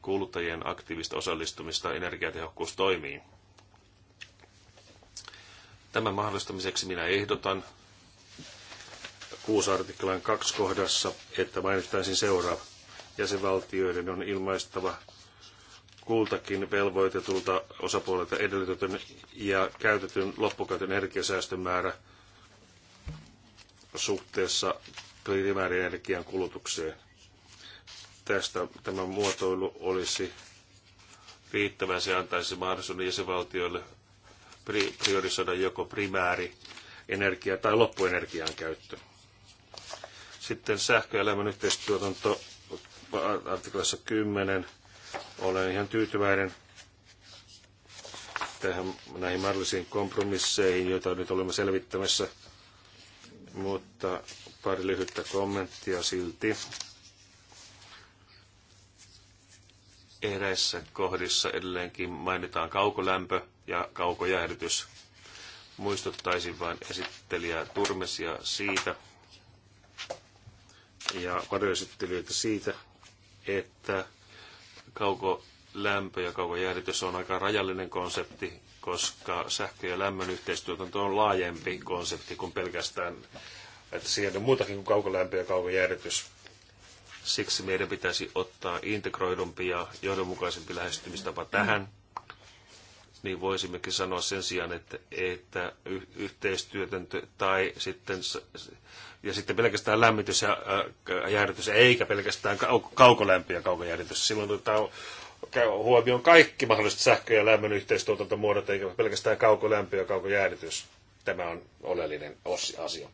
kuluttajien aktiivista osallistumista energiatehokkuustoimiin. Tämän mahdollistamiseksi minä ehdotan kuusartiklan kaksi kohdassa, että mainittaisin seuraava. Jäsenvaltioiden on ilmaistava kultakin velvoitetulta osapuolelta edellytetyn ja käytetyn loppukäytön energiasäästön määrä suhteessa primäärienergian kulutukseen. Tästä tämä muotoilu olisi riittävä. Se antaisi mahdollisuuden jäsenvaltioille priorisoida joko primääri energia tai loppuenergian käyttö. Sitten sähköelämän yhteistuotanto artiklassa 10 olen ihan tyytyväinen tähän, näihin mahdollisiin kompromisseihin, joita nyt olemme selvittämässä, mutta pari lyhyttä kommenttia silti. Eräissä kohdissa edelleenkin mainitaan kaukolämpö ja kaukojäähdytys. Muistuttaisin vain esittelijää Turmesia siitä ja varjoesittelijöitä siitä, että kaukolämpö ja kaukojäädytys on aika rajallinen konsepti, koska sähkö- ja lämmön yhteistuotanto on laajempi konsepti kuin pelkästään, että siihen on muutakin kuin kaukolämpö ja kaukojäädytys. Siksi meidän pitäisi ottaa integroidumpi ja johdonmukaisempi lähestymistapa tähän niin voisimmekin sanoa sen sijaan, että, että yhteistyötä tai sitten ja sitten pelkästään lämmitys ja äh, jäähdytys, eikä pelkästään kaukolämpi ja kaukojäähdytys. Silloin otetaan huomioon kaikki mahdolliset sähkö- ja lämmön yhteistuotantomuodot, eikä pelkästään kaukolämpi ja kaukojäähdytys. Tämä on oleellinen asia.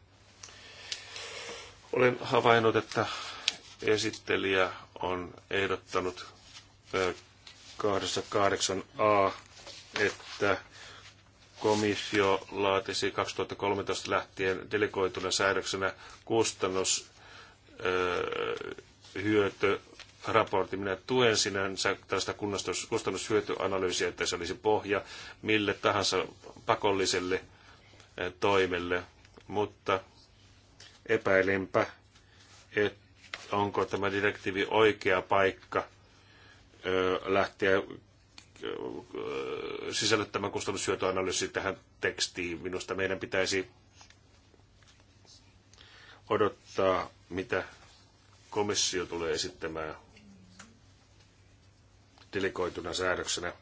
Olen havainnut, että esittelijä on ehdottanut 28a, äh, että komissio laatisi 2013 lähtien delegoituna säädöksenä kustannus hyöty Minä tuen sinänsä tällaista kustannushyötyanalyysiä, että se olisi pohja mille tahansa pakolliselle toimelle, mutta epäilenpä, että onko tämä direktiivi oikea paikka lähteä sisällyttämän kustannushyötyanalyysi tähän tekstiin. Minusta meidän pitäisi odottaa, mitä komissio tulee esittämään delikoituna säädöksenä.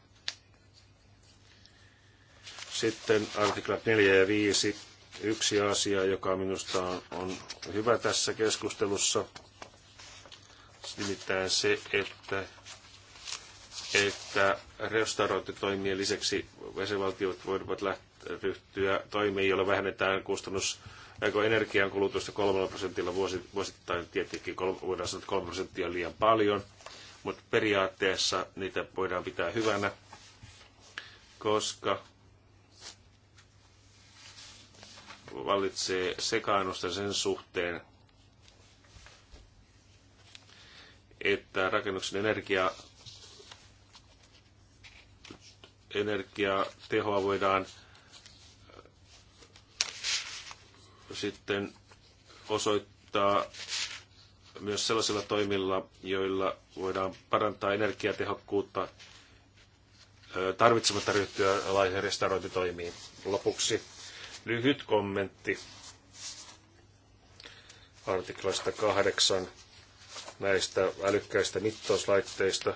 Sitten artiklat 4 ja 5. Yksi asia, joka minusta on, on hyvä tässä keskustelussa, nimittäin se, että että restaurointitoimien lisäksi jäsenvaltiot voivat lähteä, ryhtyä toimiin, joilla vähennetään kustannus energiankulutusta kolmella prosentilla vuosittain. Tietenkin voidaan sanoa, että kolme prosenttia on liian paljon, mutta periaatteessa niitä voidaan pitää hyvänä, koska vallitsee sekaannusta sen suhteen, että rakennuksen energia energiatehoa voidaan äh, sitten osoittaa myös sellaisilla toimilla, joilla voidaan parantaa energiatehokkuutta äh, tarvitsematta ryhtyä laihin restaurointitoimiin. Lopuksi lyhyt kommentti artiklasta kahdeksan näistä älykkäistä mittauslaitteista.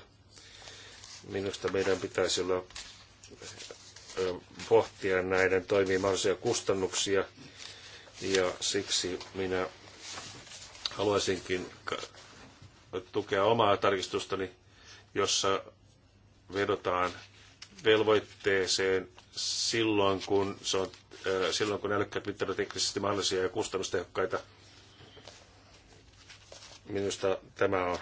Minusta meidän pitäisi olla pohtia näiden toimiin mahdollisia kustannuksia. Ja siksi minä haluaisinkin tukea omaa tarkistustani, jossa vedotaan velvoitteeseen silloin, kun, se on, silloin, kun älykkäät mittarit teknisesti mahdollisia ja kustannustehokkaita. Minusta tämä on.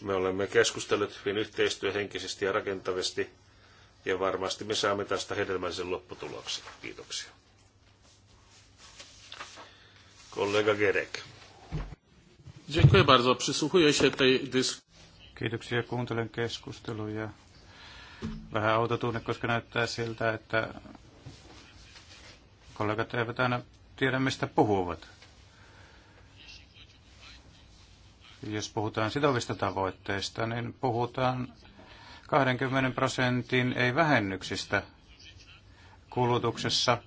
Me olemme keskustelleet hyvin yhteistyöhenkisesti ja rakentavasti – ja varmasti me saamme tästä hedelmällisen lopputuloksen. Kiitoksia. Kollega Gerek. Dziękuję bardzo. Przysłuchuję się tej Kiitoksia. Kuuntelen ja Vähän outo tunne, koska näyttää siltä, että kollegat eivät aina tiedä, mistä puhuvat. Jos puhutaan sitovista tavoitteista, niin puhutaan 20 prosentin ei vähennyksistä kulutuksessa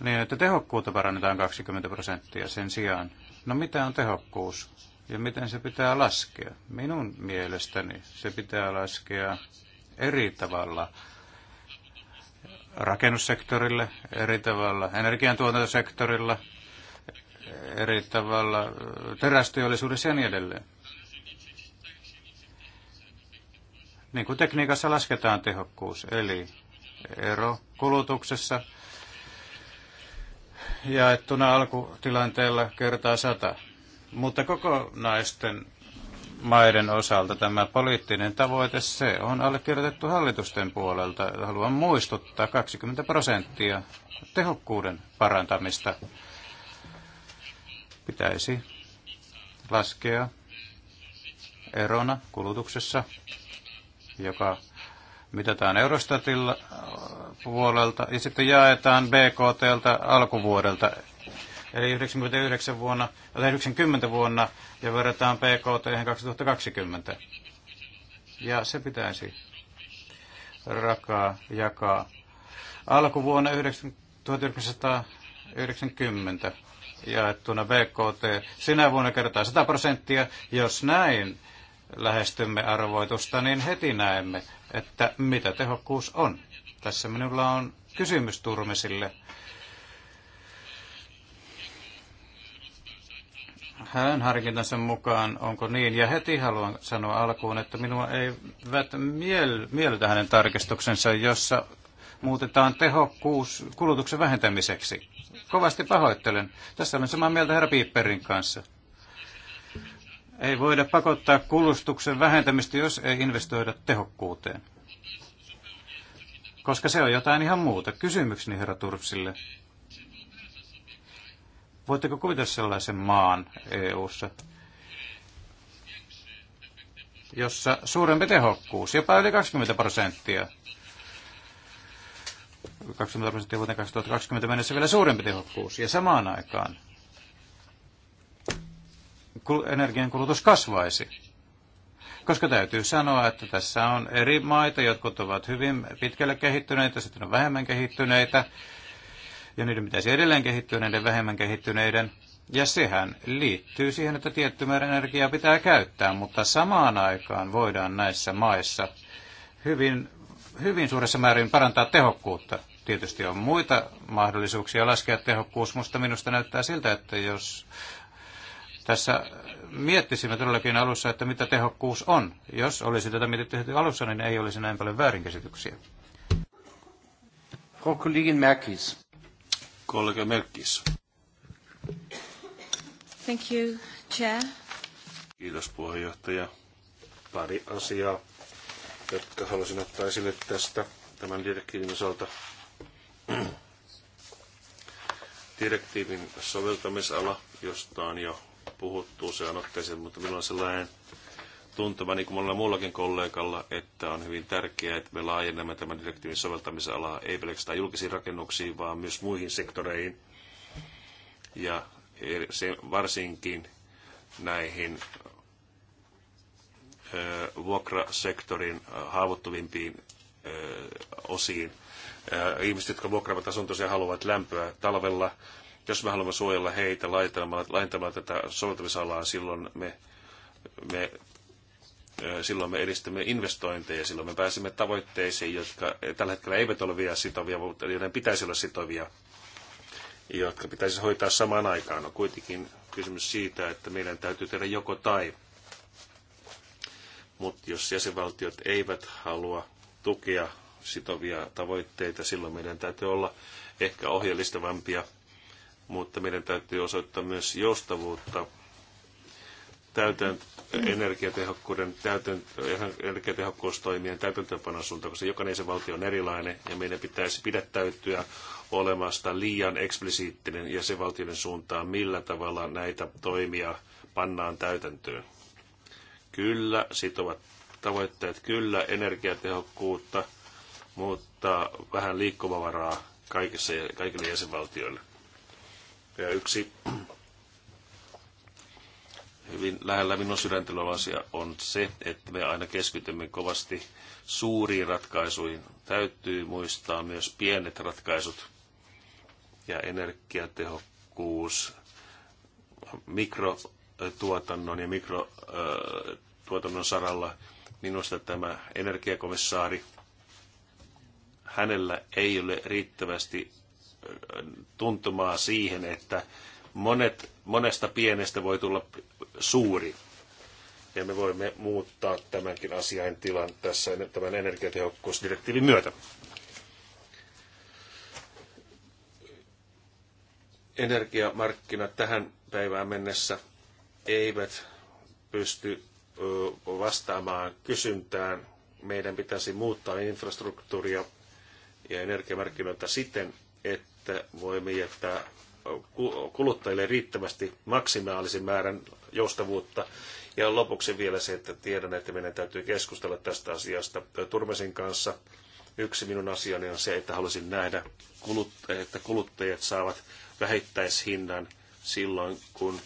niin, että tehokkuutta parannetaan 20 prosenttia sen sijaan. No mitä on tehokkuus ja miten se pitää laskea? Minun mielestäni se pitää laskea eri tavalla rakennussektorille, eri tavalla energiantuotantosektorilla, eri tavalla terästeollisuudessa ja niin edelleen. niin kuin tekniikassa lasketaan tehokkuus, eli ero kulutuksessa jaettuna alkutilanteella kertaa sata. Mutta kokonaisten maiden osalta tämä poliittinen tavoite, se on allekirjoitettu hallitusten puolelta. Haluan muistuttaa 20 prosenttia tehokkuuden parantamista pitäisi laskea erona kulutuksessa joka mitataan Eurostatilla puolelta ja sitten jaetaan BKTltä alkuvuodelta. Eli 99 vuonna, tai 90 vuonna ja verrataan BKT 2020. Ja se pitäisi rakaa jakaa alkuvuonna 1990 jaettuna BKT. Sinä vuonna kertaa 100 prosenttia. Jos näin lähestymme arvoitusta, niin heti näemme, että mitä tehokkuus on. Tässä minulla on kysymys Turmesille. Hän harkintansa mukaan, onko niin, ja heti haluan sanoa alkuun, että minua eivät miel, miellytä hänen tarkistuksensa, jossa muutetaan tehokkuus kulutuksen vähentämiseksi. Kovasti pahoittelen. Tässä olen samaa mieltä herra Piipperin kanssa. Ei voida pakottaa kulustuksen vähentämistä, jos ei investoida tehokkuuteen. Koska se on jotain ihan muuta. Kysymykseni herra Turfsille. Voitteko kuvitella sellaisen maan EU-ssa, jossa suurempi tehokkuus, jopa yli 20 prosenttia, 20 prosenttia vuoteen 2020 mennessä vielä suurempi tehokkuus. Ja samaan aikaan energiankulutus kasvaisi. Koska täytyy sanoa, että tässä on eri maita, jotkut ovat hyvin pitkälle kehittyneitä, sitten on vähemmän kehittyneitä, ja niiden pitäisi edelleen kehittyä näiden vähemmän kehittyneiden. Ja sehän liittyy siihen, että tietty määrä energiaa pitää käyttää, mutta samaan aikaan voidaan näissä maissa hyvin, hyvin suuressa määrin parantaa tehokkuutta. Tietysti on muita mahdollisuuksia laskea tehokkuus, mutta minusta näyttää siltä, että jos tässä miettisimme todellakin alussa, että mitä tehokkuus on. Jos olisi tätä mietitty alussa, niin ei olisi näin paljon väärinkäsityksiä. Frau Kollegin Merkis. Kollega Merkis. Thank you, Chair. Kiitos puheenjohtaja. Pari asiaa, jotka halusin ottaa esille tästä tämän direktiivin osalta. [CLEARS THROAT] Direktiivin soveltamisala, josta on jo puhuttu usean otteeseen, mutta minulla on sellainen tuntuma, niin kuin monella muullakin kollegalla, että on hyvin tärkeää, että me laajennamme tämän direktiivin soveltamisalaa ei pelkästään julkisiin rakennuksiin, vaan myös muihin sektoreihin. Ja se varsinkin näihin vuokrasektorin haavoittuvimpiin osiin. Ihmiset, jotka vuokraavat asuntoja haluavat lämpöä talvella, jos me haluamme suojella heitä laajentamalla tätä soveltamisalaa, silloin me, me silloin me edistämme investointeja, silloin me pääsemme tavoitteisiin, jotka tällä hetkellä eivät ole vielä sitovia, mutta joiden pitäisi olla sitovia, jotka pitäisi hoitaa samaan aikaan. On kuitenkin kysymys siitä, että meidän täytyy tehdä joko tai. Mutta jos jäsenvaltiot eivät halua tukea sitovia tavoitteita, silloin meidän täytyy olla ehkä ohjelistavampia mutta meidän täytyy osoittaa myös joustavuutta täytäntö, energiatehokkuuden, täytäntö, energiatehokkuustoimien täytäntöönpanon suuntaan, koska jokainen se valtio on erilainen ja meidän pitäisi pidättäytyä olemasta liian eksplisiittinen ja se valtioiden suuntaan, millä tavalla näitä toimia pannaan täytäntöön. Kyllä, sitovat tavoitteet, kyllä energiatehokkuutta, mutta vähän liikkuvavaraa kaikissa, kaikille jäsenvaltioille. Ja yksi hyvin lähellä minun sydäntä asia on se, että me aina keskitymme kovasti suuriin ratkaisuihin. Täytyy muistaa myös pienet ratkaisut ja energiatehokkuus, mikrotuotannon ja mikrotuotannon saralla. Minusta tämä energiakomissaari, hänellä ei ole riittävästi tuntumaa siihen, että monet, monesta pienestä voi tulla suuri. Ja me voimme muuttaa tämänkin asian tilan tässä tämän energiatehokkuusdirektiivin myötä. Energiamarkkinat tähän päivään mennessä eivät pysty vastaamaan kysyntään. Meidän pitäisi muuttaa infrastruktuuria ja energiamarkkinoita siten, että että voimme jättää kuluttajille riittävästi maksimaalisen määrän joustavuutta. Ja lopuksi vielä se, että tiedän, että meidän täytyy keskustella tästä asiasta Turmesin kanssa. Yksi minun asiani on se, että haluaisin nähdä, että kuluttajat saavat vähittäishinnan silloin, kun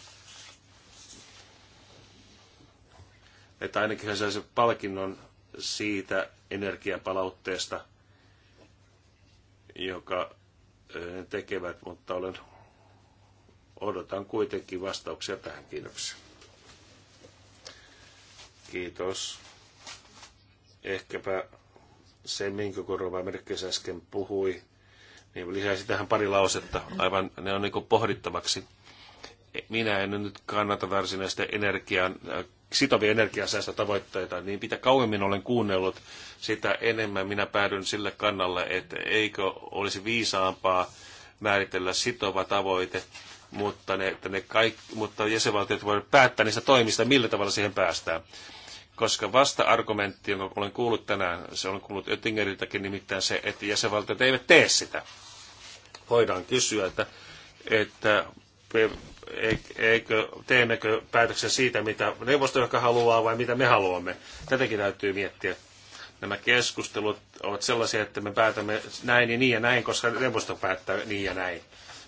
että ainakin se saisivat palkinnon siitä energiapalautteesta, joka tekevät, mutta olen, odotan kuitenkin vastauksia tähän. kiinnokseen. Kiitos. Ehkäpä se, minkä Korova Merkkis äsken puhui, niin lisäisi tähän pari lausetta. Aivan ne on niin pohdittavaksi. Minä en nyt kannata varsinaista energian sitovia energiasäästötavoitteita, niin mitä kauemmin olen kuunnellut, sitä enemmän minä päädyn sille kannalle, että eikö olisi viisaampaa määritellä sitova tavoite, mutta, ne, että ne kaikki, mutta jäsenvaltiot voivat päättää niistä toimista, millä tavalla siihen päästään. Koska vasta-argumentti, jonka olen kuullut tänään, se on kuullut Oettingeriltäkin nimittäin se, että jäsenvaltiot eivät tee sitä. Voidaan kysyä, että, että eikö, teemmekö päätöksen siitä, mitä neuvosto joka haluaa vai mitä me haluamme. Tätäkin täytyy miettiä. Nämä keskustelut ovat sellaisia, että me päätämme näin ja niin ja näin, koska neuvosto päättää niin ja näin.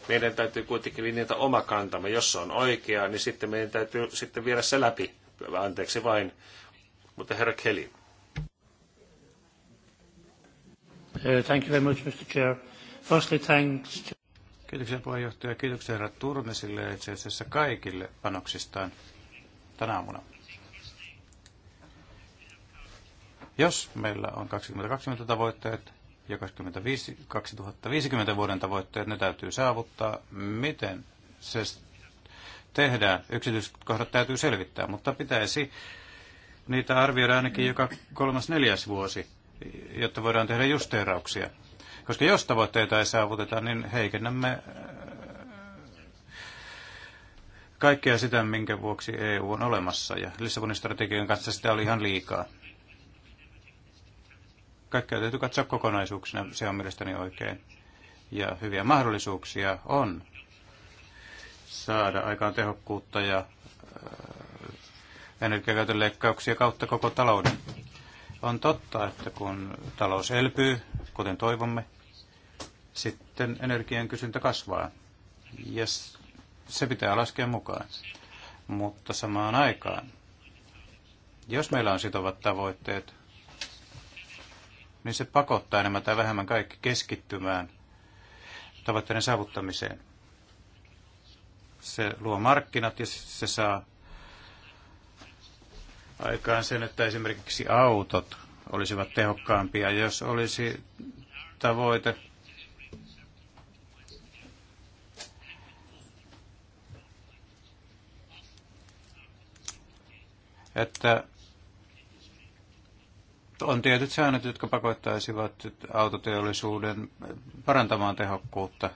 Meidän täytyy kuitenkin linjata oma kantamme. Jos se on oikea, niin sitten meidän täytyy sitten viedä se läpi. Anteeksi vain. Mutta herra Kelly. Uh, thank you very much, Mr. Chair. Firstly, thanks to Kiitoksia puheenjohtaja. Kiitoksia herra Turmesille ja itse asiassa kaikille panoksistaan tänä aamuna. Jos meillä on 2020 tavoitteet ja 25, 2050 vuoden tavoitteet, ne täytyy saavuttaa. Miten se tehdään? Yksityiskohdat täytyy selvittää, mutta pitäisi niitä arvioida ainakin joka kolmas neljäs vuosi, jotta voidaan tehdä justeerauksia. Koska jos tavoitteita ei saavuteta, niin heikennämme äh, kaikkea sitä, minkä vuoksi EU on olemassa. Ja Lissabonin strategian kanssa sitä oli ihan liikaa. Kaikkea täytyy katsoa kokonaisuuksina, se on mielestäni oikein. Ja hyviä mahdollisuuksia on saada aikaan tehokkuutta ja äh, energiakäytön leikkauksia kautta koko talouden. On totta, että kun talous elpyy, kuten toivomme, sitten energian kysyntä kasvaa. Ja se pitää laskea mukaan. Mutta samaan aikaan, jos meillä on sitovat tavoitteet, niin se pakottaa enemmän tai vähemmän kaikki keskittymään tavoitteiden saavuttamiseen. Se luo markkinat ja se saa aikaan sen, että esimerkiksi autot olisivat tehokkaampia, jos olisi tavoite että on tietyt säännöt, jotka pakottaisivat autoteollisuuden parantamaan tehokkuutta.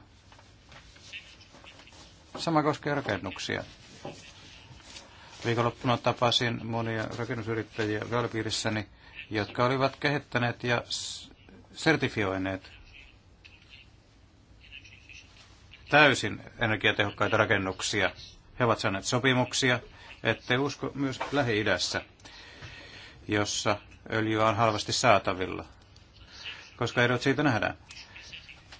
Sama koskee rakennuksia. Viikonloppuna tapasin monia rakennusyrittäjiä välipiirissäni, jotka olivat kehittäneet ja sertifioineet täysin energiatehokkaita rakennuksia. He ovat saaneet sopimuksia ette usko myös Lähi-idässä, jossa öljyä on halvasti saatavilla, koska erot siitä nähdään.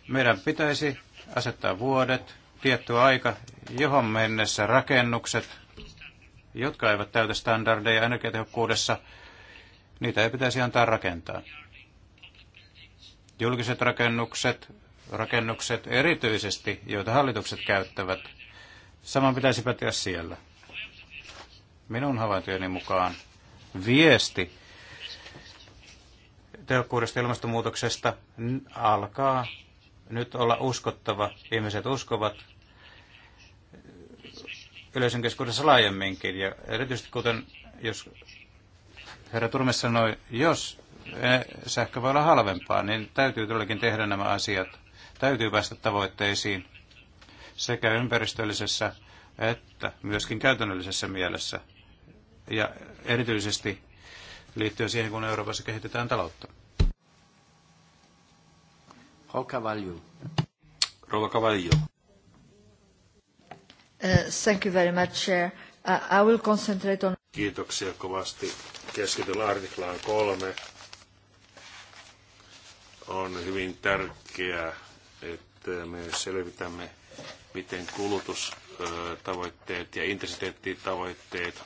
Meidän pitäisi asettaa vuodet, tietty aika, johon mennessä rakennukset, jotka eivät täytä standardeja energiatehokkuudessa, niitä ei pitäisi antaa rakentaa. Julkiset rakennukset, rakennukset erityisesti, joita hallitukset käyttävät, saman pitäisi päteä siellä minun havaintojeni mukaan viesti tehokkuudesta ilmastonmuutoksesta alkaa nyt olla uskottava. Ihmiset uskovat yleisön keskuudessa laajemminkin. Ja erityisesti kuten jos herra Turmes sanoi, jos e, sähkö voi olla halvempaa, niin täytyy todellakin tehdä nämä asiat. Täytyy päästä tavoitteisiin sekä ympäristöllisessä että myöskin käytännöllisessä mielessä ja erityisesti liittyen siihen, kun Euroopassa kehitetään taloutta. Rouva Uh, thank you very much, Chair. Uh, I will concentrate on... Kiitoksia kovasti. Keskityn artiklaan kolme. On hyvin tärkeää, että me selvitämme, miten kulutustavoitteet ja intensiteettitavoitteet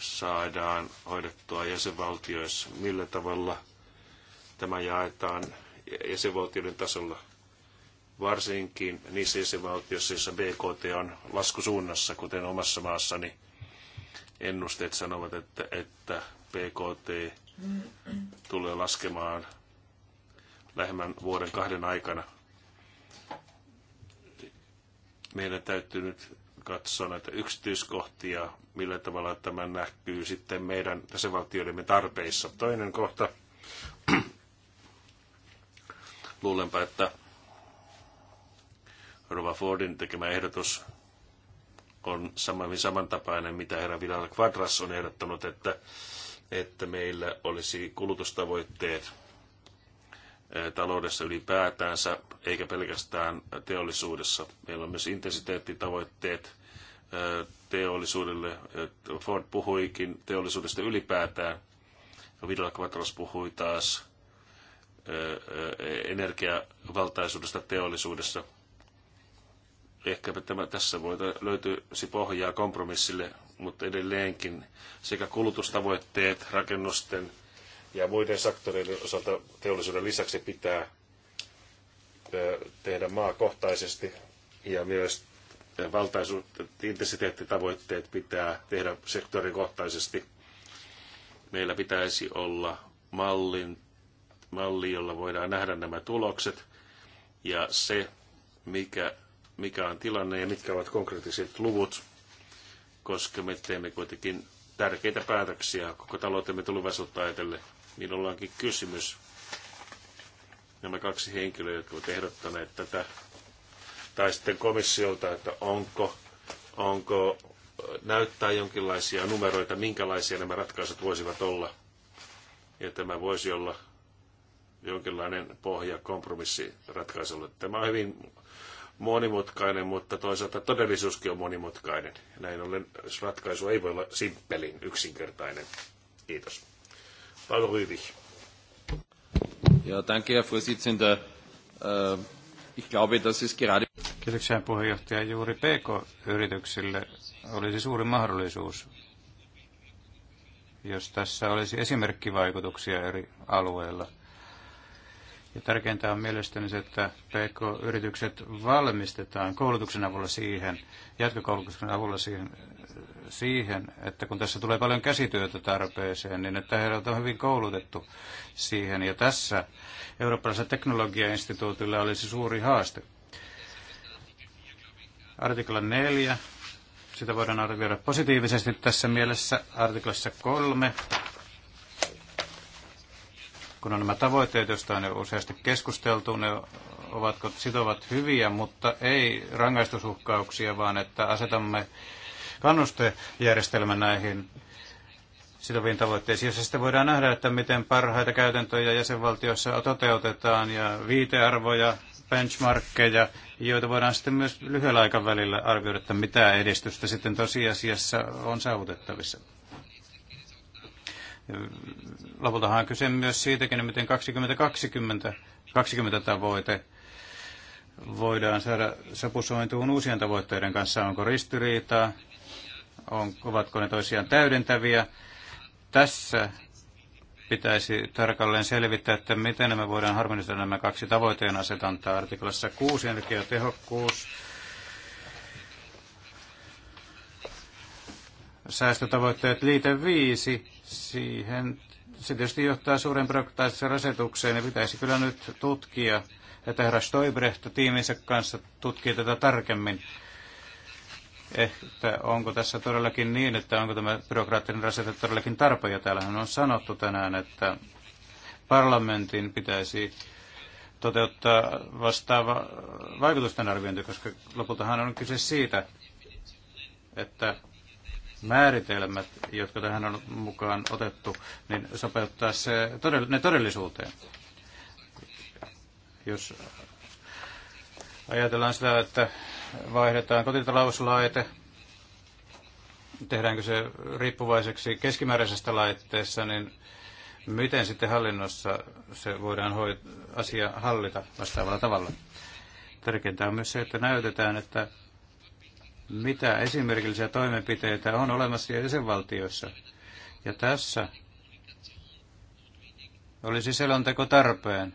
saadaan hoidettua jäsenvaltioissa, millä tavalla tämä jaetaan jäsenvaltioiden tasolla, varsinkin niissä jäsenvaltioissa, joissa BKT on laskusuunnassa, kuten omassa maassani. Ennusteet sanovat, että, että BKT tulee laskemaan lähemmän vuoden kahden aikana. Meidän täytyy nyt katsoa näitä yksityiskohtia, millä tavalla tämä näkyy sitten meidän jäsenvaltioidemme tarpeissa. Toinen kohta, [CLEARS THROAT] luulenpa, että Rova Fordin tekemä ehdotus on saman, samantapainen, mitä herra Vidal Quadras on ehdottanut, että, että meillä olisi kulutustavoitteet – taloudessa ylipäätänsä, eikä pelkästään teollisuudessa. Meillä on myös intensiteettitavoitteet teollisuudelle. Ford puhuikin teollisuudesta ylipäätään. Vidal Quatros puhui taas energiavaltaisuudesta teollisuudessa. Ehkäpä tämä, tässä voi löytyisi pohjaa kompromissille, mutta edelleenkin sekä kulutustavoitteet, rakennusten ja muiden sektoreiden osalta teollisuuden lisäksi pitää tehdä maakohtaisesti ja myös valtaisuus, intensiteettitavoitteet pitää tehdä sektorikohtaisesti. Meillä pitäisi olla mallin, malli, jolla voidaan nähdä nämä tulokset ja se, mikä, mikä on tilanne ja mitkä ovat konkreettiset luvut, koska me teemme kuitenkin tärkeitä päätöksiä koko taloutemme tulevaisuutta ajatellen Minulla onkin kysymys. Nämä kaksi henkilöä, jotka ovat ehdottaneet tätä, tai sitten komissiolta, että onko, onko näyttää jonkinlaisia numeroita, minkälaisia nämä ratkaisut voisivat olla. Ja tämä voisi olla jonkinlainen pohja kompromissiratkaisulle. Tämä on hyvin monimutkainen, mutta toisaalta todellisuuskin on monimutkainen. Näin ollen ratkaisu ei voi olla simppelin, yksinkertainen. Kiitos. Paul Rübig. Ja, danke, Herr Vorsitzender. Äh, ich glaube, dass es gerade... Kiitoksia puheenjohtaja. Juuri PK-yrityksille olisi suuri mahdollisuus, jos tässä olisi esimerkkivaikutuksia eri alueilla. Ja tärkeintä on mielestäni se, että PK-yritykset valmistetaan koulutuksen avulla siihen, jatkokoulutuksen avulla siihen, siihen, että kun tässä tulee paljon käsityötä tarpeeseen, niin että heidät on hyvin koulutettu siihen. Ja tässä Eurooppalaisella teknologiainstituutilla olisi suuri haaste. Artikla 4. Sitä voidaan arvioida positiivisesti tässä mielessä. Artiklassa 3 kun on nämä tavoitteet, joista on jo useasti keskusteltu, ne ovatko sitovat hyviä, mutta ei rangaistusuhkauksia, vaan että asetamme kannustejärjestelmä näihin sitoviin tavoitteisiin, jossa sitten voidaan nähdä, että miten parhaita käytäntöjä jäsenvaltiossa toteutetaan ja viitearvoja, benchmarkkeja, joita voidaan sitten myös lyhyellä aikavälillä arvioida, että mitä edistystä sitten tosiasiassa on saavutettavissa. Lopultahan on kyse myös siitäkin, miten 2020 2020 tavoite voidaan saada sopusointuun uusien tavoitteiden kanssa. Onko ristiriitaa on, ovatko ne toisiaan täydentäviä. Tässä pitäisi tarkalleen selvittää, että miten me voidaan harmonisoida nämä kaksi tavoitteen asetantaa. Artiklassa 6 energiatehokkuus, säästötavoitteet liite 5, siihen se tietysti johtaa suuren projektaisen rasetukseen ja pitäisi kyllä nyt tutkia, että herra Stoibrecht tiiminsä kanssa tutkii tätä tarkemmin Ehkä onko tässä todellakin niin, että onko tämä byrokraattinen rasite todellakin tarpeen, ja täällähän on sanottu tänään, että parlamentin pitäisi toteuttaa vastaava vaikutusten arviointi, koska lopultahan on kyse siitä, että määritelmät, jotka tähän on mukaan otettu, niin sopeuttaa se, ne todellisuuteen. Jos ajatellaan sitä, että vaihdetaan kotitalouslaite, tehdäänkö se riippuvaiseksi keskimääräisestä laitteessa, niin miten sitten hallinnossa se voidaan hoit- asia hallita vastaavalla tavalla. Tärkeintä on myös se, että näytetään, että mitä esimerkillisiä toimenpiteitä on olemassa jäsenvaltioissa. Ja tässä olisi selonteko tarpeen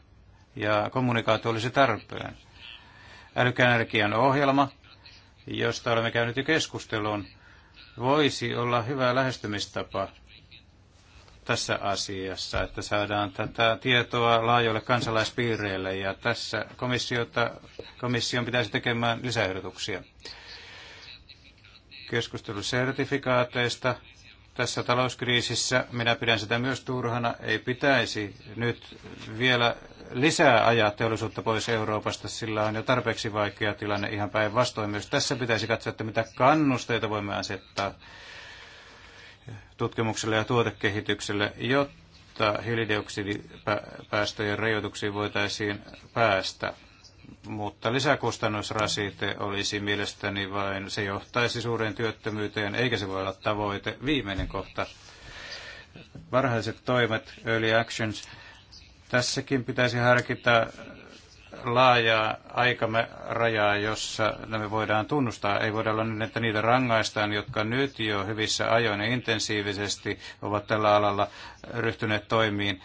ja kommunikaatio olisi tarpeen älykkään ohjelma, josta olemme käyneet jo keskustelun, voisi olla hyvä lähestymistapa tässä asiassa, että saadaan tätä tietoa laajoille kansalaispiireille ja tässä komissiota, komission pitäisi tekemään lisäehdotuksia. Keskustelu sertifikaateista tässä talouskriisissä. Minä pidän sitä myös turhana. Ei pitäisi nyt vielä lisää ajaa teollisuutta pois Euroopasta, sillä on jo tarpeeksi vaikea tilanne ihan päinvastoin. Myös tässä pitäisi katsoa, että mitä kannusteita voimme asettaa tutkimukselle ja tuotekehitykselle, jotta hiilidioksidipäästöjen rajoituksiin voitaisiin päästä mutta lisäkustannusrasite olisi mielestäni vain, se johtaisi suureen työttömyyteen, eikä se voi olla tavoite. Viimeinen kohta, varhaiset toimet, early actions. Tässäkin pitäisi harkita laajaa aikarajaa, jossa nämä voidaan tunnustaa. Ei voida olla niin, että niitä rangaistaan, jotka nyt jo hyvissä ajoin ja intensiivisesti ovat tällä alalla ryhtyneet toimiin.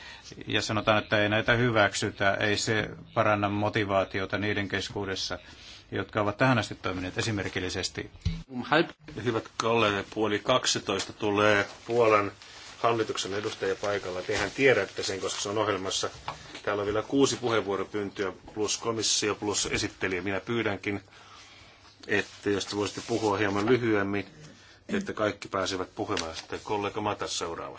Ja sanotaan, että ei näitä hyväksytä, ei se paranna motivaatiota niiden keskuudessa jotka ovat tähän asti toimineet esimerkillisesti. Hyvät kollegat, puoli 12 tulee Puolan hallituksen edustajia paikalla. Tehän tiedätte sen, koska se on ohjelmassa. Täällä on vielä kuusi puheenvuoropyyntöä plus komissio plus esittelijä. Minä pyydänkin, että jos te voisitte puhua hieman lyhyemmin, että kaikki pääsevät puhumaan. Sitten kollega Matas seuraava.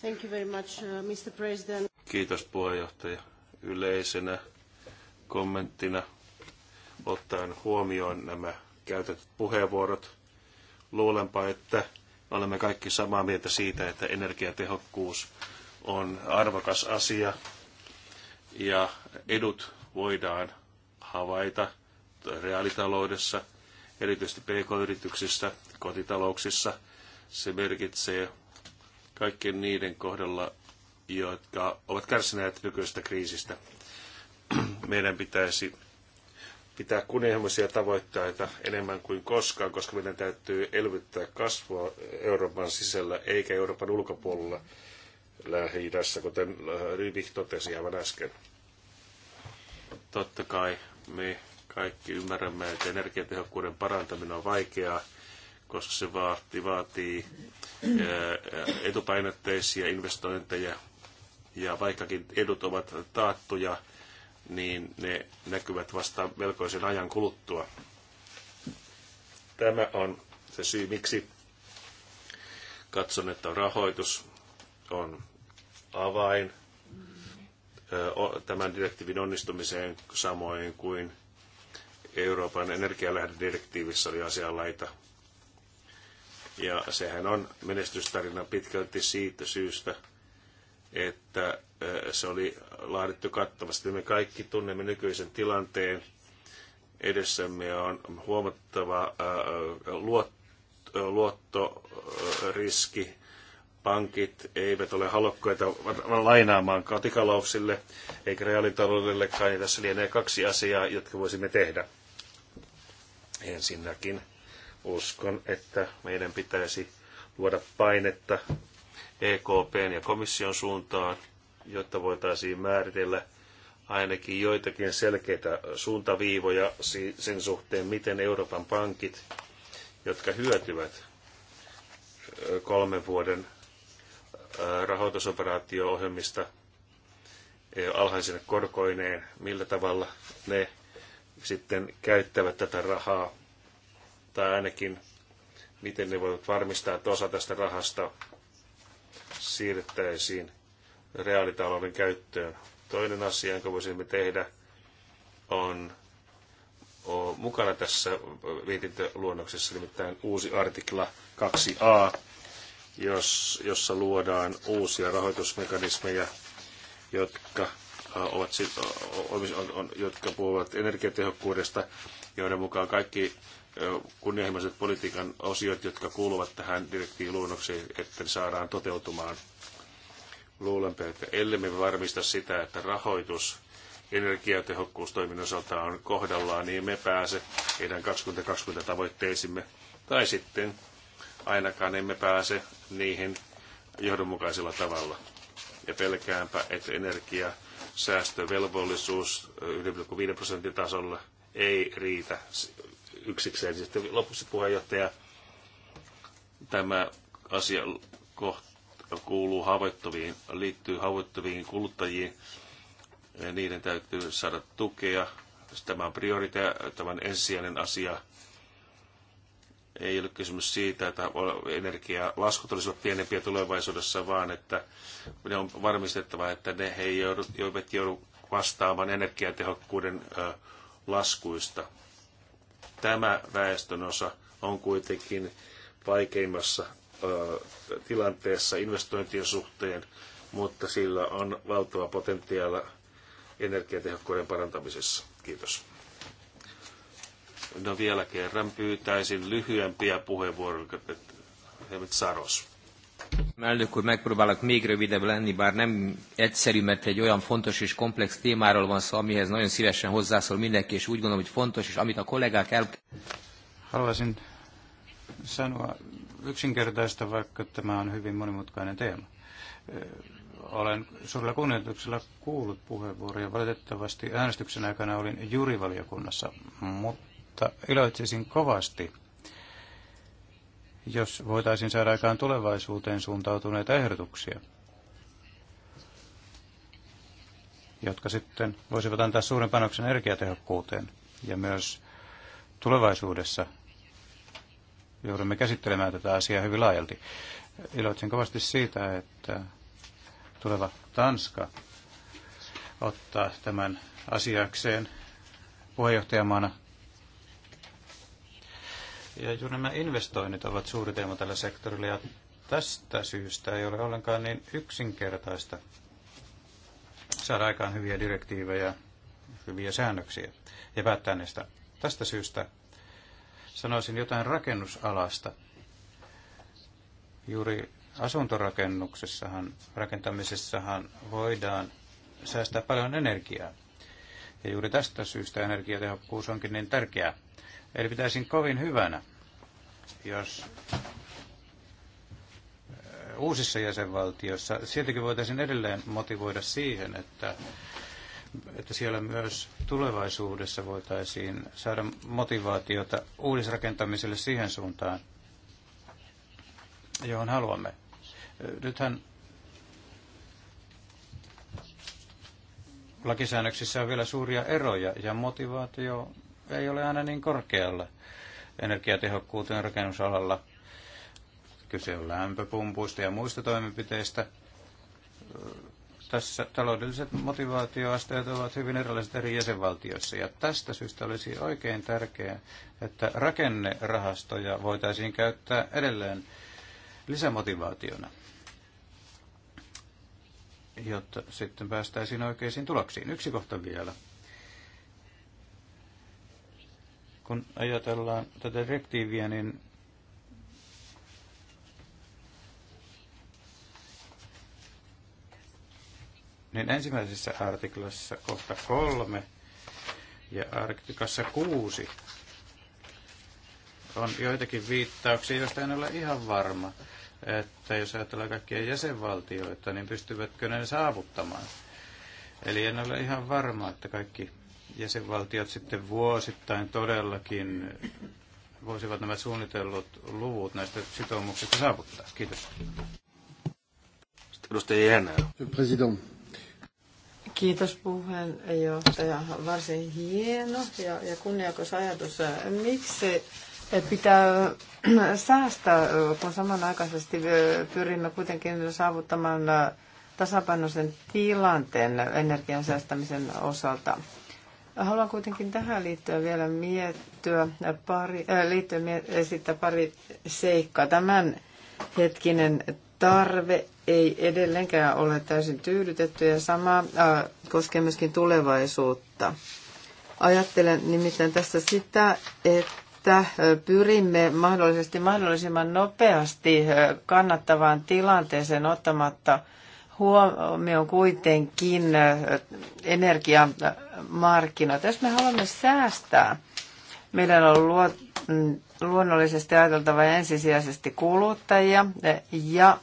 Thank you very much, uh, Mr. President. Kiitos puheenjohtaja. Yleisenä kommenttina ottaen huomioon nämä käytetyt puheenvuorot. Luulenpa, että olemme kaikki samaa mieltä siitä, että energiatehokkuus on arvokas asia ja edut voidaan havaita reaalitaloudessa, erityisesti pk-yrityksissä, kotitalouksissa. Se merkitsee kaikkien niiden kohdalla, jotka ovat kärsineet nykyisestä kriisistä. Meidän pitäisi pitää kunnianhimoisia tavoitteita enemmän kuin koskaan, koska meidän täytyy elvyttää kasvua Euroopan sisällä eikä Euroopan ulkopuolella lähi kuten äh, Rivik totesi aivan äsken. Totta kai me kaikki ymmärrämme, että energiatehokkuuden parantaminen on vaikeaa, koska se vaatii, vaatii äh, äh, etupainotteisia investointeja. Ja vaikkakin edut ovat taattuja, niin ne näkyvät vasta melkoisen ajan kuluttua. Tämä on se syy, miksi katson, että rahoitus on avain tämän direktiivin onnistumiseen samoin kuin Euroopan energialähdedirektiivissä oli asianlaita. Ja sehän on menestystarina pitkälti siitä syystä, että se oli laadittu kattavasti. Me kaikki tunnemme nykyisen tilanteen. Edessämme on huomattava luottoriski. Pankit eivät ole halukkaita lainaamaan kotikalouksille eikä reaalitaloudellekaan. Ja tässä lienee kaksi asiaa, jotka voisimme tehdä. Ensinnäkin uskon, että meidän pitäisi luoda painetta EKPn ja komission suuntaan, jotta voitaisiin määritellä ainakin joitakin selkeitä suuntaviivoja sen suhteen, miten Euroopan pankit, jotka hyötyvät kolmen vuoden rahoitusoperaatio-ohjelmista alhaisine korkoineen, millä tavalla ne sitten käyttävät tätä rahaa, tai ainakin miten ne voivat varmistaa, että osa tästä rahasta siirrettäisiin reaalitalouden käyttöön. Toinen asia, jonka voisimme tehdä, on, on mukana tässä viitintöluonnoksessa, nimittäin uusi artikla 2a, jos, jossa luodaan uusia rahoitusmekanismeja, jotka ovat, on, on, jotka puhuvat energiatehokkuudesta, joiden mukaan kaikki kunnianhimoiset politiikan osiot, jotka kuuluvat tähän direktiiviluonnokseen, että ne saadaan toteutumaan. Luulenpä, että ellemme varmista sitä, että rahoitus energiatehokkuustoimin osalta on kohdallaan, niin me pääse heidän 2020 tavoitteisimme. Tai sitten ainakaan emme pääse niihin johdonmukaisella tavalla. Ja pelkäänpä, että energiasäästövelvollisuus 1,5 prosentin tasolla ei riitä yksikseen. Sitten lopuksi puheenjohtaja, tämä asia kuuluu haavoittuviin, liittyy haavoittuviin kuluttajiin. Niiden täytyy saada tukea. Tämä on priorite- tämän ensisijainen asia. Ei ole kysymys siitä, että energialaskut olisivat pienempiä tulevaisuudessa, vaan että ne on varmistettava, että ne he eivät joudu, joudu vastaamaan energiatehokkuuden laskuista. Tämä väestönosa on kuitenkin vaikeimmassa tilanteessa investointien suhteen, mutta sillä on valtava potentiaali energiatehokkuuden parantamisessa. Kiitos. No vielä kerran pyytäisin lyhyempiä puheenvuoroja, että Saros. Elnök úr, megpróbálok még rövidebb lenni, bár nem egyszerű, mert egy olyan fontos és komplex témáról van szó, amihez nagyon szívesen hozzászól mindenki, és úgy gondolom, hogy fontos, és amit a kollégák el... Haluaisin sanoa yksinkertaista, vaikka tämä on hyvin monimutkainen teema. Olen suurella kunnioituksella kuullut puheenvuoroja. Valitettavasti äänestyksen aikana olin jurivaliokunnassa, mutta iloitsisin kovasti – jos voitaisiin saada aikaan tulevaisuuteen suuntautuneita ehdotuksia, jotka sitten voisivat antaa suuren panoksen energiatehokkuuteen ja myös tulevaisuudessa joudumme käsittelemään tätä asiaa hyvin laajalti. Iloitsen kovasti siitä, että tuleva Tanska ottaa tämän asiakseen puheenjohtajamaana ja juuri nämä investoinnit ovat suuri teema tällä sektorilla ja tästä syystä ei ole ollenkaan niin yksinkertaista saada aikaan hyviä direktiivejä, hyviä säännöksiä ja päättää niistä. Tästä syystä sanoisin jotain rakennusalasta. Juuri asuntorakennuksessahan, rakentamisessahan voidaan säästää paljon energiaa. Ja juuri tästä syystä energiatehokkuus onkin niin tärkeää. Eli pitäisin kovin hyvänä, jos uusissa jäsenvaltioissa sieltäkin voitaisiin edelleen motivoida siihen, että, että siellä myös tulevaisuudessa voitaisiin saada motivaatiota uudisrakentamiselle siihen suuntaan, johon haluamme. Nythän lakisäännöksissä on vielä suuria eroja ja motivaatio ei ole aina niin korkealla energiatehokkuuteen rakennusalalla. Kyse on lämpöpumpuista ja muista toimenpiteistä. Tässä taloudelliset motivaatioasteet ovat hyvin erilaiset eri jäsenvaltioissa ja tästä syystä olisi oikein tärkeää, että rakennerahastoja voitaisiin käyttää edelleen lisämotivaationa, jotta sitten päästäisiin oikeisiin tuloksiin. Yksi kohta vielä. Kun ajatellaan tätä direktiiviä, niin niin ensimmäisessä artiklassa kohta kolme ja artiklassa kuusi on joitakin viittauksia, joista en ole ihan varma, että jos ajatellaan kaikkia jäsenvaltioita, niin pystyvätkö ne saavuttamaan. Eli en ole ihan varma, että kaikki jäsenvaltiot sitten vuosittain todellakin voisivat nämä suunnitellut luvut näistä sitoumuksista saavuttaa. Kiitos. President. Kiitos puheenjohtaja. Varsin hieno ja, ja kunniakas ajatus. Miksi pitää säästää, kun samanaikaisesti pyrimme kuitenkin saavuttamaan tasapainoisen tilanteen energian säästämisen osalta? Haluan kuitenkin tähän liittyen vielä miettyä, pari, äh, liittyen miet, esittää pari seikkaa. Tämän hetkinen tarve ei edelleenkään ole täysin tyydytetty ja sama äh, koskee myöskin tulevaisuutta. Ajattelen nimittäin tässä sitä, että äh, pyrimme mahdollisesti mahdollisimman nopeasti äh, kannattavaan tilanteeseen ottamatta äh, on kuitenkin energiamarkkinat. Jos me haluamme säästää, meidän on mm, luonnollisesti ajateltava ensisijaisesti kuluttajia ja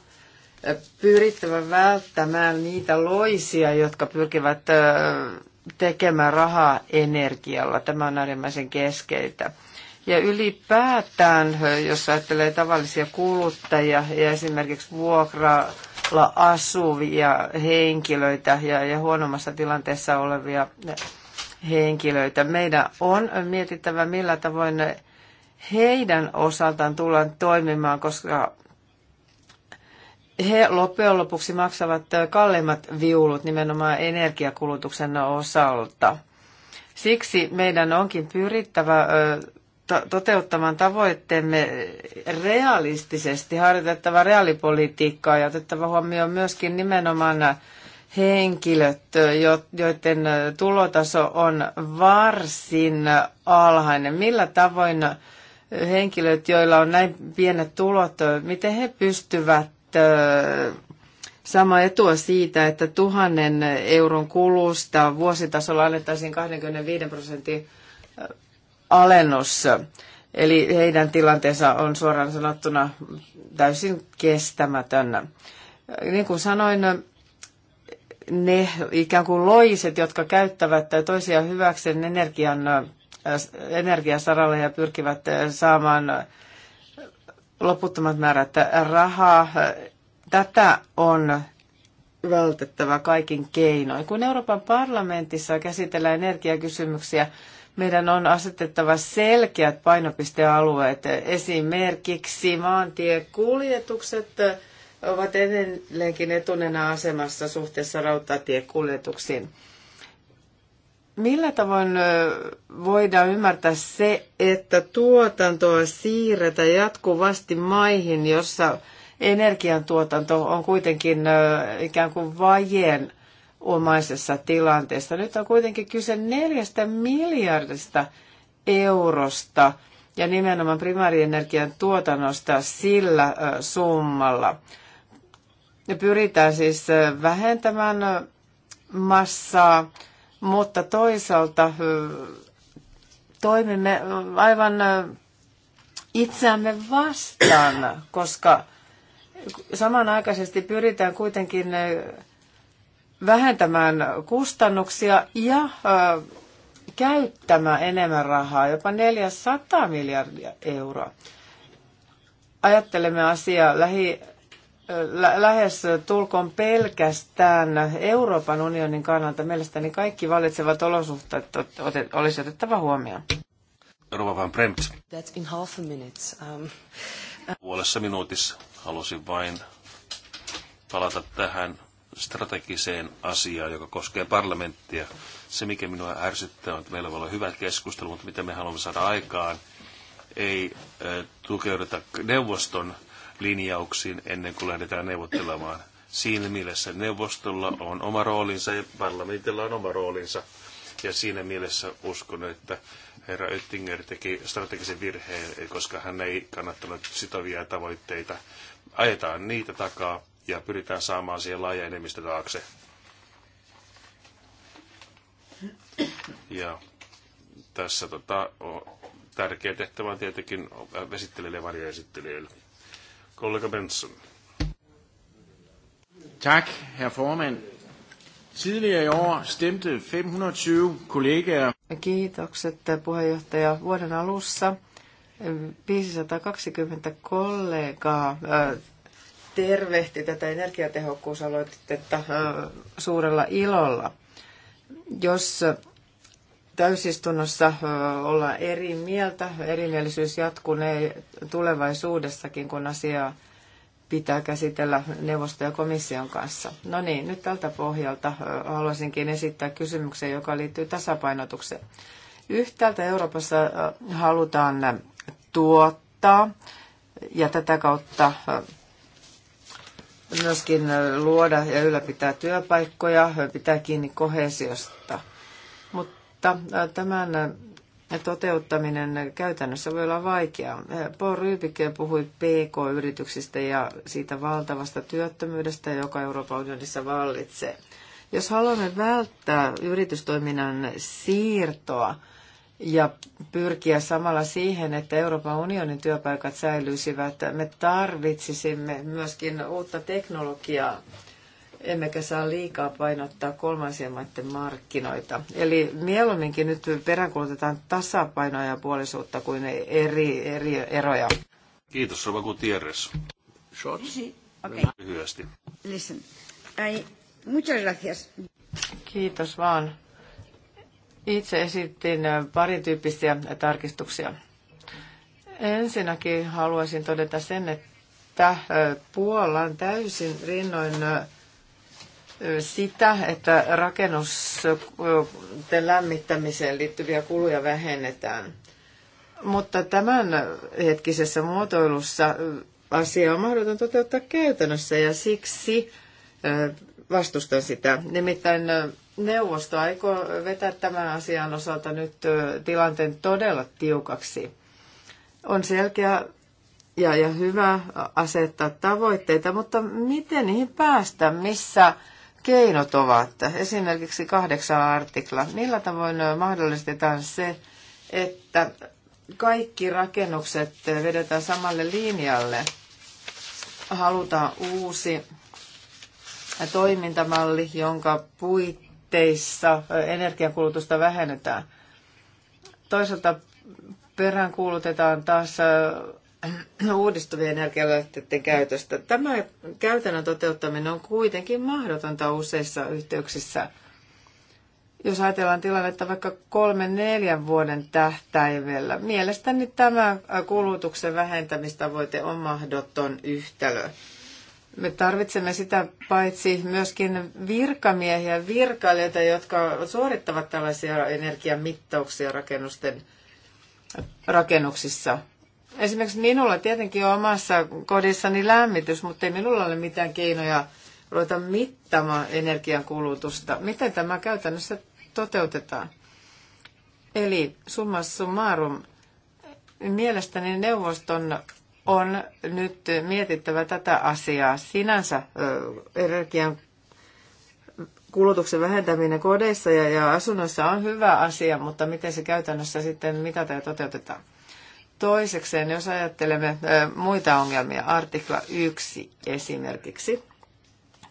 pyrittävä välttämään niitä loisia, jotka pyrkivät tekemään rahaa energialla. Tämä on äärimmäisen keskeitä. Ja ylipäätään, jos ajattelee tavallisia kuluttajia ja esimerkiksi vuokra maaseudulla asuvia henkilöitä ja, ja huonommassa tilanteessa olevia henkilöitä. Meidän on mietittävä, millä tavoin heidän osaltaan tullaan toimimaan, koska he loppujen lopuksi maksavat kalleimmat viulut nimenomaan energiakulutuksen osalta. Siksi meidän onkin pyrittävä toteuttamaan tavoitteemme realistisesti, harjoitettava reaalipolitiikkaa ja otettava huomioon myöskin nimenomaan henkilöt, joiden tulotaso on varsin alhainen. Millä tavoin henkilöt, joilla on näin pienet tulot, miten he pystyvät sama etua siitä, että tuhannen euron kulusta vuositasolla annettaisiin 25 prosentin alennus. Eli heidän tilanteensa on suoraan sanottuna täysin kestämätön. Niin kuin sanoin, ne ikään kuin loiset, jotka käyttävät toisia hyväkseen energian, energiasaralla ja pyrkivät saamaan loputtomat määrät rahaa, tätä on vältettävä kaikin keinoin. Kun Euroopan parlamentissa käsitellään energiakysymyksiä, meidän on asetettava selkeät painopistealueet. Esimerkiksi maantiekuljetukset ovat edelleenkin etunena asemassa suhteessa rautatiekuljetuksiin. Millä tavoin voidaan ymmärtää se, että tuotantoa siirretään jatkuvasti maihin, jossa energiantuotanto on kuitenkin ikään kuin vajeen omaisessa tilanteessa. Nyt on kuitenkin kyse neljästä miljardista eurosta ja nimenomaan primäärienergian tuotannosta sillä summalla. pyritään siis vähentämään massaa, mutta toisaalta toimimme aivan itseämme vastaan, koska samanaikaisesti pyritään kuitenkin vähentämään kustannuksia ja käyttämään enemmän rahaa, jopa 400 miljardia euroa. Ajattelemme asiaa lähi, lä, lähes tulkoon pelkästään Euroopan unionin kannalta. Mielestäni kaikki valitsevat olosuhteet ot, olisi otettava huomioon. Rova van Bremt. That's in half a minute. Um, uh, Puolessa minuutissa halusin vain palata tähän strategiseen asiaan, joka koskee parlamenttia. Se, mikä minua ärsyttää, on, että meillä voi olla hyvä keskustelu, mutta mitä me haluamme saada aikaan, ei tukeuduta neuvoston linjauksiin ennen kuin lähdetään neuvottelemaan. Siinä mielessä neuvostolla on oma roolinsa ja parlamentilla on oma roolinsa. Ja siinä mielessä uskon, että herra Oettinger teki strategisen virheen, koska hän ei kannattanut sitovia tavoitteita. Ajetaan niitä takaa ja pyritään saamaan siihen laaja enemmistö taakse. Ja tässä tota, tärkeä tehtävä on tietenkin vesittelijöille ja varjoesittelijöille. Kollega Benson. Tak, herr formand. Tidligere i år stemte 520 kollegaer. Kiitokset puheenjohtaja. Vuoden alussa 520 kollegaa tervehti tätä energiatehokkuusaloitetta suurella ilolla. Jos täysistunnossa olla eri mieltä. Erimielisyys jatkunee tulevaisuudessakin, kun asiaa pitää käsitellä neuvosto- ja komission kanssa. No niin, nyt tältä pohjalta haluaisinkin esittää kysymyksen, joka liittyy tasapainotukseen. Yhtäältä Euroopassa halutaan tuottaa ja tätä kautta myöskin luoda ja ylläpitää työpaikkoja, pitää kiinni kohesiosta. Mutta tämän toteuttaminen käytännössä voi olla vaikeaa. Paul Rybik puhui PK-yrityksistä ja siitä valtavasta työttömyydestä, joka Euroopan unionissa vallitsee. Jos haluamme välttää yritystoiminnan siirtoa ja pyrkiä samalla siihen, että Euroopan unionin työpaikat säilyisivät. Me tarvitsisimme myöskin uutta teknologiaa, emmekä saa liikaa painottaa kolmansien maiden markkinoita. Eli mieluumminkin nyt peräänkuulutetaan tasapainoa ja puolisuutta kuin eri, eri eroja. Kiitos, Rova Gutierrez. Short. Okay. Lyhyesti. Listen. Ai, muchas gracias. Kiitos vaan. Itse esitin äh, parin tyyppisiä tarkistuksia. Ensinnäkin haluaisin todeta sen, että äh, on täysin rinnoin äh, sitä, että rakennusten lämmittämiseen liittyviä kuluja vähennetään. Mutta tämän hetkisessä muotoilussa asia on mahdoton toteuttaa käytännössä ja siksi vastustan sitä. Nimittäin neuvosto aikoo vetää tämän asian osalta nyt tilanteen todella tiukaksi. On selkeä ja, ja hyvä asettaa tavoitteita, mutta miten niihin päästä, missä keinot ovat? Esimerkiksi kahdeksan artikla. Millä tavoin mahdollistetaan se, että kaikki rakennukset vedetään samalle linjalle? Halutaan uusi toimintamalli, jonka puitteissa tavoitteissa energiankulutusta vähennetään. Toisaalta peräänkuulutetaan taas [CLEARS THROAT] uudistuvien energialähteiden käytöstä. Tämä käytännön toteuttaminen on kuitenkin mahdotonta useissa yhteyksissä. Jos ajatellaan tilannetta vaikka kolmen neljän vuoden tähtäivellä, mielestäni tämä kulutuksen vähentämistavoite on mahdoton yhtälö. Me tarvitsemme sitä paitsi myöskin virkamiehiä ja virkailijoita, jotka suorittavat tällaisia energiamittauksia rakennusten rakennuksissa. Esimerkiksi minulla tietenkin on omassa kodissani lämmitys, mutta ei minulla ole mitään keinoja ruveta mittaamaan energiankulutusta. Miten tämä käytännössä toteutetaan? Eli summa summarum, mielestäni neuvoston on nyt mietittävä tätä asiaa. Sinänsä energian kulutuksen vähentäminen kodeissa ja, ja asunnoissa on hyvä asia, mutta miten se käytännössä sitten mitataan ja toteutetaan? Toisekseen, jos ajattelemme muita ongelmia, artikla 1 esimerkiksi,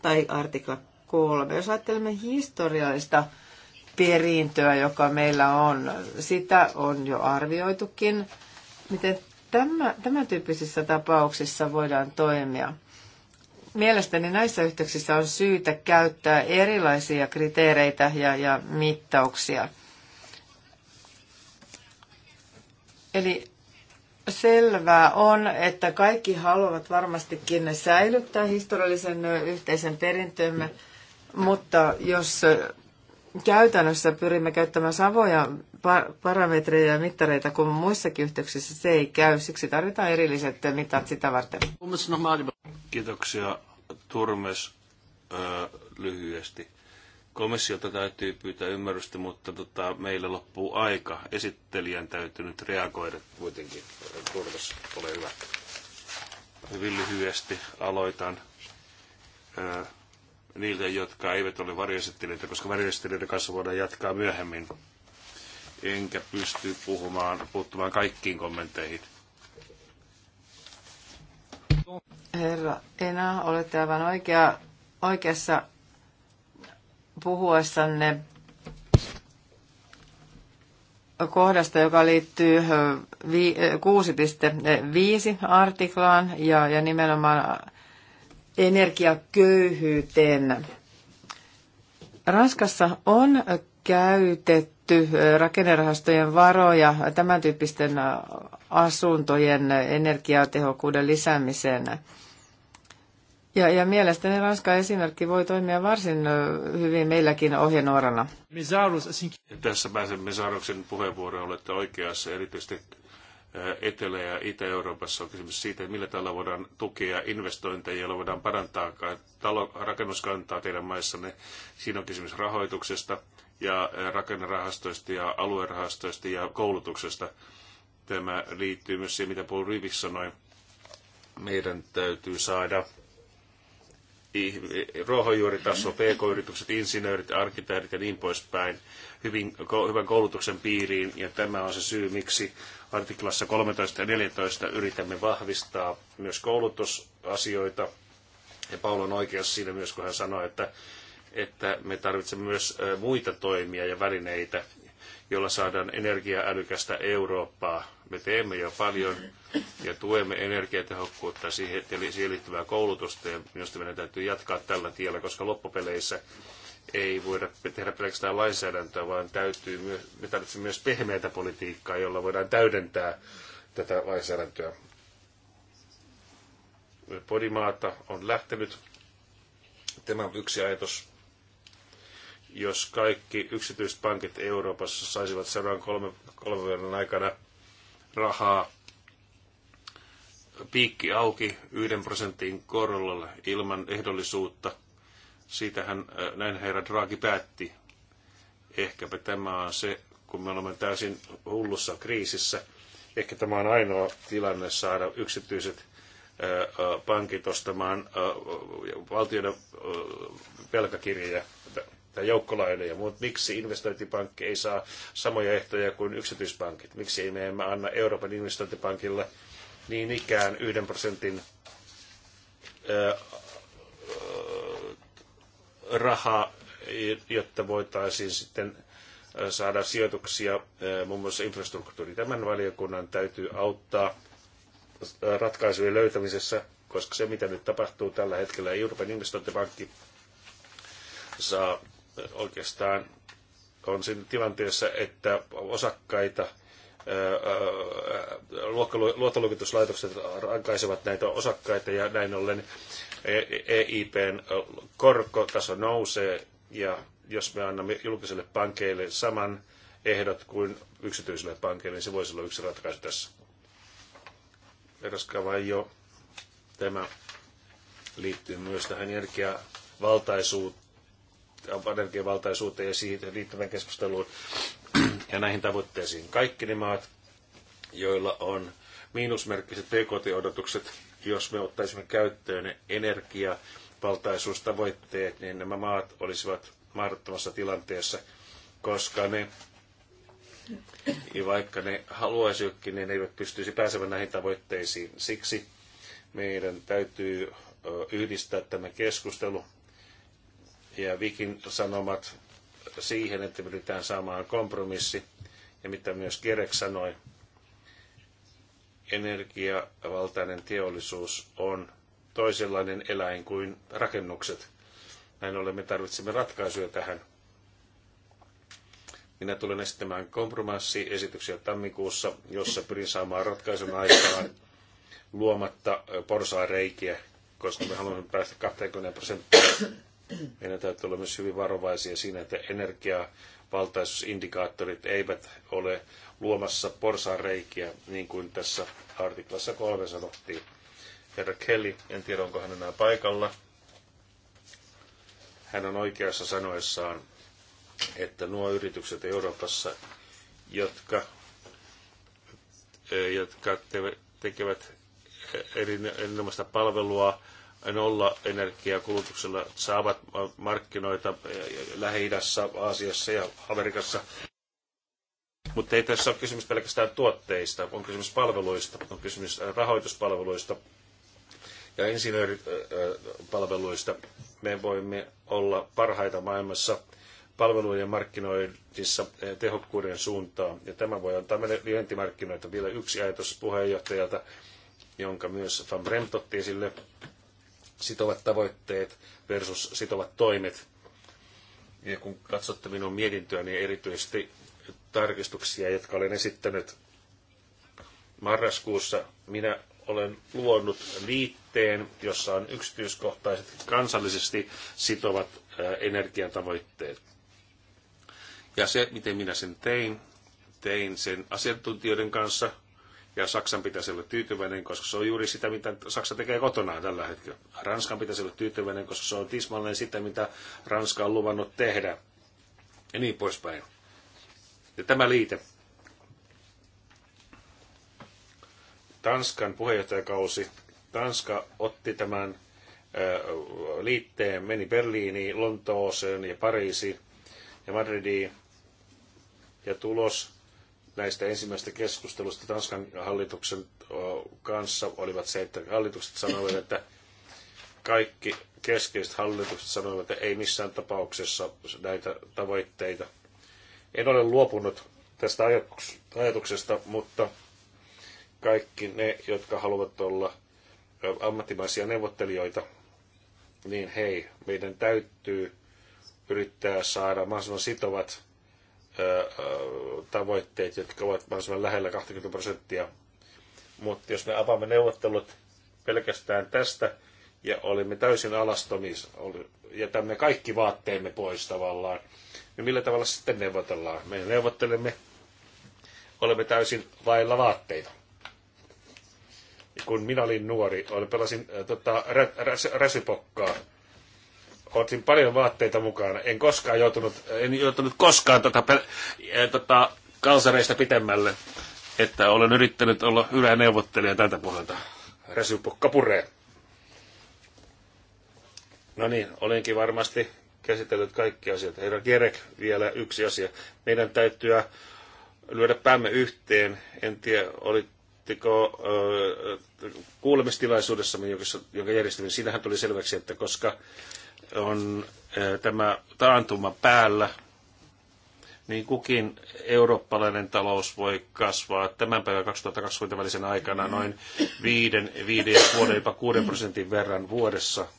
tai artikla 3, jos ajattelemme historiallista perintöä, joka meillä on, sitä on jo arvioitukin, miten Tämä, tämän tyyppisissä tapauksissa voidaan toimia. Mielestäni näissä yhteyksissä on syytä käyttää erilaisia kriteereitä ja, ja mittauksia. Eli selvää on, että kaikki haluavat varmastikin säilyttää historiallisen yhteisen perintömme, mutta jos käytännössä pyrimme käyttämään samoja parametreja ja mittareita kuin muissakin yhteyksissä, se ei käy. Siksi tarvitaan erilliset mitat sitä varten. Kiitoksia Turmes öö, lyhyesti. Komissiota täytyy pyytää ymmärrystä, mutta tota, meillä loppuu aika. Esittelijän täytyy nyt reagoida kuitenkin. Turmes, ole hyvä. Hyvin lyhyesti aloitan. Öö, niiltä, jotka eivät ole varjoesittelijöitä, koska varjoesittelijöiden kanssa voidaan jatkaa myöhemmin. Enkä pysty puhumaan, puuttumaan kaikkiin kommentteihin. Herra Ena, olette aivan oikea, oikeassa puhuessanne kohdasta, joka liittyy 6.5 äh, äh, artiklaan ja, ja nimenomaan energiaköyhyyteen. Ranskassa on käytetty rakennerahastojen varoja tämän tyyppisten asuntojen energiatehokkuuden lisäämiseen. Ja, ja mielestäni Ranskan esimerkki voi toimia varsin hyvin meilläkin ohjenuorana. Tässä pääsen Mesaruksen puheenvuoroon, olette oikeassa, erityisesti Etelä- ja Itä-Euroopassa on kysymys siitä, millä tavalla voidaan tukea investointeja, joilla voidaan parantaa talo, rakennuskantaa teidän maissanne. Siinä on kysymys rahoituksesta ja rakennerahastoista ja aluerahastoista ja koulutuksesta. Tämä liittyy myös siihen, mitä Paul Rivis sanoi. Meidän täytyy saada ruohonjuuritaso, pk-yritykset, insinöörit, arkkitehdit ja niin poispäin hyvin, hyvän koulutuksen piiriin, ja tämä on se syy, miksi artiklassa 13 ja 14 yritämme vahvistaa myös koulutusasioita. Ja Paul on oikeassa siinä myös, kun hän sanoi, että, että me tarvitsemme myös muita toimia ja välineitä, jolla saadaan energiaälykästä Eurooppaa. Me teemme jo paljon ja tuemme energiatehokkuutta siihen, siihen liittyvää koulutusta ja minusta meidän täytyy jatkaa tällä tiellä, koska loppupeleissä ei voida tehdä pelkästään lainsäädäntöä, vaan täytyy myös, me tarvitsemme myös pehmeätä politiikkaa, jolla voidaan täydentää tätä lainsäädäntöä. Podimaata on lähtenyt. Tämä on yksi ajatus. Jos kaikki yksityiset pankit Euroopassa saisivat seuraavan kolme kolmen vuoden aikana rahaa piikki auki yhden prosentin korolla ilman ehdollisuutta – Siitähän äh, näin herra Draghi päätti. Ehkäpä tämä on se, kun me olemme täysin hullussa kriisissä. Ehkä tämä on ainoa tilanne saada yksityiset äh, äh, pankit ostamaan valtioiden velkakirjoja tai joukkolainoja, mutta miksi investointipankki ei saa samoja ehtoja kuin yksityispankit? Miksi ei me emme anna Euroopan investointipankille niin ikään yhden prosentin rahaa, jotta voitaisiin sitten saada sijoituksia muun mm. muassa infrastruktuuri. Tämän valiokunnan täytyy auttaa ratkaisujen löytämisessä, koska se mitä nyt tapahtuu tällä hetkellä, Euroopan investointipankki saa oikeastaan on siinä tilanteessa, että osakkaita luottoluokituslaitokset rankaisevat näitä osakkaita ja näin ollen EIPn e korkotaso nousee ja jos me annamme julkiselle pankeille saman ehdot kuin yksityisille pankeille, niin se voisi olla yksi ratkaisu tässä. Eräskava vai jo tämä liittyy myös tähän energiavaltaisuuteen energiavaltaisuuteen ja siihen liittyvän keskusteluun ja näihin tavoitteisiin. Kaikki ne maat, joilla on miinusmerkkiset PKT-odotukset, jos me ottaisimme käyttöön energiavaltaisuustavoitteet, niin nämä maat olisivat mahdottomassa tilanteessa, koska ne, vaikka ne haluaisivatkin, niin ne eivät pystyisi pääsemään näihin tavoitteisiin. Siksi meidän täytyy yhdistää tämä keskustelu ja Vikin sanomat siihen, että pyritään saamaan kompromissi. Ja mitä myös Kerek sanoi, energiavaltainen teollisuus on toisenlainen eläin kuin rakennukset. Näin ollen me tarvitsemme ratkaisuja tähän. Minä tulen esittämään kompromissiesityksiä tammikuussa, jossa pyrin saamaan ratkaisun aikaan luomatta porsaa reikiä, koska me haluamme päästä 20 prosenttia. Meidän täytyy olla myös hyvin varovaisia siinä, että energiavaltaisuusindikaattorit eivät ole luomassa porsaa reikiä, niin kuin tässä artiklassa kolme sanottiin. Herra Kelly, en tiedä onko hän enää paikalla. Hän on oikeassa sanoessaan, että nuo yritykset Euroopassa, jotka, eh, jotka te, tekevät eh, erinomaista palvelua nolla energiakulutuksella, saavat markkinoita eh, Lähi-idässä, Aasiassa ja Amerikassa mutta ei tässä ole kysymys pelkästään tuotteista, on kysymys palveluista, on kysymys äh, rahoituspalveluista ja insinööripalveluista. Me voimme olla parhaita maailmassa palvelujen markkinoinnissa eh, tehokkuuden suuntaan. Ja tämä voi antaa meille vientimarkkinoita. Vielä yksi ajatus puheenjohtajalta, jonka myös Van Bremt otti esille. Sitovat tavoitteet versus sitovat toimet. Ja kun katsotte minun mietintöäni niin erityisesti tarkistuksia, jotka olen esittänyt. Marraskuussa minä olen luonut liitteen, jossa on yksityiskohtaiset kansallisesti sitovat energiatavoitteet. Ja se, miten minä sen tein, tein sen asiantuntijoiden kanssa, ja Saksan pitäisi olla tyytyväinen, koska se on juuri sitä, mitä Saksa tekee kotonaan tällä hetkellä. Ranskan pitäisi olla tyytyväinen, koska se on tismalleen sitä, mitä Ranska on luvannut tehdä. Ja niin poispäin. Ja tämä liite. Tanskan puheenjohtajakausi. Tanska otti tämän liitteen, meni Berliiniin, Lontooseen ja Pariisiin ja Madridiin. Ja tulos näistä ensimmäistä keskustelusta Tanskan hallituksen kanssa olivat se, että hallitukset sanoivat, että kaikki keskeiset hallitukset sanoivat, että ei missään tapauksessa näitä tavoitteita – en ole luopunut tästä ajatuksesta, mutta kaikki ne, jotka haluavat olla ammattimaisia neuvottelijoita, niin hei, meidän täytyy yrittää saada mahdollisimman sitovat tavoitteet, jotka ovat mahdollisimman lähellä 20 prosenttia. Mutta jos me avaamme neuvottelut pelkästään tästä ja olimme täysin alastomis, ja tämme kaikki vaatteemme pois tavallaan, ja millä tavalla sitten neuvotellaan? Me neuvottelemme, olemme täysin vailla vaatteita. Kun minä olin nuori, olin, pelasin äh, tota, rä, rä, räsypokkaa. Otin paljon vaatteita mukana. En koskaan joutunut, en joutunut koskaan tota, äh, tota, kalsareista pitemmälle, että olen yrittänyt olla hyvä neuvottelija tältä puolelta. Räsypokka puree. No niin, olenkin varmasti käsitellyt kaikki asiat. Herra Gerek, vielä yksi asia. Meidän täytyy äh, lyödä päämme yhteen. En tiedä, olitteko äh, kuulemistilaisuudessa, jonka järjestimme. Siinähän tuli selväksi, että koska on äh, tämä taantuma päällä, niin kukin eurooppalainen talous voi kasvaa tämän päivän 2020 välisen aikana noin 5, 5 vuoden, jopa 6 prosentin verran vuodessa –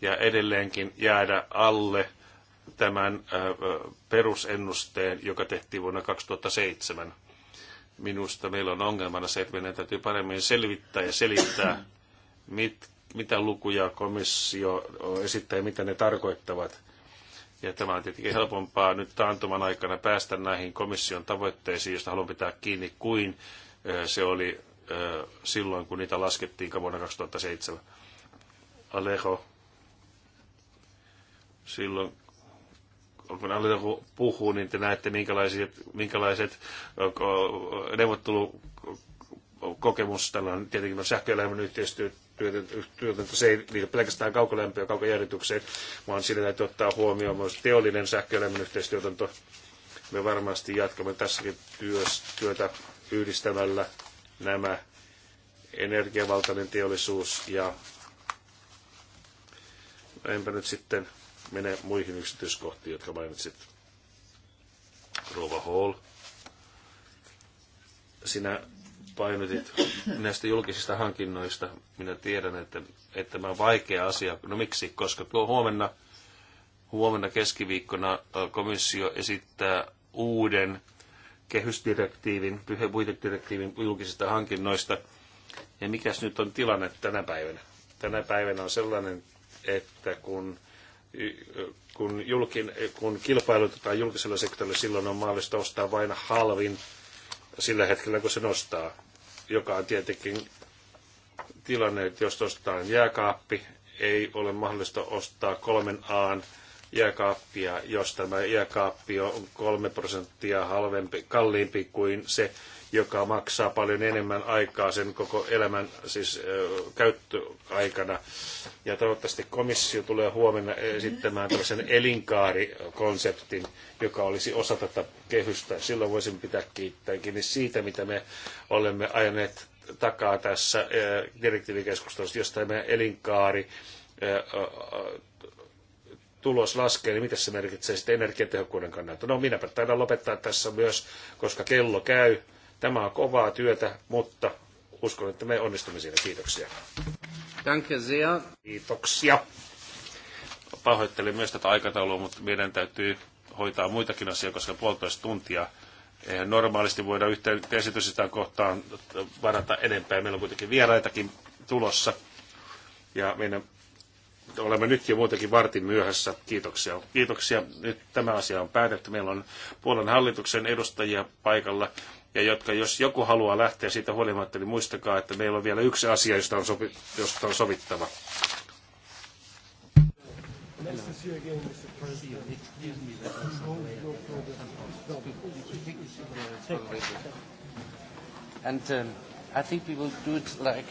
ja edelleenkin jäädä alle tämän perusennusteen, joka tehtiin vuonna 2007. Minusta meillä on ongelmana se, että meidän täytyy paremmin selvittää ja selittää, [CLEARS THROAT] mit, mitä lukuja komissio esittää ja mitä ne tarkoittavat. Ja tämä on tietenkin helpompaa nyt taantuman aikana päästä näihin komission tavoitteisiin, joista haluan pitää kiinni, kuin se oli silloin, kun niitä laskettiin vuonna 2007. Alejo silloin kun Alita puhuu, niin te näette, minkälaiset, minkälaiset neuvottelukokemus tällä on tietenkin on sähköelämän yhteistyötä, se ei liity pelkästään kaukolämpöön ja kaukojärjitykseen, vaan siinä täytyy ottaa huomioon myös teollinen sähköelämän yhteistyötanto. Me varmasti jatkamme tässäkin työtä yhdistämällä nämä energiavaltainen teollisuus ja enpä nyt sitten mene muihin yksityiskohtiin, jotka mainitsit. Rova Hall, sinä painotit näistä julkisista hankinnoista. Minä tiedän, että, että tämä on vaikea asia. No miksi? Koska huomenna, huomenna keskiviikkona komissio esittää uuden kehysdirektiivin, puitedirektiivin julkisista hankinnoista. Ja mikäs nyt on tilanne tänä päivänä? Tänä päivänä on sellainen, että kun kun, julkin, kun kilpailutetaan julkisella sektorilla, silloin on mahdollista ostaa vain halvin sillä hetkellä, kun se nostaa, joka on tietenkin tilanne, että jos ostetaan jääkaappi, ei ole mahdollista ostaa kolmen aan jääkaappia, jos tämä jääkaappi on kolme prosenttia halvempi, kalliimpi kuin se, joka maksaa paljon enemmän aikaa sen koko elämän siis käyttöaikana. Ja toivottavasti komissio tulee huomenna esittämään tällaisen elinkaarikonseptin, joka olisi osa tätä kehystä. Silloin voisin pitää kiittää kiinni siitä, mitä me olemme ajaneet takaa tässä direktiivikeskustelussa, jos tämä elinkaari tulos laskee, niin mitä se merkitsee sitten energiatehokkuuden kannalta? No minäpä taidan lopettaa tässä myös, koska kello käy. Tämä on kovaa työtä, mutta uskon, että me onnistumme siinä. Kiitoksia. Danke sehr. Kiitoksia. Pahoittelen myös tätä aikataulua, mutta meidän täytyy hoitaa muitakin asioita, koska puolitoista tuntia Eihän normaalisti voida yhteen esitystä kohtaan varata enempää. Meillä on kuitenkin vieraitakin tulossa. Ja meidän olemme nyt jo muutenkin vartin myöhässä. Kiitoksia. Kiitoksia. Nyt tämä asia on päätetty. Meillä on Puolan hallituksen edustajia paikalla ja jotka, jos joku haluaa lähteä siitä huolimatta, niin muistakaa, että meillä on vielä yksi asia, josta on, sovi, josta on sovittava. And um, I think we will do it like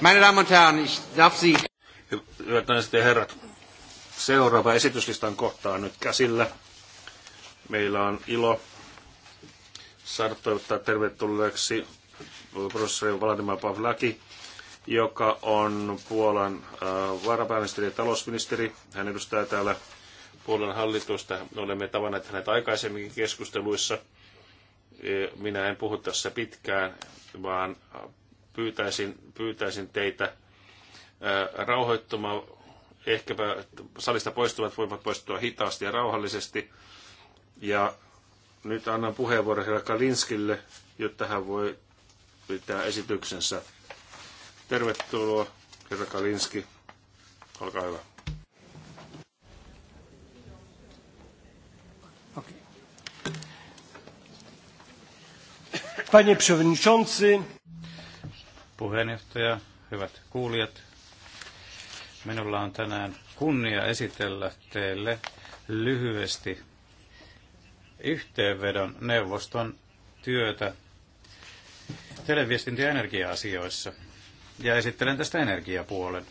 Meine Damen und Herren, ich darf Sie... Hyvät naiset ja herrat, seuraava esityslistan kohta on nyt käsillä. Meillä on ilo saada toivottaa tervetulleeksi professori Vladimir Pavlaki, joka on Puolan äh, varapääministeri ja talousministeri. Hän edustaa täällä Puolan hallitusta. olemme tavanneet hänet aikaisemminkin keskusteluissa. Minä en puhu tässä pitkään, vaan pyytäisin, pyytäisin teitä rauhoittumaan. Ehkäpä salista poistuvat voivat poistua hitaasti ja rauhallisesti. Ja nyt annan puheenvuoron herra Kalinskille, jotta hän voi pitää esityksensä. Tervetuloa, herra Kalinski. Olkaa hyvä. Panie Przewodniczący, puheenjohtaja, hyvät kuulijat. Minulla on tänään kunnia esitellä teille lyhyesti yhteenvedon neuvoston työtä televiestintä- ja energia-asioissa. Ja esittelen tästä energiapuolen.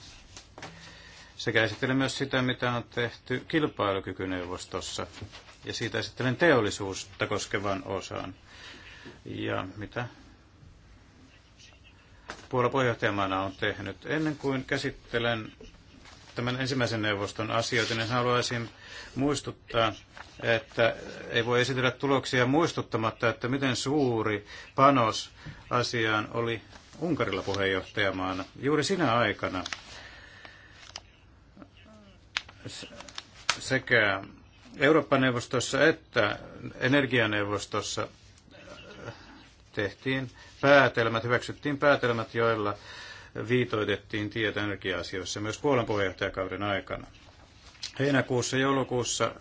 Sekä esittelen myös sitä, mitä on tehty kilpailukykyneuvostossa. Ja siitä esittelen teollisuutta koskevan osan. Ja mitä Puola puheenjohtajamaana on tehnyt. Ennen kuin käsittelen tämän ensimmäisen neuvoston asioita, niin haluaisin muistuttaa, että ei voi esitellä tuloksia muistuttamatta, että miten suuri panos asiaan oli Unkarilla puheenjohtajamaana juuri sinä aikana sekä Eurooppa-neuvostossa että energianeuvostossa tehtiin päätelmät, hyväksyttiin päätelmät, joilla viitoitettiin tietä energia-asioissa myös Puolan puheenjohtajakauden aikana. Heinäkuussa joulukuussa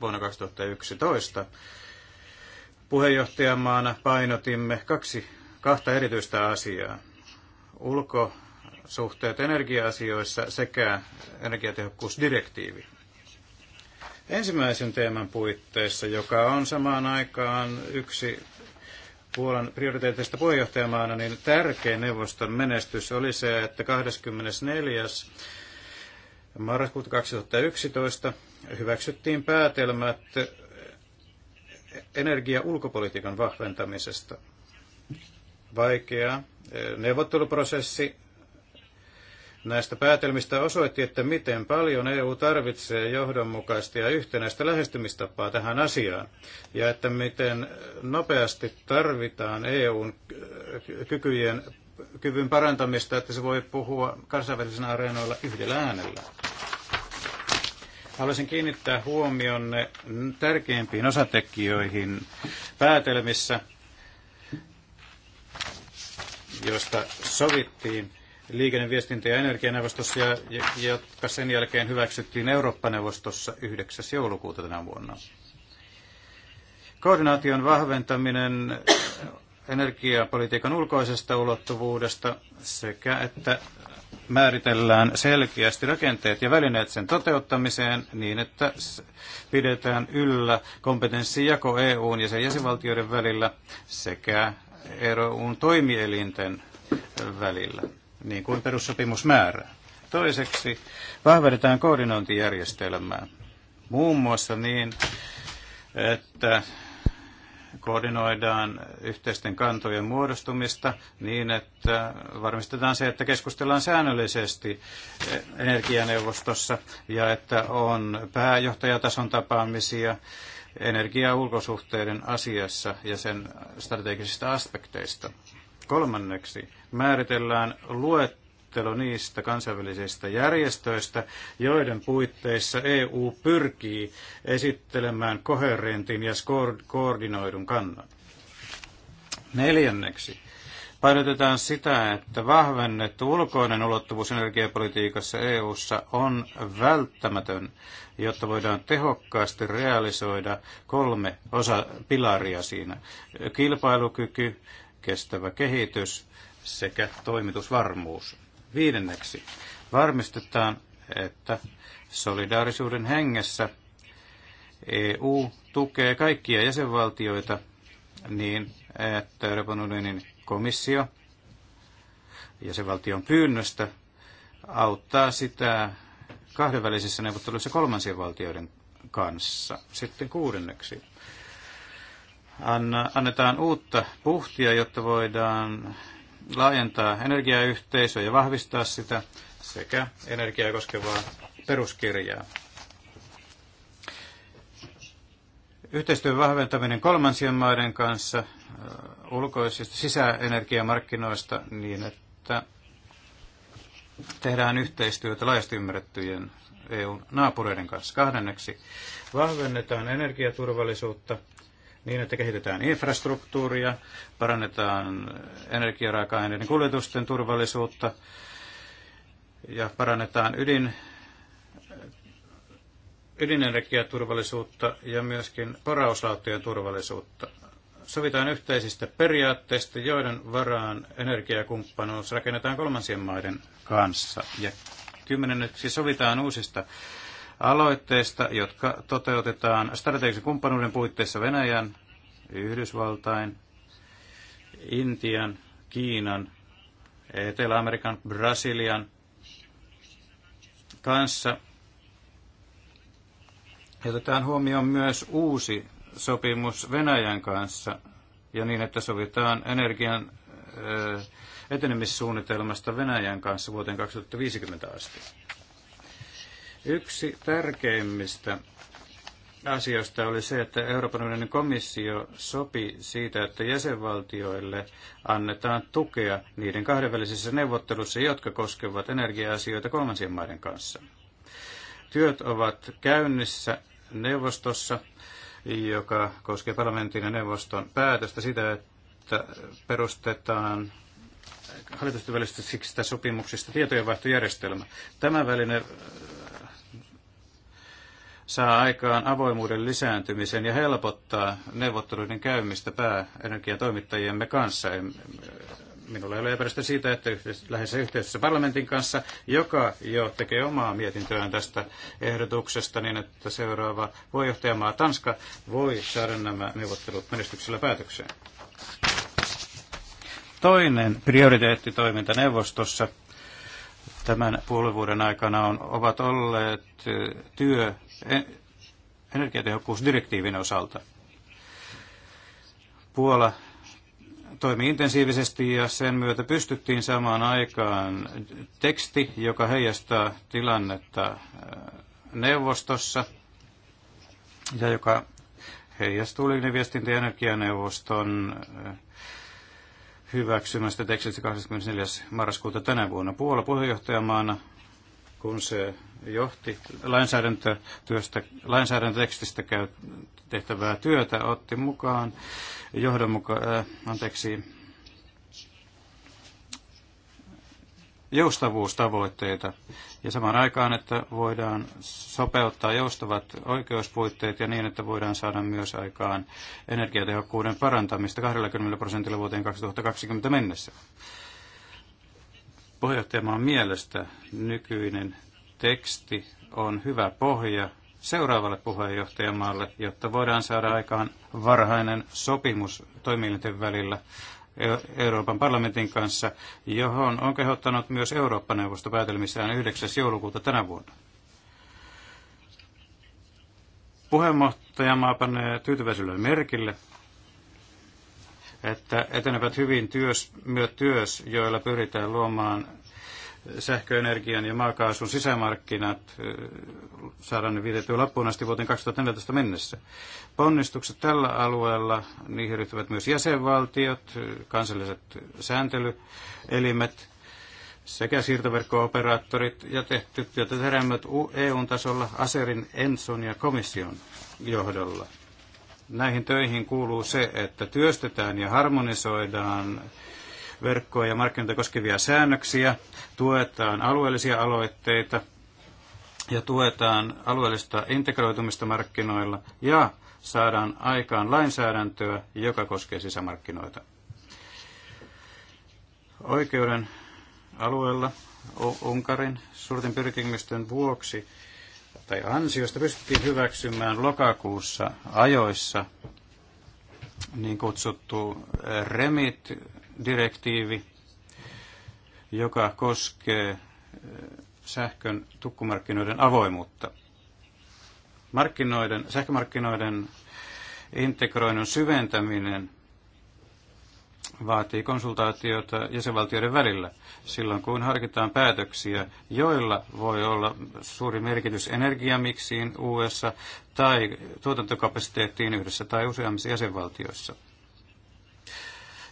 vuonna 2011 puheenjohtajamaana painotimme kaksi, kahta erityistä asiaa. Ulkosuhteet energia-asioissa sekä energiatehokkuusdirektiivi. Ensimmäisen teeman puitteissa, joka on samaan aikaan yksi Puolan prioriteeteista puheenjohtajamaana, niin tärkein neuvoston menestys oli se, että 24. marraskuuta 2011 hyväksyttiin päätelmät energia- ulkopolitiikan vahventamisesta. Vaikea eh, neuvotteluprosessi Näistä päätelmistä osoitti, että miten paljon EU tarvitsee johdonmukaista ja yhtenäistä lähestymistapaa tähän asiaan, ja että miten nopeasti tarvitaan EUn kykyjen, kyvyn parantamista, että se voi puhua kansainvälisillä areenoilla yhdellä äänellä. Haluaisin kiinnittää huomionne tärkeimpiin osatekijöihin päätelmissä, joista sovittiin – liikenneviestintä- ja energianeuvostossa, ja, jotka sen jälkeen hyväksyttiin Eurooppa-neuvostossa 9. joulukuuta tänä vuonna. Koordinaation vahventaminen energiapolitiikan ulkoisesta ulottuvuudesta sekä että määritellään selkeästi rakenteet ja välineet sen toteuttamiseen niin, että pidetään yllä kompetenssijako EUn ja sen jäsenvaltioiden välillä sekä EUn toimielinten välillä niin kuin perussopimus määrää. Toiseksi vahvedetaan koordinointijärjestelmää, muun muassa niin, että koordinoidaan yhteisten kantojen muodostumista niin, että varmistetaan se, että keskustellaan säännöllisesti energianeuvostossa ja että on pääjohtajatason tapaamisia energia- ja ulkosuhteiden asiassa ja sen strategisista aspekteista. Kolmanneksi määritellään luettelo niistä kansainvälisistä järjestöistä, joiden puitteissa EU pyrkii esittelemään koherentin ja koordinoidun kannan. Neljänneksi painotetaan sitä, että vahvennettu ulkoinen ulottuvuus energiapolitiikassa EU:ssa on välttämätön, jotta voidaan tehokkaasti realisoida kolme osa pilaria siinä. Kilpailukyky, kestävä kehitys sekä toimitusvarmuus. Viidenneksi varmistetaan, että solidaarisuuden hengessä EU tukee kaikkia jäsenvaltioita niin, että Euroopan unionin komissio jäsenvaltion pyynnöstä auttaa sitä kahdenvälisissä neuvotteluissa kolmansien valtioiden kanssa. Sitten kuudenneksi Anna annetaan uutta puhtia, jotta voidaan laajentaa energiayhteisöä ja vahvistaa sitä sekä energiaa koskevaa peruskirjaa. Yhteistyön vahventaminen kolmansien maiden kanssa ulkoisista sisäenergiamarkkinoista niin, että tehdään yhteistyötä laajasti ymmärrettyjen EUn naapureiden kanssa. Kahdenneksi vahvennetaan energiaturvallisuutta – niin, että kehitetään infrastruktuuria, parannetaan energiaraaka-aineiden kuljetusten turvallisuutta ja parannetaan ydin, ydinenergiaturvallisuutta ja myöskin porauslauttojen turvallisuutta. Sovitaan yhteisistä periaatteista, joiden varaan energiakumppanuus rakennetaan kolmansien maiden kanssa. Ja kymmenenneksi sovitaan uusista aloitteista, jotka toteutetaan strategisen kumppanuuden puitteissa Venäjän, Yhdysvaltain, Intian, Kiinan, Etelä-Amerikan, Brasilian kanssa. Otetaan huomioon myös uusi sopimus Venäjän kanssa ja niin, että sovitaan energian etenemissuunnitelmasta Venäjän kanssa vuoteen 2050 asti. Yksi tärkeimmistä asioista oli se, että Euroopan unionin komissio sopi siitä, että jäsenvaltioille annetaan tukea niiden kahdenvälisissä neuvottelussa, jotka koskevat energia-asioita kolmansien maiden kanssa. Työt ovat käynnissä neuvostossa, joka koskee parlamentin ja neuvoston päätöstä sitä, että perustetaan hallitusten välisistä sopimuksista tietojenvaihtojärjestelmä. Tämä väline saa aikaan avoimuuden lisääntymisen ja helpottaa neuvotteluiden käymistä toimittajiemme kanssa. Minulla ei ole epäilystä siitä, että lähes yhteistyössä parlamentin kanssa, joka jo tekee omaa mietintöään tästä ehdotuksesta niin, että seuraava puheenjohtajamaa Tanska voi saada nämä neuvottelut menestyksellä päätökseen. Toinen prioriteettitoiminta neuvostossa tämän puolivuoden aikana on, ovat olleet työ E, energiatehokkuusdirektiivin osalta. Puola toimi intensiivisesti ja sen myötä pystyttiin samaan aikaan teksti, joka heijastaa tilannetta e, neuvostossa ja joka heijastuu liikenneviestintä- ja energianeuvoston e, hyväksymästä tekstistä 24. marraskuuta tänä vuonna Puola puheenjohtajamaana, kun se johti lainsäädäntötyöstä, lainsäädäntötekstistä tehtävää työtä, otti mukaan johdonmuka, äh, anteeksi, joustavuustavoitteita ja samaan aikaan, että voidaan sopeuttaa joustavat oikeuspuitteet ja niin, että voidaan saada myös aikaan energiatehokkuuden parantamista 20 prosentilla vuoteen 2020 mennessä. Puheenjohtajamaan mielestä nykyinen teksti on hyvä pohja seuraavalle puheenjohtajamaalle, jotta voidaan saada aikaan varhainen sopimus toimielinten välillä e- Euroopan parlamentin kanssa, johon on kehottanut myös Eurooppa-neuvosto päätelmissään 9. joulukuuta tänä vuonna. Puheenjohtajamaa panee tyytyväisyydellä merkille, että etenevät hyvin työs, myös työs, joilla pyritään luomaan sähköenergian ja maakaasun sisämarkkinat eh, saadaan ne vietettyä loppuun asti vuoteen 2014 mennessä. Ponnistukset tällä alueella, niihin ryhtyvät myös jäsenvaltiot, eh, kansalliset sääntelyelimet sekä siirtoverkko-operaattorit ja tehty työtä terämmöt EU-tasolla Aserin, Enson ja komission johdolla. Näihin töihin kuuluu se, että työstetään ja harmonisoidaan verkkoa ja markkinoita koskevia säännöksiä, tuetaan alueellisia aloitteita ja tuetaan alueellista integroitumista markkinoilla ja saadaan aikaan lainsäädäntöä, joka koskee sisämarkkinoita. Oikeuden alueella Unkarin suurten pyrkimysten vuoksi tai ansiosta pystyttiin hyväksymään lokakuussa ajoissa niin kutsuttu remit direktiivi, joka koskee eh, sähkön tukkumarkkinoiden avoimuutta. Markkinoiden, sähkömarkkinoiden integroinnin syventäminen vaatii konsultaatiota jäsenvaltioiden välillä silloin, kun harkitaan päätöksiä, joilla voi olla suuri merkitys energiamiksiin USA tai tuotantokapasiteettiin yhdessä tai useammissa jäsenvaltioissa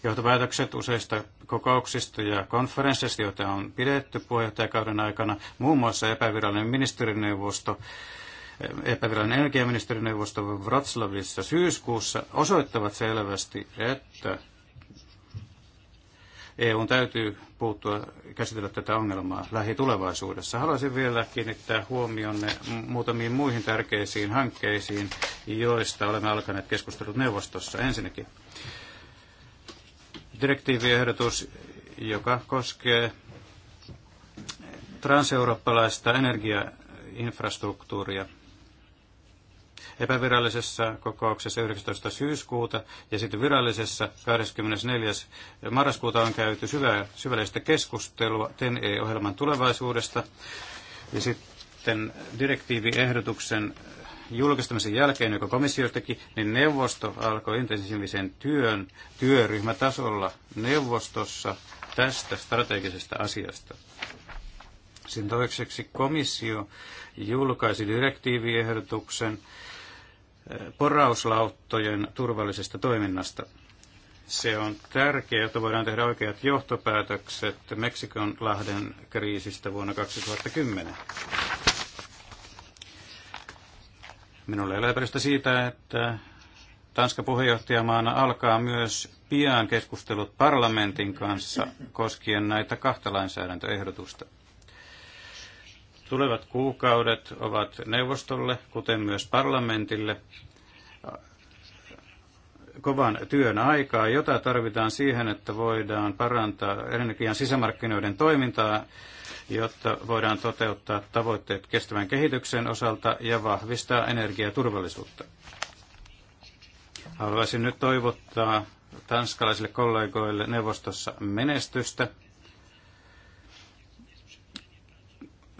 johtopäätökset useista kokouksista ja konferensseista, joita on pidetty puheenjohtajakauden aikana, muun muassa epävirallinen ministerineuvosto, epävirallinen energiaministerineuvosto Wroclawissa syyskuussa osoittavat selvästi, että EUn täytyy puuttua käsitellä tätä ongelmaa lähitulevaisuudessa. Haluaisin vielä kiinnittää huomionne muutamiin muihin tärkeisiin hankkeisiin, joista olemme alkaneet keskustelut neuvostossa. Ensinnäkin direktiiviehdotus, joka koskee transeurooppalaista energiainfrastruktuuria epävirallisessa kokouksessa 19. syyskuuta ja sitten virallisessa 24. marraskuuta on käyty syvää, syvällistä keskustelua TEN-E-ohjelman tulevaisuudesta ja sitten direktiiviehdotuksen julkistamisen jälkeen, joka komissio teki, niin neuvosto alkoi intensiivisen työn työryhmätasolla neuvostossa tästä strategisesta asiasta. Sen toiseksi komissio julkaisi direktiiviehdotuksen eh, porauslauttojen turvallisesta toiminnasta. Se on tärkeää, että voidaan tehdä oikeat johtopäätökset Meksikonlahden kriisistä vuonna 2010. Minulla ei ole epäilystä siitä, että Tanska puheenjohtajamaana alkaa myös pian keskustelut parlamentin kanssa koskien näitä kahta lainsäädäntöehdotusta. Tulevat kuukaudet ovat neuvostolle, kuten myös parlamentille, kovan työn aikaa, jota tarvitaan siihen, että voidaan parantaa energian sisämarkkinoiden toimintaa jotta voidaan toteuttaa tavoitteet kestävän kehityksen osalta ja vahvistaa energiaturvallisuutta. Haluaisin nyt toivottaa tanskalaisille kollegoille neuvostossa menestystä,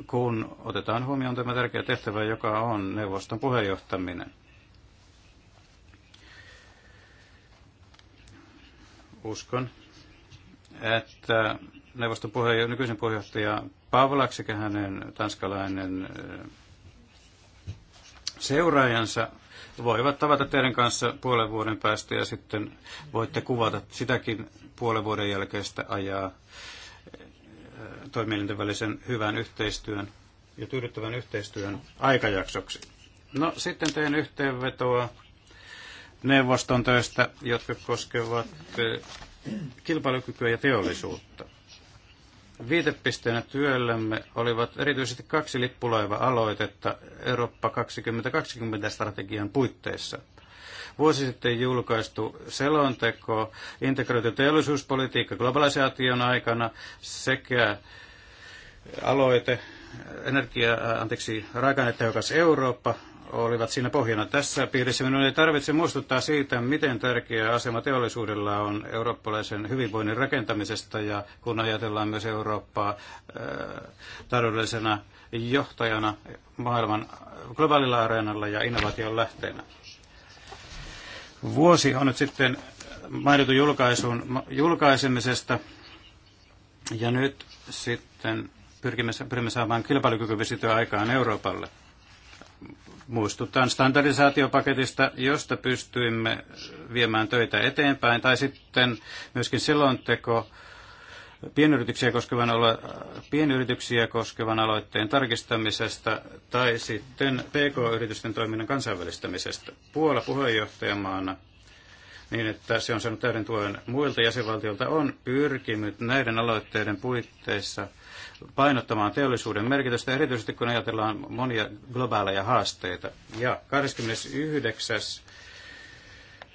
kun otetaan huomioon tämä tärkeä tehtävä, joka on neuvoston puheenjohtaminen. Uskon, että neuvoston puheenjohtaja, nykyisen puheenjohtaja Pavlak sekä hänen tanskalainen äh, seuraajansa voivat tavata teidän kanssa puolen vuoden päästä ja sitten voitte kuvata sitäkin puolen vuoden jälkeistä ajaa äh, toimielinten välisen hyvän yhteistyön ja tyydyttävän yhteistyön aikajaksoksi. No sitten teen yhteenvetoa neuvoston töistä, jotka koskevat äh, kilpailukykyä ja teollisuutta. Viitepisteenä työllämme olivat erityisesti kaksi lippulaiva-aloitetta Eurooppa 2020-strategian puitteissa. Vuosi sitten julkaistu selonteko integroitu teollisuuspolitiikka globalisaation aikana sekä aloite energia, anteeksi, raaka-ainetehokas Eurooppa olivat siinä pohjana. Tässä piirissä minun ei tarvitse muistuttaa siitä, miten tärkeä asema teollisuudella on eurooppalaisen hyvinvoinnin rakentamisesta ja kun ajatellaan myös Eurooppaa äh, taloudellisena johtajana maailman globaalilla areenalla ja innovaation lähteenä. Vuosi on nyt sitten mainitun julkaisun julkaisemisesta ja nyt sitten pyrimme, pyrimme saamaan kilpailukykyvisityä aikaan Euroopalle – Muistutan standardisaatiopaketista, josta pystyimme viemään töitä eteenpäin, tai sitten myöskin selonteko pienyrityksiä koskevan, alo- pienyrityksiä koskevan aloitteen tarkistamisesta tai sitten PK-yritysten toiminnan kansainvälistämisestä. Puola puheenjohtajamaana niin, että se on saanut täyden tuen muilta jäsenvaltioilta, on pyrkinyt näiden aloitteiden puitteissa – painottamaan teollisuuden merkitystä, erityisesti kun ajatellaan monia globaaleja haasteita. Ja 29.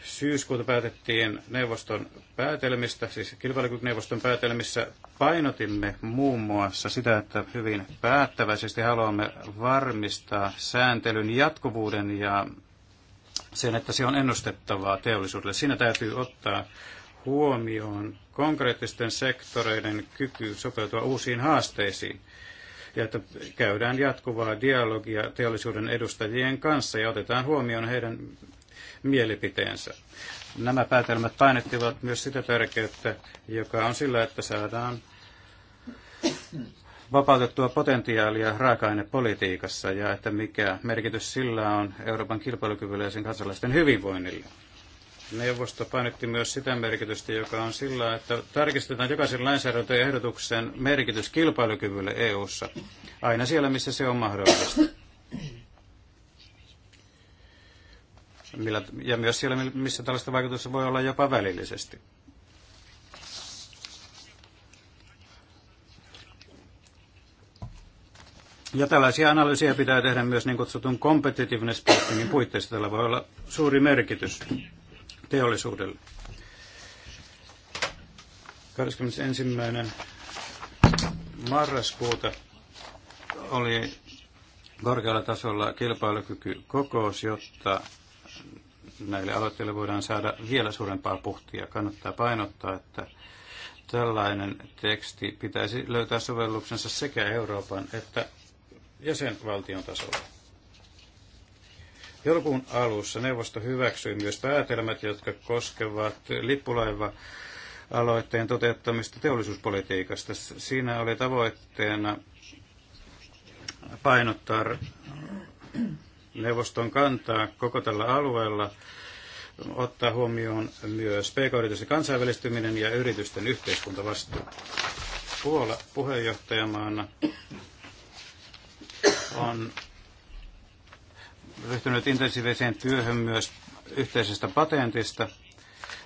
syyskuuta päätettiin neuvoston päätelmistä, siis kilpailukykyneuvoston päätelmissä painotimme muun muassa sitä, että hyvin päättäväisesti haluamme varmistaa sääntelyn jatkuvuuden ja sen, että se on ennustettavaa teollisuudelle. Siinä täytyy ottaa huomioon konkreettisten sektoreiden kyky sopeutua uusiin haasteisiin ja että käydään jatkuvaa dialogia teollisuuden edustajien kanssa ja otetaan huomioon heidän mielipiteensä. Nämä päätelmät painettivat myös sitä tärkeyttä, joka on sillä, että saadaan vapautettua potentiaalia raaka-ainepolitiikassa ja että mikä merkitys sillä on Euroopan kilpailukyvylle ja sen kansalaisten hyvinvoinnille. Neuvosto painotti myös sitä merkitystä, joka on sillä, että tarkistetaan jokaisen lainsäädäntöehdotuksen merkitys kilpailukyvylle EU:ssa aina siellä, missä se on mahdollista. ja myös siellä, missä tällaista vaikutusta voi olla jopa välillisesti. Ja tällaisia analyysiä pitää tehdä myös niin kutsutun competitiveness postingin puitteissa. Tällä voi olla suuri merkitys teollisuudelle. 21. marraskuuta oli korkealla tasolla kilpailukykykokous, jotta näille aloitteille voidaan saada vielä suurempaa puhtia. Kannattaa painottaa, että tällainen teksti pitäisi löytää sovelluksensa sekä Euroopan että jäsenvaltion tasolla. Joulukuun alussa neuvosto hyväksyi myös päätelmät, jotka koskevat lippulaiva aloitteen toteuttamista teollisuuspolitiikasta. Siinä oli tavoitteena painottaa neuvoston kantaa koko tällä alueella, ottaa huomioon myös pk-yritysten kansainvälistyminen ja yritysten yhteiskuntavastuu. Puola puheenjohtajamaana on ryhtynyt intensiiviseen työhön myös yhteisestä patentista.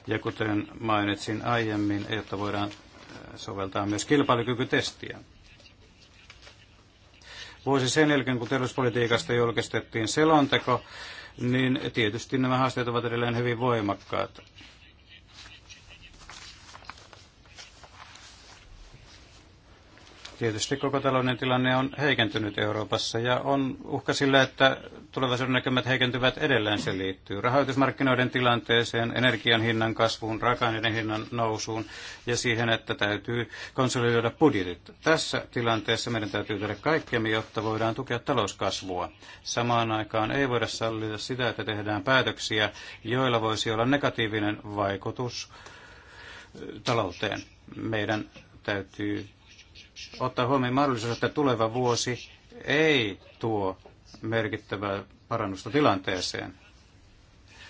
Ja kuten mainitsin aiemmin, jotta voidaan äh, soveltaa myös kilpailukykytestiä. Vuosi sen jälkeen, kun terveyspolitiikasta julkistettiin selonteko, niin tietysti nämä haasteet ovat edelleen hyvin voimakkaat. Tietysti koko talouden tilanne on heikentynyt Euroopassa ja on uhka sillä, että tulevaisuuden näkymät heikentyvät edelleen. Se liittyy rahoitusmarkkinoiden tilanteeseen, energian hinnan kasvuun, raaka-aineiden hinnan nousuun ja siihen, että täytyy konsolidoida budjetit. Tässä tilanteessa meidän täytyy tehdä kaikkemme, jotta voidaan tukea talouskasvua. Samaan aikaan ei voida sallita sitä, että tehdään päätöksiä, joilla voisi olla negatiivinen vaikutus talouteen. Meidän täytyy ottaa huomioon mahdollisuus, että tuleva vuosi ei tuo merkittävää parannusta tilanteeseen.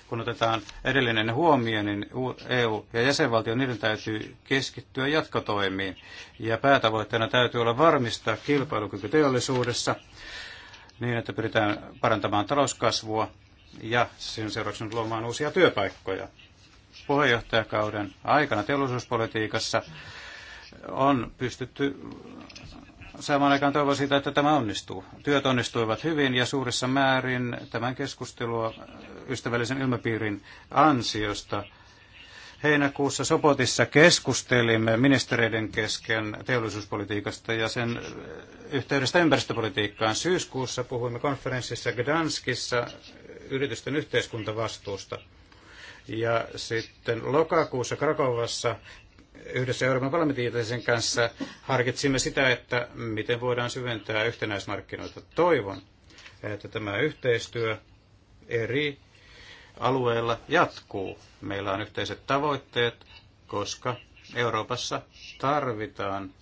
Kun otetaan edellinen huomio, niin EU ja jäsenvaltio, niiden täytyy keskittyä jatkotoimiin. Ja päätavoitteena täytyy olla varmistaa kilpailukyky teollisuudessa niin, että pyritään parantamaan talouskasvua ja sen seurauksena luomaan uusia työpaikkoja. Puheenjohtajakauden aikana teollisuuspolitiikassa on pystytty saamaan aikaan toivoa siitä, että tämä onnistuu. Työt onnistuivat hyvin ja suurissa määrin tämän keskustelua ystävällisen ilmapiirin ansiosta. Heinäkuussa Sopotissa keskustelimme ministereiden kesken teollisuuspolitiikasta ja sen yhteydestä ympäristöpolitiikkaan. Syyskuussa puhuimme konferenssissa Gdanskissa yritysten yhteiskuntavastuusta. Ja sitten lokakuussa Krakovassa yhdessä Euroopan parlamentin kanssa harkitsimme sitä, että miten voidaan syventää yhtenäismarkkinoita. Toivon, että tämä yhteistyö eri alueilla jatkuu. Meillä on yhteiset tavoitteet, koska Euroopassa tarvitaan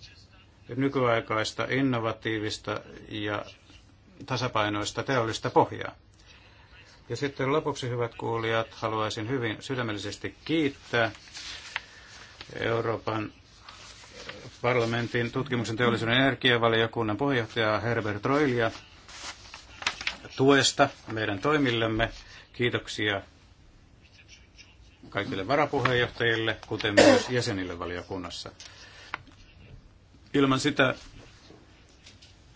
nykyaikaista, innovatiivista ja tasapainoista teollista pohjaa. Ja sitten lopuksi, hyvät kuulijat, haluaisin hyvin sydämellisesti kiittää Euroopan parlamentin tutkimuksen teollisuuden energiavaliokunnan puheenjohtaja Herbert Roilia tuesta meidän toimillemme. Kiitoksia kaikille varapuheenjohtajille, kuten myös jäsenille valiokunnassa. Ilman sitä,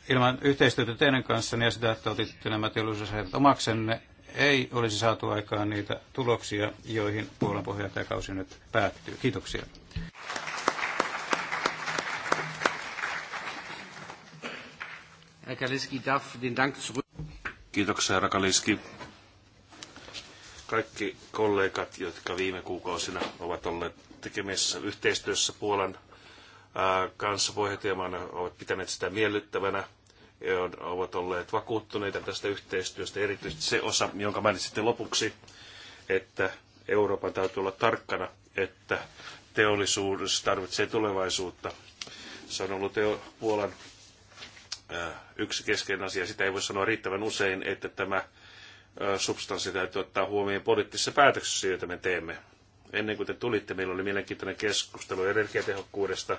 ilman yhteistyötä teidän kanssa ja sitä, että otitte nämä teollisuusasiat omaksenne, ei olisi saatu aikaan niitä tuloksia, joihin Puolan puheenjohtajakausi nyt päättyy. Kiitoksia. Kiitoksia, Rakaliski. Kaikki kollegat, jotka viime kuukausina ovat olleet tekemässä yhteistyössä Puolan kanssa puheenjohtajamaana, ovat pitäneet sitä miellyttävänä ovat olleet vakuuttuneita tästä yhteistyöstä, erityisesti se osa, jonka mainitsitte lopuksi, että Euroopan täytyy olla tarkkana, että teollisuus tarvitsee tulevaisuutta. Se on ollut jo Puolan yksi keskeinen asia. Sitä ei voi sanoa riittävän usein, että tämä substanssi täytyy ottaa huomioon poliittisissa päätöksissä, joita me teemme. Ennen kuin te tulitte, meillä oli mielenkiintoinen keskustelu energiatehokkuudesta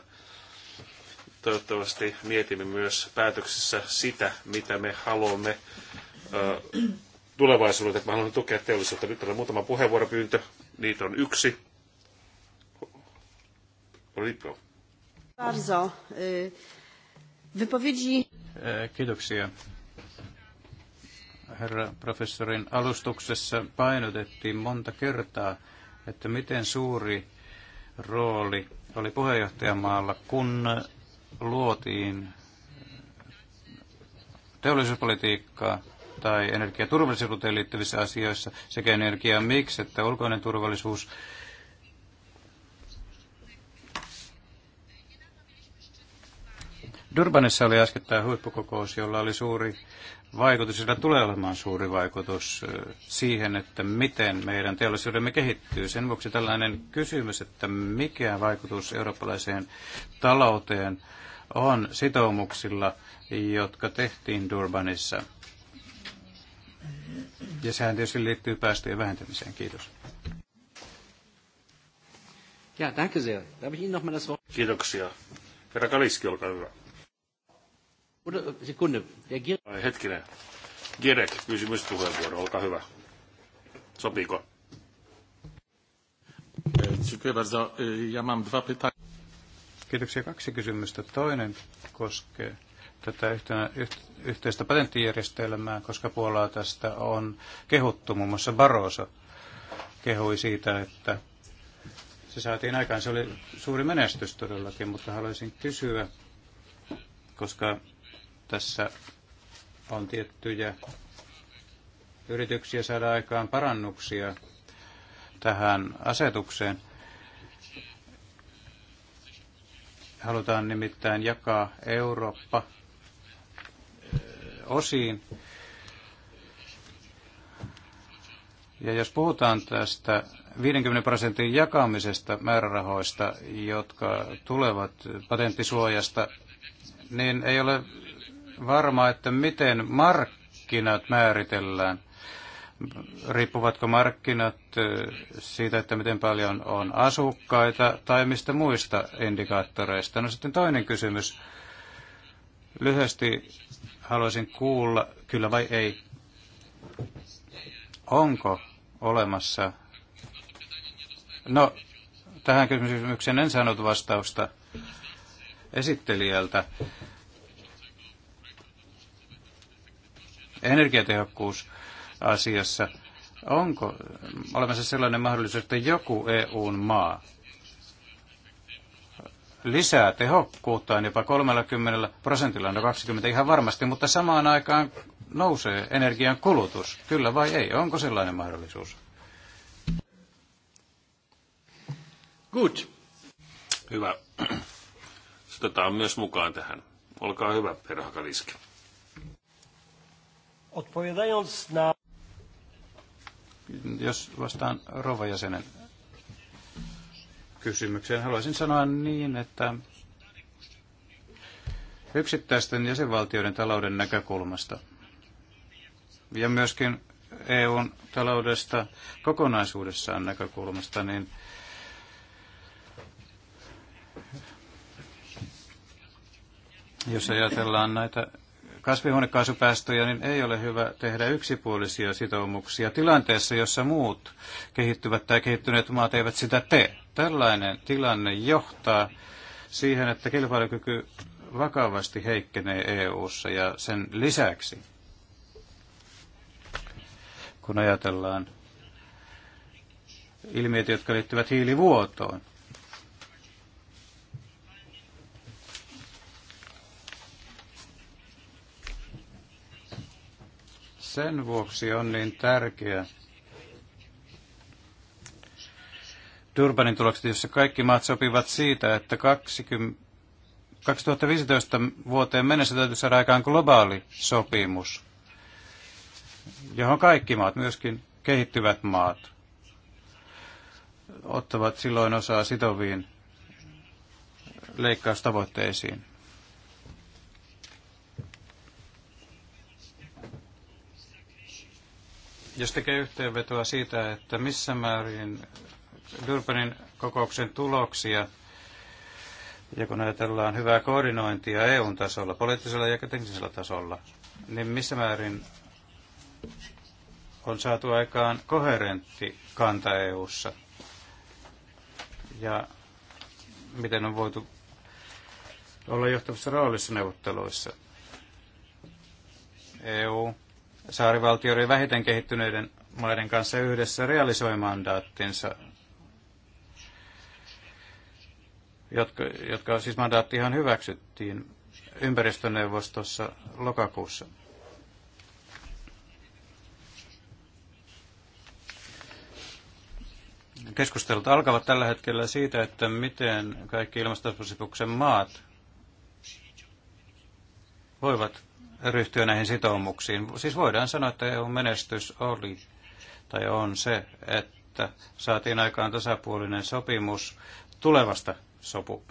Toivottavasti mietimme myös päätöksessä sitä, mitä me haluamme tulevaisuudessa. että me haluamme tukea teollisuutta. Nyt on muutama puheenvuoropyyntö, niitä on yksi. Riippu. E, kiitoksia. Herra professorin alustuksessa painotettiin monta kertaa, että miten suuri rooli oli puheenjohtajamaalla, kun luotiin teollisuuspolitiikkaa tai energiaturvallisuuteen liittyvissä asioissa sekä energia miksi että ulkoinen turvallisuus. Durbanissa oli äskettäin huippukokous, jolla oli suuri vaikutus, sillä tulee olemaan suuri vaikutus siihen, että miten meidän teollisuudemme kehittyy. Sen vuoksi tällainen kysymys, että mikä vaikutus eurooppalaiseen talouteen on sitoumuksilla, jotka tehtiin Durbanissa. Ja sehän tietysti liittyy päästöjen vähentämiseen. Kiitos. Ja, danke sehr. Darf ich Ihnen noch mal das Wort? Kiitoksia. Herra Kaliski, olkaa hyvä. Oder, äh, Sekunde. Der Gier... Ai, hetkinen. Girek, kysymyspuheenvuoro, olkaa hyvä. Sopiiko? Dziękuję bardzo. Ja mam dwa pytania. Kiitoksia. Kaksi kysymystä. Toinen koskee tätä yhtenä, yhteistä patenttijärjestelmää, koska Puolaa tästä on kehuttu. Muun muassa Barroso kehui siitä, että se saatiin aikaan. Se oli suuri menestys todellakin, mutta haluaisin kysyä, koska tässä on tiettyjä yrityksiä saada aikaan parannuksia tähän asetukseen – Halutaan nimittäin jakaa Eurooppa eh, osiin. Ja jos puhutaan tästä 50 prosentin jakamisesta määrärahoista, jotka tulevat patenttisuojasta, niin ei ole varmaa, että miten markkinat määritellään riippuvatko markkinat siitä, että miten paljon on asukkaita tai mistä muista indikaattoreista. No sitten toinen kysymys. Lyhyesti haluaisin kuulla, kyllä vai ei, onko olemassa... No, tähän kysymykseen en saanut vastausta esittelijältä. Energiatehokkuus asiassa. Onko olemassa sellainen mahdollisuus, että joku EUn maa lisää tehokkuuttaan jopa 30 prosentilla, no 20 ihan varmasti, mutta samaan aikaan nousee energian kulutus, kyllä vai ei? Onko sellainen mahdollisuus? Good. Hyvä. Otetaan myös mukaan tähän. Olkaa hyvä, perhakaliski. Odpowiadając na jos vastaan rouva jäsenen kysymykseen, haluaisin sanoa niin, että yksittäisten jäsenvaltioiden talouden näkökulmasta ja myöskin EUn taloudesta kokonaisuudessaan näkökulmasta, niin jos ajatellaan näitä kasvihuonekaasupäästöjä, niin ei ole hyvä tehdä yksipuolisia sitoumuksia tilanteessa, jossa muut kehittyvät tai kehittyneet maat eivät sitä tee. Tällainen tilanne johtaa siihen, että kilpailukyky vakavasti heikkenee EU:ssa ja sen lisäksi, kun ajatellaan ilmiöt, jotka liittyvät hiilivuotoon, Sen vuoksi on niin tärkeää, Durbanin tulokset, jossa kaikki maat sopivat siitä, että 20, 2015 vuoteen mennessä täytyy saada aikaan globaali sopimus, johon kaikki maat, myöskin kehittyvät maat, ottavat silloin osaa sitoviin leikkaustavoitteisiin. Jos tekee yhteenvetoa siitä, että missä määrin Durbanin kokouksen tuloksia, ja kun ajatellaan hyvää koordinointia EU-tasolla, poliittisella ja teknisellä tasolla, niin missä määrin on saatu aikaan koherentti kanta EU:ssa ja miten on voitu olla johtavassa roolissa neuvotteluissa. EU saarivaltioiden vähiten kehittyneiden maiden kanssa yhdessä realisoi mandaattinsa, jotka, jotka siis mandaattihan hyväksyttiin ympäristöneuvostossa lokakuussa. Keskustelut alkavat tällä hetkellä siitä, että miten kaikki ilmastosopimuksen maat voivat ryhtyä näihin sitoumuksiin. Siis voidaan sanoa, että EUn menestys oli tai on se, että saatiin aikaan tasapuolinen sopimus tulevasta sopu,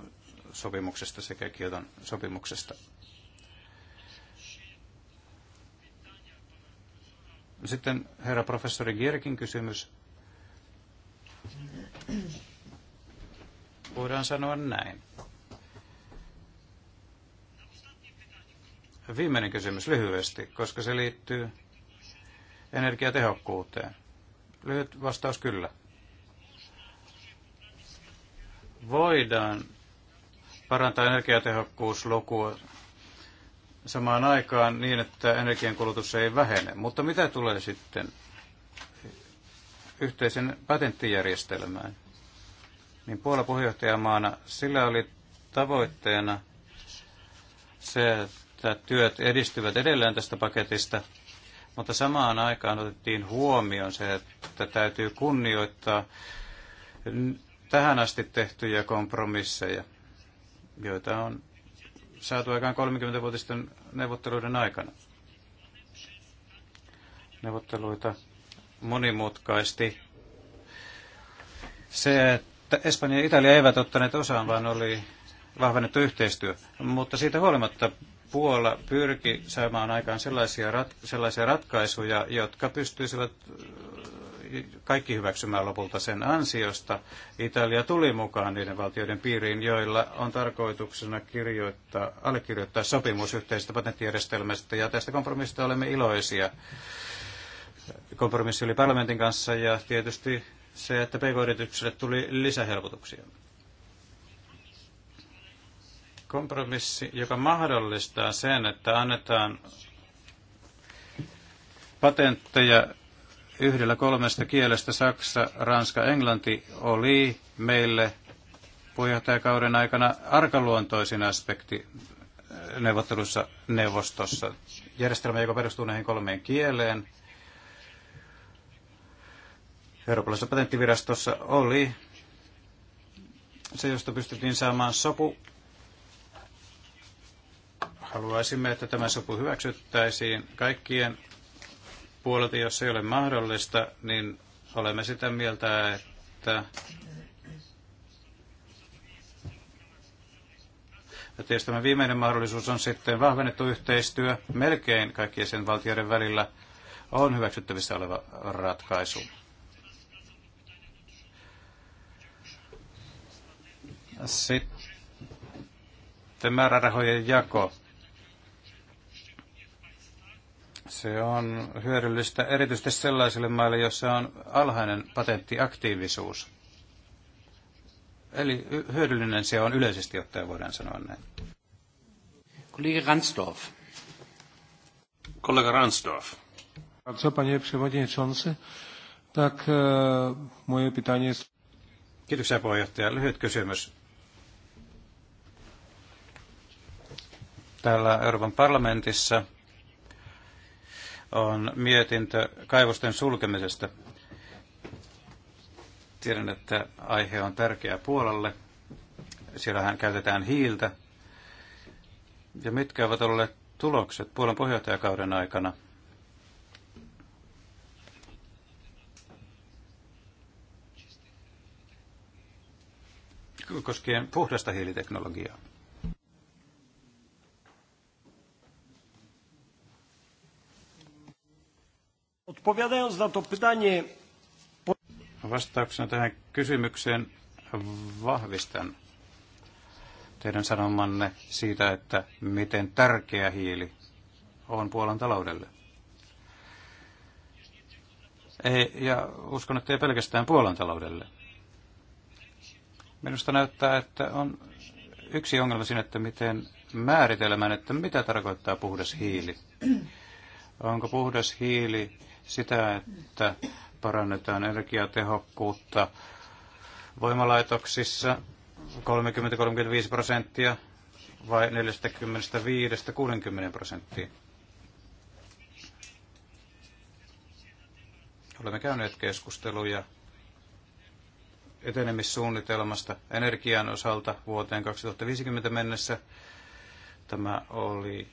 sopimuksesta sekä Kioton sopimuksesta. Sitten herra professori Gierkin kysymys. Voidaan sanoa näin. Viimeinen kysymys lyhyesti, koska se liittyy energiatehokkuuteen. Lyhyt vastaus kyllä. Voidaan parantaa energiatehokkuuslukua samaan aikaan niin, että energiankulutus ei vähene. Mutta mitä tulee sitten yhteisen patenttijärjestelmään? Niin Puola puheenjohtajamaana sillä oli tavoitteena se, että että työt edistyvät edelleen tästä paketista, mutta samaan aikaan otettiin huomioon se, että täytyy kunnioittaa tähän asti tehtyjä kompromisseja, joita on saatu aikaan 30-vuotisten neuvotteluiden aikana. Neuvotteluita monimutkaisti se, että Espanja ja Italia eivät ottaneet osaan, vaan oli vahvennettu yhteistyö. Mutta siitä huolimatta Puola pyrki saamaan aikaan sellaisia, rat, sellaisia ratkaisuja, jotka pystyisivät äh, kaikki hyväksymään lopulta sen ansiosta. Italia tuli mukaan niiden valtioiden piiriin, joilla on tarkoituksena kirjoittaa, allekirjoittaa sopimus yhteisestä patenttijärjestelmästä, ja tästä kompromissista olemme iloisia. Kompromissi oli parlamentin kanssa, ja tietysti se, että pk tuli lisähelpotuksia kompromissi, joka mahdollistaa sen, että annetaan patentteja yhdellä kolmesta kielestä, saksa, ranska, englanti, oli meille puheenjohtajakauden aikana arkaluontoisin aspekti eh, neuvottelussa neuvostossa. Järjestelmä, joka perustuu näihin kolmeen kieleen, Eurooppalaisessa patenttivirastossa oli se, josta pystyttiin saamaan sopu Haluaisimme, että tämä sopu hyväksyttäisiin kaikkien puolelta, jos ei ole mahdollista, niin olemme sitä mieltä, että että jos tämä viimeinen mahdollisuus on sitten vahvennettu yhteistyö melkein kaikkien sen valtioiden välillä, on hyväksyttävissä oleva ratkaisu. Sitten määrärahojen jako. Se on hyödyllistä erityisesti sellaisille maille, joissa on alhainen patenttiaktiivisuus. Eli hyödyllinen se on yleisesti ottaen, voidaan sanoa näin. Kollega Ransdorf. Kollega Ransdorf. Bardzo, panie przewodniczący. Tak, e, moje pytanie jest... Kiitoksia puheenjohtaja. Lyhyt kysymys. Täällä Euroopan parlamentissa on mietintö kaivosten sulkemisesta. Tiedän, että aihe on tärkeä Puolalle. Siellähän käytetään hiiltä. Ja mitkä ovat olleet tulokset Puolan puheenjohtajakauden aikana? koskien puhdasta hiiliteknologiaa. Odpowiadając na to pytanie... Vastauksena tähän kysymykseen vahvistan teidän sanomanne siitä, että miten tärkeä hiili on Puolan taloudelle. Ei, ja uskon, että ei pelkästään Puolan taloudelle. Minusta näyttää, että on yksi ongelma siinä, että miten määritelmään, että mitä tarkoittaa puhdas hiili. Onko puhdas hiili sitä, että parannetaan energiatehokkuutta voimalaitoksissa 30-35 prosenttia vai 45-60 prosenttia. Olemme käyneet keskusteluja etenemissuunnitelmasta energian osalta vuoteen 2050 mennessä. Tämä oli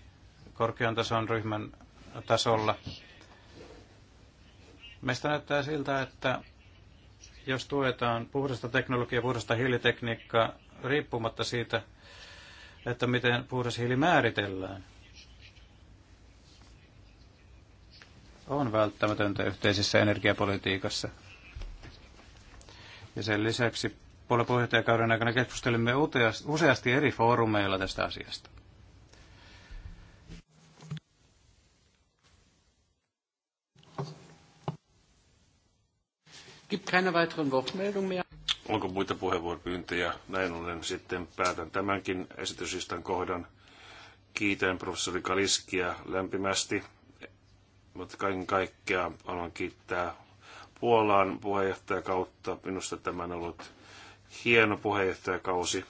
korkean tason ryhmän tasolla Meistä näyttää siltä, että jos tuetaan puhdasta teknologiaa, puhdasta hiilitekniikkaa, riippumatta siitä, että miten puhdas hiili määritellään, on välttämätöntä yhteisessä energiapolitiikassa. Ja sen lisäksi puolen puheenjohtajakauden aikana keskustelimme useasti eri foorumeilla tästä asiasta. Gibt keine weiteren Wortmeldungen mehr. Onko muita puheenvuoropyyntöjä? Näin ollen sitten päätän tämänkin esityslistan kohdan. Kiitän professori Kaliskia lämpimästi, mutta kaiken kaikkea haluan kiittää Puolaan puheenjohtajakautta. Minusta tämä on ollut hieno puheenjohtajakausi,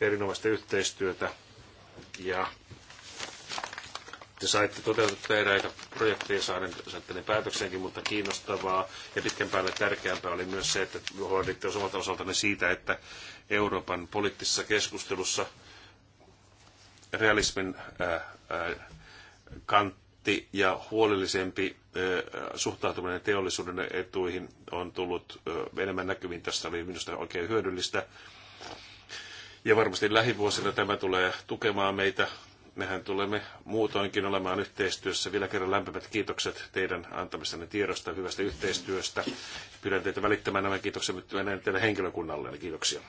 erinomaista yhteistyötä ja te saitte toteutettua eräitä projekteja saaden, saitte ne päätöksenkin, mutta kiinnostavaa ja pitkän päälle tärkeämpää oli myös se, että huolehditte osalta osaltanne siitä, että Euroopan poliittisessa keskustelussa realismin ää, ää, kantti ja huolellisempi ää, suhtautuminen teollisuuden etuihin on tullut ää, enemmän näkyviin. Tässä oli minusta oikein hyödyllistä. Ja varmasti lähivuosina tämä tulee tukemaan meitä mehän tulemme muutoinkin olemaan yhteistyössä. Vielä kerran lämpimät kiitokset teidän antamistanne tiedosta, hyvästä yhteistyöstä. Pyydän teitä välittämään nämä kiitokset meidän teille henkilökunnalle. Kiitoksia.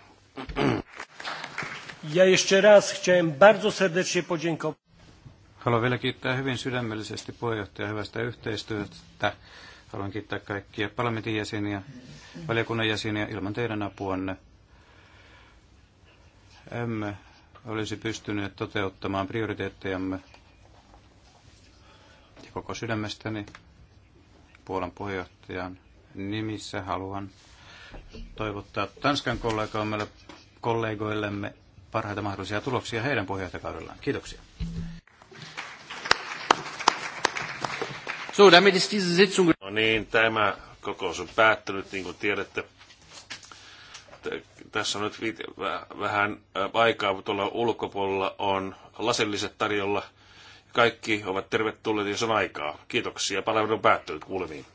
Ja jeszcze raz chciałem bardzo serdecznie podziękować. Haluan vielä kiittää hyvin sydämellisesti puheenjohtaja hyvästä yhteistyöstä. Haluan kiittää kaikkia parlamentin jäseniä, valiokunnan jäseniä ilman teidän apuanne. Emme olisi pystynyt toteuttamaan prioriteettejamme ja koko sydämestäni Puolan puheenjohtajan nimissä haluan toivottaa Tanskan kollegoille, kollegoillemme parhaita mahdollisia tuloksia heidän puheenjohtajakaudellaan. Kiitoksia. So, damit ist diese Sitzung... No niin, tämä kokous on päättynyt, niin kuin tiedätte tässä on nyt vähän aikaa tuolla ulkopuolella on lasilliset tarjolla. Kaikki ovat tervetulleet, jos on aikaa. Kiitoksia. Palvelu on päättynyt kuulemiin.